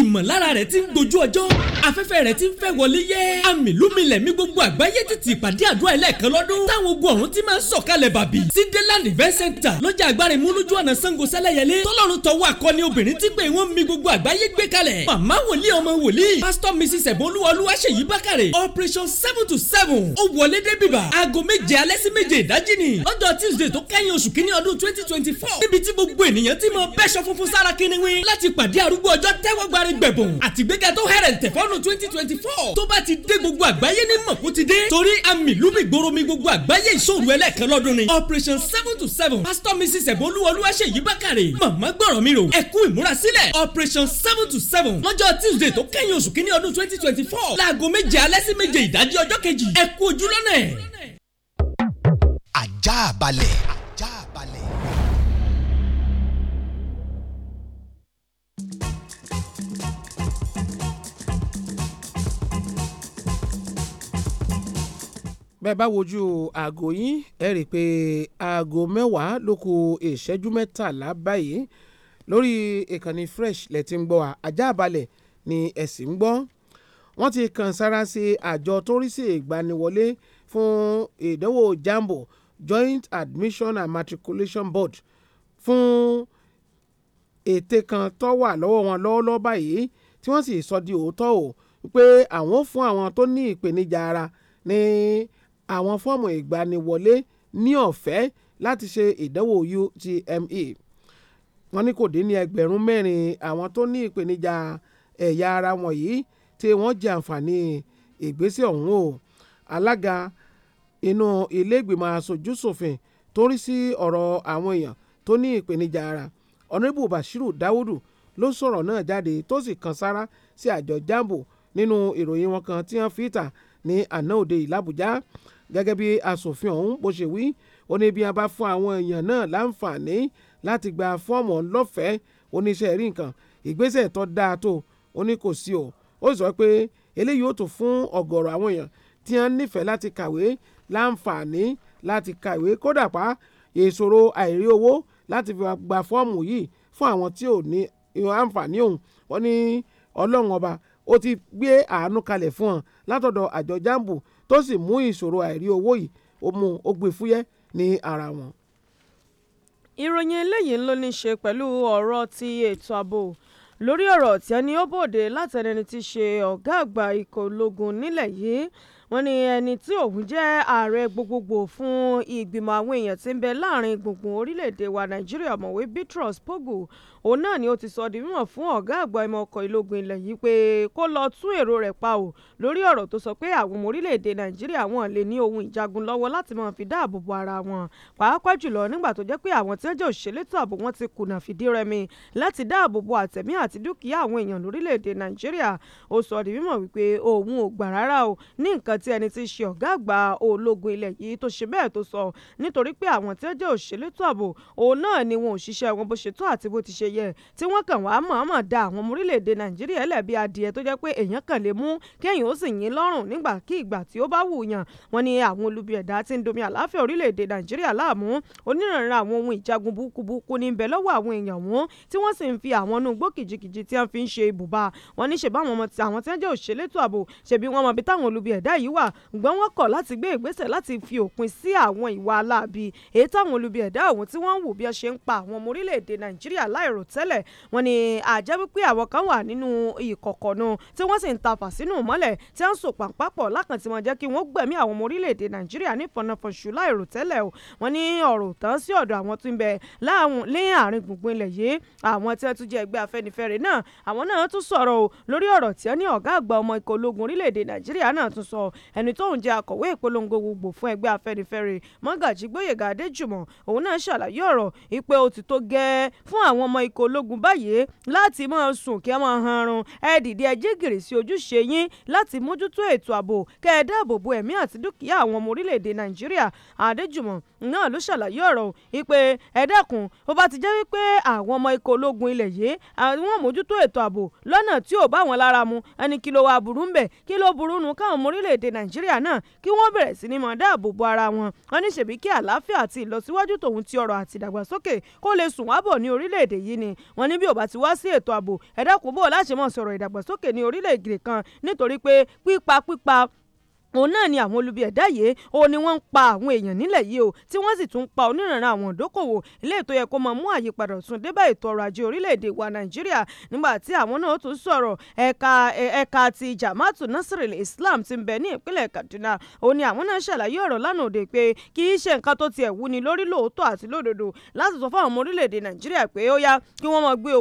ìmọ̀lára rẹ̀ ti ń gbojú ọjọ́ afẹ́fẹ́ rẹ̀ ti ń fẹ́ wọlé yẹ́ amìlúmilẹ̀ mi gbogbo àgbáyé títí ìpàdé àdúrà ẹlẹ́ẹ̀kan lọ́dún táwọn ogun ọ̀run ti máa ń sọ̀kalẹ̀ bàbí sí deland center lọ́jà agbára ìmúlójú ọ̀nà Ṣàngó Sẹ́lẹ̀yẹlé tọ́lọ́run tọwọ́ akọni obìnrin tí pé wọ́n mi gbogbo àgbáyé gbé kalẹ̀ màmá wòlíì ọmọ wòlíì pásítọ̀ mrs ẹ̀bọ́nlúwa olúwaṣèyí bákàrẹ̀ operation seven to seven ó wọlé dé bíbà aago méje alẹ́ sí méje ìdájí ni ọjọ́ twenty twenty four níbi tí gbogbo ènìyàn ti mọ sára kíniwí láti pàdé arúgbó ọjọ́ tẹ́wọ́gbárí gbẹ̀bùn àtìgbéga tó hẹ̀rẹ̀ tẹ̀ fọ́nù twenty twenty four tó bá ti dé gbogbo àgbáyé ní mọ̀kú ti dé torí àmì lùmí gbòòrò gbogbo àgbáyé ìṣòro ẹlẹ́ẹ̀kan lọ́dún ni operation seven to seven pastor mrs ẹ̀bọ́lúwọlúwa ṣèyí bákàrẹ̀ màmá gbọ́rọ̀ mi rò ẹ̀kú ìmúrasílẹ̀ operation seven to seven lọ́jọ́ tuesday tó kẹ́yìn oṣù twenty twenty four láago méje alẹ́ sí méje ìdájí ọjọ́ kejì ẹ̀kú ojúlọ́nà bẹ́ẹ̀ bá wojú aago yín ẹ rí i pé aago mẹ́wàá ló kù ìṣẹ́jú mẹ́tàlá báyìí lórí ìkànnì fresh lẹ ti ń gbọ́ ajá balẹ̀ ni ẹ sì ń gbọ́ wọ́n ti kàn sára sí àjọ tó ìgbaniwọlé fún ìdánwò jambo joint admission and matriculation board fún ète kan tó wà lọ́wọ́ wọn lọ́wọ́lọ́wọ́ báyìí tí wọ́n sì sọ di òótọ́ o pé àwọn fún àwọn tó ní ìpèníjà ara ní àwọn fọ́ọ̀mù ìgbaniwọlé ní ọ̀fẹ́ láti ṣe ìdánwò UTME wọ́n ní kò dín ní ẹgbẹ̀rún mẹ́rin àwọn tó ní ìpèníjà ẹ̀yà ara wọ̀nyí tí wọ́n jẹ àǹfààní ìgbésẹ̀ ọ̀hún o alága inú iléègbìmọ̀ aṣojúṣòfin tó rí sí ọ̀rọ̀ àwọn èèyàn tó ní ìpèníjà ara ọ̀nẹ́bù bashiru dáwúdù ló sọ̀rọ̀ náà jáde tó sì kan sára sí àjọ jambo nínú ìròyìn wọn kan tí wọ́n fi ta ní àná òde ìlàbújá gẹ́gẹ́ bí asòfin ọ̀hún bó ṣe wí ó ní bí a bá fún àwọn èèyàn náà láǹfààní láti gba fọ́ọ̀mù ọlọ́fẹ̀ẹ́ oníṣẹ́ rí nǹkan ìgbésẹ̀ tó dáa tó ó ní kò sí o ó sọ pé eléyìí ó tún fún ọ̀gọ̀rọ̀ àwọn èèyàn tí wọ́n nífẹ̀ẹ́ láti kàwé láǹfààní láti kàwé kódà pa ìṣòro àìrí owó láti fi gba fọ́ọ̀mù yìí fún àwọn tí ò ní àǹfààní òun wọ́n ní ọlọ́run ọba ó ti gbé àánú kalẹ̀ fún wọn látọ̀dọ̀ àjọ jambu tó sì mú ìṣòro àìrí owó yìí ó mú ó gbé fúyẹ́ ní ara wọn. ìròyìn eléyìí ló ní í ṣe pẹ̀lú ọ̀rọ̀ ti ètò ààbò lórí ọ̀rọ̀ tí ẹni ó bòde látẹnẹni ti ṣe ọ̀gá àgbà ikọ̀ ológun nílẹ̀ yìí wọ́n ní ẹni tí òun jẹ́ ààrẹ gbogbogbò fún ìgbìmọ̀ àwọn èèyàn tí ń bẹ láàrin gbùngbùn orílẹ̀-èdè wa Nàìjíríà mọ̀wé Bitrus Pogu òun náà ni ó ti sọ di mímọ̀ fún ọ̀gá àgbà ìmọ̀ ọkọ̀ ìlógun ilẹ̀ yìí pé kó lọ́ọ́ tún èrò rẹ̀ pa o lórí ọ̀rọ̀ tó sọ pé àwọn ọmọ orílẹ̀-èdè nàìjíríà wọn lè ní ohun ìjagun lọ́wọ́ láti máa fi dáàbò bo ara wọn pàápàá jùlọ nígbà tó jẹ́ pé àwọn tí wọ́n jẹ́ òṣèlétò ààbò wọn ti kùnà fìdírẹmi láti dáàbò bo àtẹ̀mí àti dúkìá àwọn èèyàn lórílẹ̀-èdè nàìjíríà ó sọ di mímọ̀ wípé òun ò gbà rárá o ní nǹkan tí ẹni tí ṣe ọ̀gá àgbà ológun ilẹ̀ yìí tó ṣe bẹ́ẹ̀ tó sọ nítorí pé àwọn tí wọ́n jẹ́ òṣèlétò ààbò òun náà ni wọn ò ṣiṣẹ́ wọn bó ṣe tó àti bó ti ṣe y ẹ̀yẹ tí wọ́n kàn wá mọ̀ọ́mọ̀ da àwọn ọmọ orílẹ̀-èdè nàìjíríà ẹlẹ́bi adìẹ tó jẹ́ pé èèyàn kàn lè mú kéèyàn ó sì yín lọ́rùn nígbà kí ìgbà tí ó bá wù yàn wọ́n àwọn olubi ẹ̀dá tí ń domi àláfẹ́ orílẹ̀-èdè nàìjíríà láàmú onírànran àwọn ohun ìjagun burúkúburúkú ní bẹ lọ́wọ́ àwọn èèyàn wọn tí wọ́n sì ń fi àwọn inú igbó kìjikìji tí wọ́n fi ń ṣe ibùba wọn ní ṣèbá àwọn tí wọ́n jẹ́ òṣèlétò ààbò ṣèbí wọn mọ táwọn olubi ẹ̀dá yìí wà ǹgbọ́n wọn kọ̀ láti gbé ìgbésẹ̀ láti fi òpin sí àwọn ìwà aláàbí èyí táwọn olubi ẹ̀dá àwọn tí wọ́n ń wù bí wọ́n ṣe ń pa àwọn ọmọ orílẹ̀-èdè nàìjíríà láì rò tẹ́lẹ̀ wọ́n ní àjẹ́ wípé àwọn kan wà nínú ìkọ̀kọ̀ náà tí wọ́n sì ń ta fàṣínù mọ́lẹ̀ tí wọ́n ń sò pàǹpàpọ̀ lákàn tí jẹ́ kí wọ́n gbẹ̀mí àwọn ọmọ orílẹ̀-èdè nàìjíríà ní fọnàfọ̀ṣù láìrò tẹ́lẹ̀ o wọ́n ní ọ̀rọ̀ tán sí ọ̀dọ̀ àwọn tó ń bẹ láwọn gbùngbùn ilẹ̀ yìí àwọn tí wọ́n tún jẹ́ ẹgbẹ́ afẹ́nifẹ́re ikọ̀ ológun báyìí láti máa sùn kí ẹ máa hanrun ẹ dìde ẹ jí gìrì sí ojúṣe yín láti mójútó ètò ààbò kẹ ẹ dáàbò bo ẹ̀mí àti dúkìá àwọn ọmọ orílẹ̀-èdè nàìjíríà àdéjùmọ̀ náà ló ṣàlàyé ọ̀rọ̀ ìpè ẹ ó bá ti jẹ́ wípé àwọn ọmọ ikọ̀ ológun ilẹ̀ yìí àwọn mójútó ètò ààbò lọ́nà tí ò bá wọn lára mu ẹni kí ló wà burú ń bẹ̀ kí ló burú nu káwọn ọmọ orílẹ̀-èdè nàìjíríà náà kí wọ́n bẹ̀rẹ̀ sí ni máa dáàbò bo ara wọn wọn ní kí àlàáfíà àti ìlọsíwájú tòun ti ọrọ̀ àti ìdàgbàsókè kó lè sùn wábọ̀ ní orílẹ̀-èdè yìí ni wọ́n ní bí ò bá ti wá sí ètò ààbò ẹ dákun bò láṣẹ mọ̀ sọ̀rọ̀ ìdàgbàsókè ní orílẹ̀-èdè kan nítorí pé pípa pípa òun náà ni àwọn olubi ẹ̀dá yìí òun ni wọ́n ń pa àwọn èèyàn nílẹ̀ yìí o tí wọ́n sì tún pa onírànran àwọn ìdókòwò ilé ètò yẹ kó máa mú àyípadà tún débà ètò ọrọ̀ ajé orílẹ̀-èdè wa nàìjíríà nígbà tí àwọn náà tún sọ̀rọ̀ ẹ̀ka ẹ̀ka ti jamaatu nasiril islam ti ń bẹ ní ìpínlẹ̀ kaduna òun ni àwọn náà ṣàlàyé ọ̀rọ̀ lánàá òde pé kì í ṣe nǹkan tó tiẹ̀ wúni lórí lóòótọ́ àti lódodo láti sọ fún àwọn ọmọ orílẹ̀-èdè nàìjíríà pé ó yá kí wọ́n máa gbé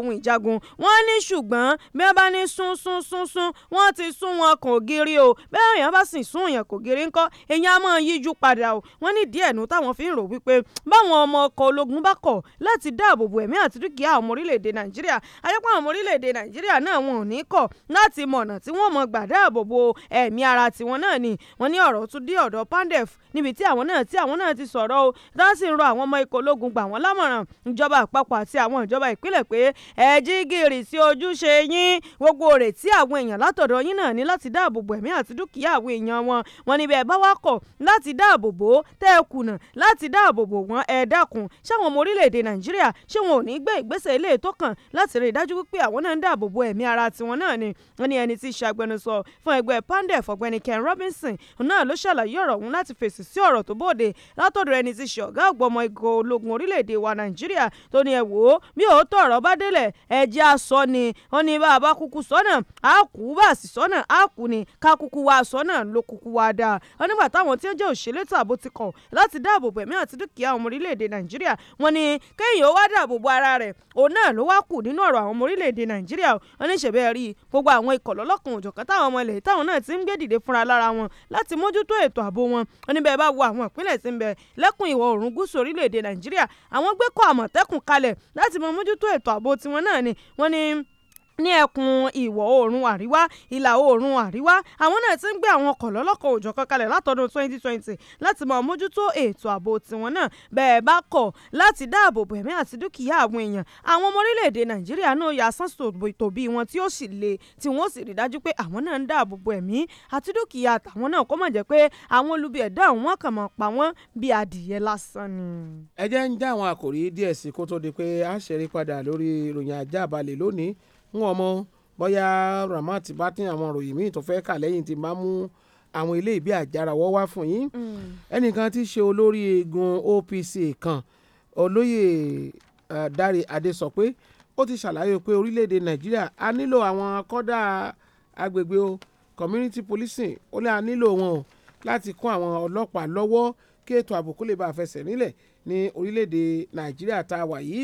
táwọn èèyàn kò gèrè ńkọ́ èèyàn á máa yíjú padà o wọ́n ní díẹ̀ nù táwọn fi ń rò wípé báwọn ọmọ ọkọ̀ ológun bá kọ̀ láti dáàbò bo ẹ̀mí àti dúkìá ọmọ orílẹ̀-èdè nàìjíríà ayẹ́pọ̀ àwọn ọmọ orílẹ̀-èdè nàìjíríà náà wọn ò ní kọ̀ láti mọ̀nà tí wọ́n mọ̀ gbà dáàbò bo ẹ̀mí ara tiwọn náà ni wọ́n ní ọ̀rọ̀ tún dé ọ̀dọ̀ pandef níbi tí àwọn náà tí àwọn náà ti sọ̀rọ̀ o tá sì ń rọ àwọn ọmọ ikọ̀ ológun gbà wọ́n lámọ̀ràn ìjọba àpapọ̀ àti àwọn ìjọba ìpínlẹ̀ pé ẹ jí gìrì sí ojúṣe yín gbogbo rẹ̀ tí àwọn èèyàn látọ̀dọ̀ yín náà ní láti dáàbò bo ẹ̀mí àti dúkìá àwọn wọn wọn níbẹ̀ bá wá kọ̀ láti dáàbò bò ó tẹ́ ẹ kùnà láti dáàbò bò wọ́n ẹ dákun ṣáwọn ọmọ orílẹ̀-èdè nàìjíríà ṣé wọn ò ní gbé ìgbésẹ̀ ilé tó kàn láti rí i dájú wípé àwọn náà ń dáàbò bo ẹ̀mí ara tiwọn náà ni wọn ní ẹni tí ṣàgbẹnusọ fún ẹgbẹ́ pandef ọ̀gbẹ́ni Ken Robinson náà ló ṣàlàyé ọ̀rọ̀ ọ̀hún láti fèsì sí ọ̀rọ̀ tó bòde látọ̀dọ̀ ẹni tí í ṣe ọ̀gá ọ̀gbọ́mọ ikọ̀ ológun orílẹ̀-èdè wa nàìjíríà tó ní ẹ wò ó bí òótọ́ ọ̀rọ̀ bá délẹ̀ ẹjẹ́ aṣọ ni wọn ní bá a bá kúkú sọ́nà á kú bá a sì sọ́nà á kú ni ká kúkú wá aṣọ náà ló kúkú wàdà wọn nígbà táwọn tí ó jẹ́ òṣèlú ètò ti kọ̀ láti dáàbò bo àti dúkìá ọmọ orílẹ̀-èdè nàìjíríà wọn ni kéèyàn wá dáàbò bo ara rẹ̀ òun náà ló wá kù nínú ọ̀rọ̀ àwọn ọmọ orílẹ̀-èdè nàìjíríà wọn ní ṣèbẹ́ gbogbo àwọn ikọ̀ lọ́lọ́kan òjọ̀kan táwọn ọmọ ilẹ̀ táwọn náà ti ń gbé dìde fúnra lára wọn láti mójútó ètò ààbò wọn wọn bá wo àwọn ìpínlẹ̀ tí ń bẹ lẹ́kùn ìwọ̀ oòrùn gúúsù orílẹ̀-èdè nàìjíríà àwọn gbé kọ́ àmọ̀tẹ́kùn kalẹ̀ láti mọ mójútó ètò ààbò tiwọn náà ni wọ́n ní ní ẹkùn ìwọ̀ oòrùn àríwá ìlà oòrùn àríwá àwọn náà ti ń gbé àwọn ọkọ̀ lọ́lọ́kọ̀ òòjọ́ kan kalẹ̀ látọdún 2020 láti máa mójútó ètò ààbò tiwọn náà bẹ́ẹ̀ bá kọ̀ láti dáàbò bo ẹ̀mí àti dúkìá àwọn èèyàn àwọn ọmọ orílẹ̀-èdè nàìjíríà náà yà sán tòbí wọn tí ó sì le tí wọ́n sì rí dájú pé àwọn náà ń dáàbò bo ẹ̀mí àti dúkìá àtàwọn náà kó má jẹ́ pé àwọn olubi ẹ̀dá àwọn kàn máa pa wọ́n bí adìyẹ lásán ni. ẹ jẹ́ ń já àwọn àkòrí díẹ̀ sí kó tó di pé a ṣeré padà lórí ìròyìn àjábalẹ̀ lónìí n ò mọ̀ bóyá Ramat bá tí àwọn ìròyìn míì tó fẹ́ kà lẹ́yìn tí máa mú àwọn ilé ìbí àjàràwọ̀ wá fún yín mm. ẹnìkan tí í ṣe olórí eegun OPC kan olóyè Dáre Adé sọ pé ó ti ṣàlàyé pé orílẹ̀-èdè Nàìjíríà a nílò àwọn kọ́dà agbègbè o community policing ó lé a nílò wọn o láti kún àwọn ọlọ́pàá lọ́wọ́ kí ètò ààbò kó lè bá a fẹsẹ̀ nílẹ̀ ní orílẹ̀-èdè Nàìjíríà tá a wà yìí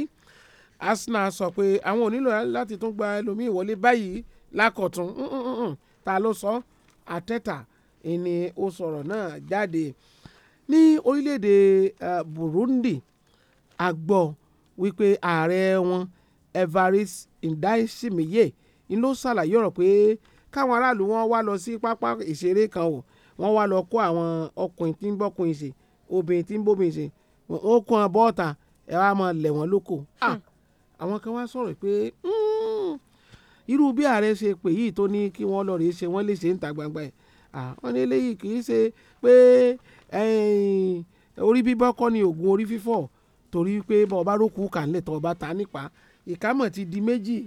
Arsenal sọ pé àwọn ò nílò láti tún gba ẹlòmíì wọlé báyìí lákọ̀tún mm, mm, mm, ta ló sọ Arteta ni ó sọ̀rọ̀ náà jáde. Ní orílẹ̀-èdè Burundi a gbọ́ wípé ààrẹ wọn Evariste Ndayishimiye ni ló ṣàlàyé ọ̀rọ̀ pé káwọn aráàlú wọn wá lọ sí pápá ìṣeré kan o wọ́n wá lọ kó àwọn ọkùnrin tí ń bọ́kùnrin ṣe obìnrin tí ń bóbìnrin ṣe wọ́n kó wọn bọ́ọ̀tà ẹ wá máa lẹ̀ wọ́n lóko. Ah. Mm àwọn kan wá sọ̀rọ̀ pé hmm, irú bí ààrẹ ṣe pè yìí tó ní kí wọ́n lọ rèé ṣe wọ́n lè ṣe ń ta gbangba ẹ̀ wọ́n ní eléyìí kì í ṣe pé orí bíbọ́ kọ́ ni oògùn orí fífọ́ torí pé bọ́ọ̀bá rókù kà ńlẹ̀ tọ́ ọba ta nípa ìkámọ̀ ti di méjì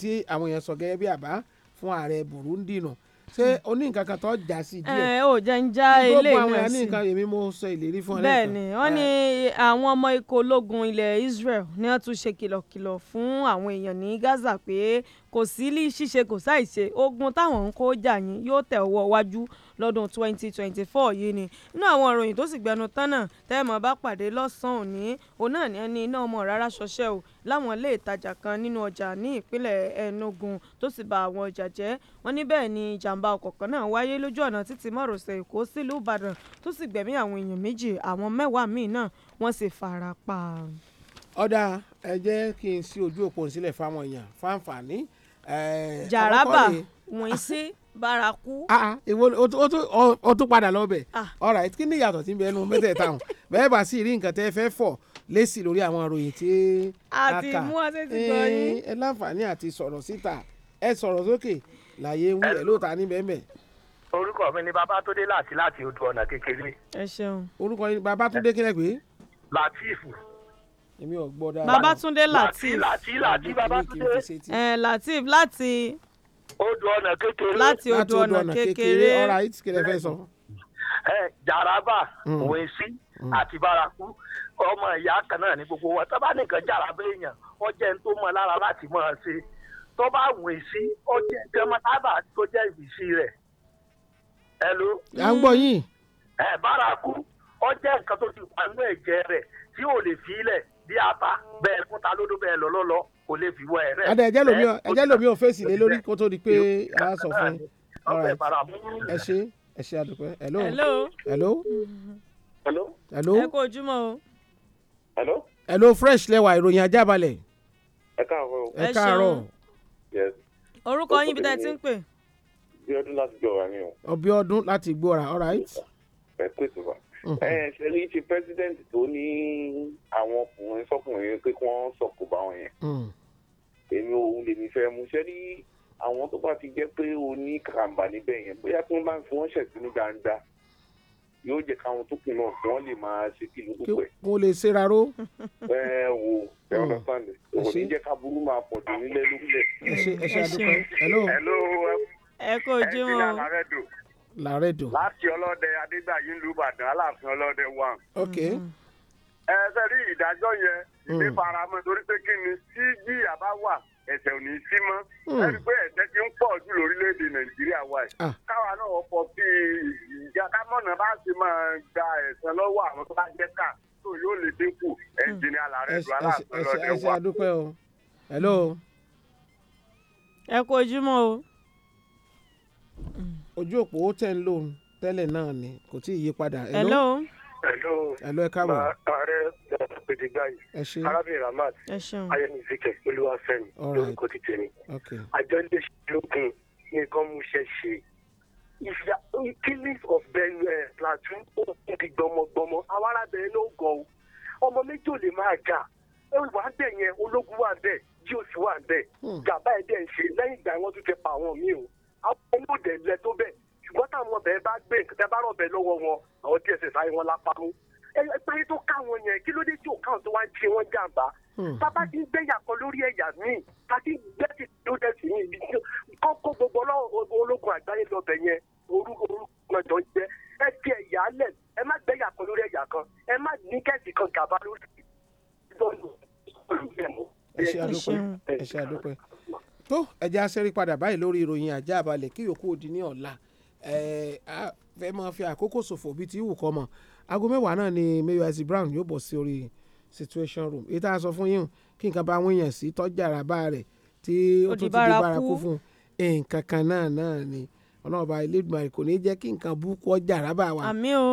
tí àwọn èèyàn sọ gẹ́gẹ́ bí àbá fún ààrẹ Burundi nù. No ṣé o ní nǹkan kan tó já sí díẹ̀. ẹ ò jẹ́ ń já ilé ìlú sí. gbogbo àwọn ẹni nǹkan èmi mo sọ ìlérí fún ọ lẹ́ẹ̀kan. bẹ́ẹ̀ni wọn ní àwọn ọmọ ikọ̀ ológun ilẹ̀ Israel ni wọn tún ṣe kìlọ̀kìlọ̀ fún àwọn èèyàn ní Gaza pé kò sí lí ṣíṣe kò sáì ṣe ogun táwọn ń kó jà yín yóò tẹ̀ ọwọ́ wájú lọ́dún 2024 yìí ni inú àwọn ìròyìn tó sì gbẹnu tán náà tẹ́ẹ̀mọ́ bá pàdé lọ́sàn-án òní òun náà ní ẹni iná ọmọ rárá ṣọṣẹ́ o láwọn ilé ìtajà kan nínú ọjà ní ìpínlẹ̀ Enugu tó sì ba àwọn ọjà jẹ́ wọ́n ní bẹ́ẹ̀ ni ìjàmbá ọkọ̀ kan náà wáyé lójú ọ̀nà títí márosẹ̀ Èkó sílùú Ìbàdàn tó sì gbẹ̀mí àwọn èèyàn méjì àwọn mẹ́wàá míì náà wọ́n sì fara pa. ọ̀dà ẹ kí n ṣí ojú òpó sílẹ̀ fáwọn èèyàn fáǹfààní Eh, jaraba muisi ah, ah. baraku. Ah, o tún padà lọ bẹ̀ alright kí ni ìyàtọ̀ tí ń bẹ ẹnu mẹ́tẹ̀ẹ̀ta hàn bẹ́ẹ̀ bá sì rí nǹkan tẹ́ fẹ́ fọ̀ lésì lórí àwọn ìròyìn tí a kà àti mú ọsẹ ti gbọ́ eh, yín. ẹ láǹfààní àti sọ̀rọ̀ síta ẹ sọ̀rọ̀ sókè láyé ń wú ẹ lóòótọ́ ní bẹ́ẹ̀ bẹ́ẹ̀ orúkọ mi ni babatunde láti láti odò ọ̀nà kékeré. ẹ ṣeun. orúkọ yín babatunde kílẹ̀ pé. latifu èmi ò gbọ́ dáadáa. Babatunde Lateef Lateef Lateef Babatunde eh, Lateef láti. odò ọ̀nà kékeré láti odò ọ̀nà kékeré ọ̀rá yìí ti kéré fẹ́ sọ. Eh, Jaraba hmm. Wẹ̀sí hmm. àti Baraku ọmọ ìyá kan náà ní gbogbo wa tọ́ba nìkan Jaraba èèyàn ọjẹ́ ń tó mọ lára láti mọ̀ ọ́n ṣe tọ́ba Wẹ̀sí ọjẹ́ kẹmọ́tábà tó jẹ́ ìbísí rẹ̀. Hello. à ń gbọ́ yín. Hmm. Eh, Baraku ọjẹ́ nǹkan tó ti wà nínú ẹ̀jẹ̀ rẹ̀ tí ò lè fi lẹ̀ bí ata bẹ́ẹ̀ fúnta lódó bẹ́ẹ̀ lọ́lọ́lọ́ kò lè fi wọ ẹ̀ rẹ̀. adé ẹjẹ lomi ò fèsì lé lórí kó tó di pé a sọ fún ẹ ṣe ẹ ṣe àdùpẹ́ hello hello hello ẹ kú ojúmọ́ o. hello hello fresh lẹ́wà ìròyìn ajá balẹ̀. ẹ káàárọ̀ o. ẹ káàárọ̀. orúkọ yín bí tẹ́ ẹ ti ń pè. Bíọ́dún láti gbọ́ra ni o. Ọbíọ́dún láti gbọ́ra all right. ẹ pèsè wa. Mm-hmm. ṣẹ́rí ti president tó ní àwọn ọkùnrin sọkùnrin pé kí wọ́n sọkò bá wọn yẹn mm. èmi òun lèmi fẹ́ mu ṣẹ́rí àwọn tó bá ti jẹ́ pé o ní kàràǹbà níbẹ̀ yẹn bóyá tí wọ́n bá ń fi wọ́n ṣẹ̀sìn ní gbangba yóò jẹ́ káwọn tó kù náà kí wọ́n lè máa ṣe kí ìlú púpẹ̀. kí wọ́n lè ṣera ró. ẹ wo ẹ ọ̀nà mm. sànni kò ní jẹ́ ká burú máa pọ̀ jù nílẹ̀ lókè. ẹ ṣe ẹ ṣe àdúpẹ́. ẹ kò jí wọn. ẹ ti làmárẹ́dùn lárẹ́dò. láti ọlọ́dẹ adégbàyí lùbàdàn aláàfin ọlọ́dẹ wà. ok. Mm-hmm. ẹ ṣe rí ìdájọ́ yẹn mm. ìdí faramọ́ torí pé kí ni tí jìyà bá wà ẹ̀ṣẹ̀ ò ní í sí mọ́ mm. ẹni pé ẹ̀ṣẹ̀ ti ń pọ̀ jù lórílẹ̀‐èdè nàìjíríà wa yìí ah. káwa náà ọkọ̀ bí ìjà kámọ̀nà bá ti máa gba ẹ̀san lọ́wọ́ àwọn tó bá jẹ́ ká tó yóò lè dínkù mm. ẹ̀jìnì alárẹ̀dù aláàfin ọlọ́dẹ wa. ẹ ṣe àdúpẹ́ o ojú òpó tẹ̀ ń lò tẹ́lẹ̀ náà ni kò tí ì yí padà. hello. hello. hello ẹ káàbọ̀. ààrẹ pèdè gbáyì. arábìnrin Ramat. ayẹni zikẹ olúwafẹ́mi lórúkọ ti tèmi. àjọ ilé ṣẹlógún ní nǹkan mú ṣe ṣe. ìfìyà killings of benue eh, plateau ó di gbọmọgbọmọ àwọn arábìnrin ló gọ o ọmọ méjì ò lè máa jà wà bẹ̀ yẹn ológun wà bẹ̀ jí wà bẹ̀ gàbá hmm. ẹ̀ dẹ̀ ń ṣe lẹ́yìn ìgbà wọn tún ti pa àwọn míì o àwọn owó dẹ̀lẹ́ tó bẹ̀ ṣùgbọ́n táwọn ọbẹ̀ bá gbé tẹ bá rọ̀bẹ̀ lọ́wọ́ wọn àwọn dss ayé wọn lápamọ́ pé tó káwọn yẹn kí ló dé tí òkàn tó wá ń ṣe wọn jàǹbá bàbá hmm. ti ń gbẹ̀yà kan lórí ẹ̀yà míì ta ti ń gbẹ́ ti tó dẹ̀ sí ibi tí kọ́kọ́ gbogbo ológun àgbáyé lọ́bẹ̀ yẹn orúkọ ọjọ́ ń jẹ́ ẹ ti ẹ̀yà alẹ̀ ẹ má gbẹ̀yà kan lórí ẹ̀yà kan ẹ má ní kẹ́sì kan gàba lórí ìdọ́nù. ẹ ṣe àdópẹ́ ẹ ṣe àdópẹ́ tó ẹ̀jẹ̀ aṣẹ́rí padà báyìí lórí ìròyìn ajá balẹ̀ kí yòókù òdi ní ọ̀la fẹ́ máa fi àkókò ṣòfò bíi ti wù kọ́ mọ̀ aago mẹ́wàá náà ni mayor ẹ̀sìn brown yóò bọ̀ sí orí situation room èyí tá a sọ fún yín kí nǹkan bá wọ́n yàn sí tọ́jà ràbá rẹ̀ tí ó tún ti di bárakú fún nǹkan kan náà náà ni ọlọ́ọ̀bá ilédùmarè kò ní jẹ́ kí nǹkan búkú ọjà ràbá wa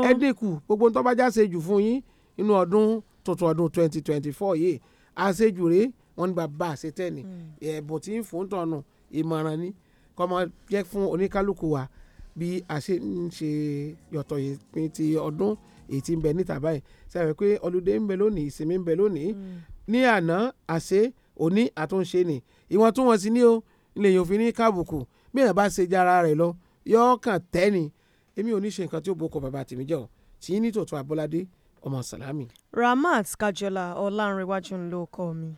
ẹ dínkù gbogbo tó bá jáse jù fún yín inú ọdún tuntun ọdún twenty twenty four yìí àṣejù rèé wọ́n ní bàbá àṣetẹ́ ni hmm. ẹ̀bùn tí ń fún tọ̀nù ìmọ̀ràn ni kọ́mọ jẹ́ fún oníkálukú wa bí a ṣe ń ṣe yọ̀tọ̀ ìpín ti ọdún èyí tí ń bẹ níta báyìí sẹ́wọ̀n pé ọlùdé ń bẹ lónìí ìsinmi ń bẹ lónìí hmm. ní àná àṣe òní àtúnṣe ni ìwọ̀ntúnwọ̀nsí ni ó lè yàn òfin ní kábùkù bí èèyàn bá ṣe jára rẹ̀ lọ yọ̀ọ́ kàn tẹ́ni èmi ò ní ṣe nǹkan tí ó bo bàbá tèmi jẹ́ o tí ní tòótọ́ abọ́ládé ọmọ sàlámì. ramat kajọlá ọlárìnwájú ń lo ọkọ mi.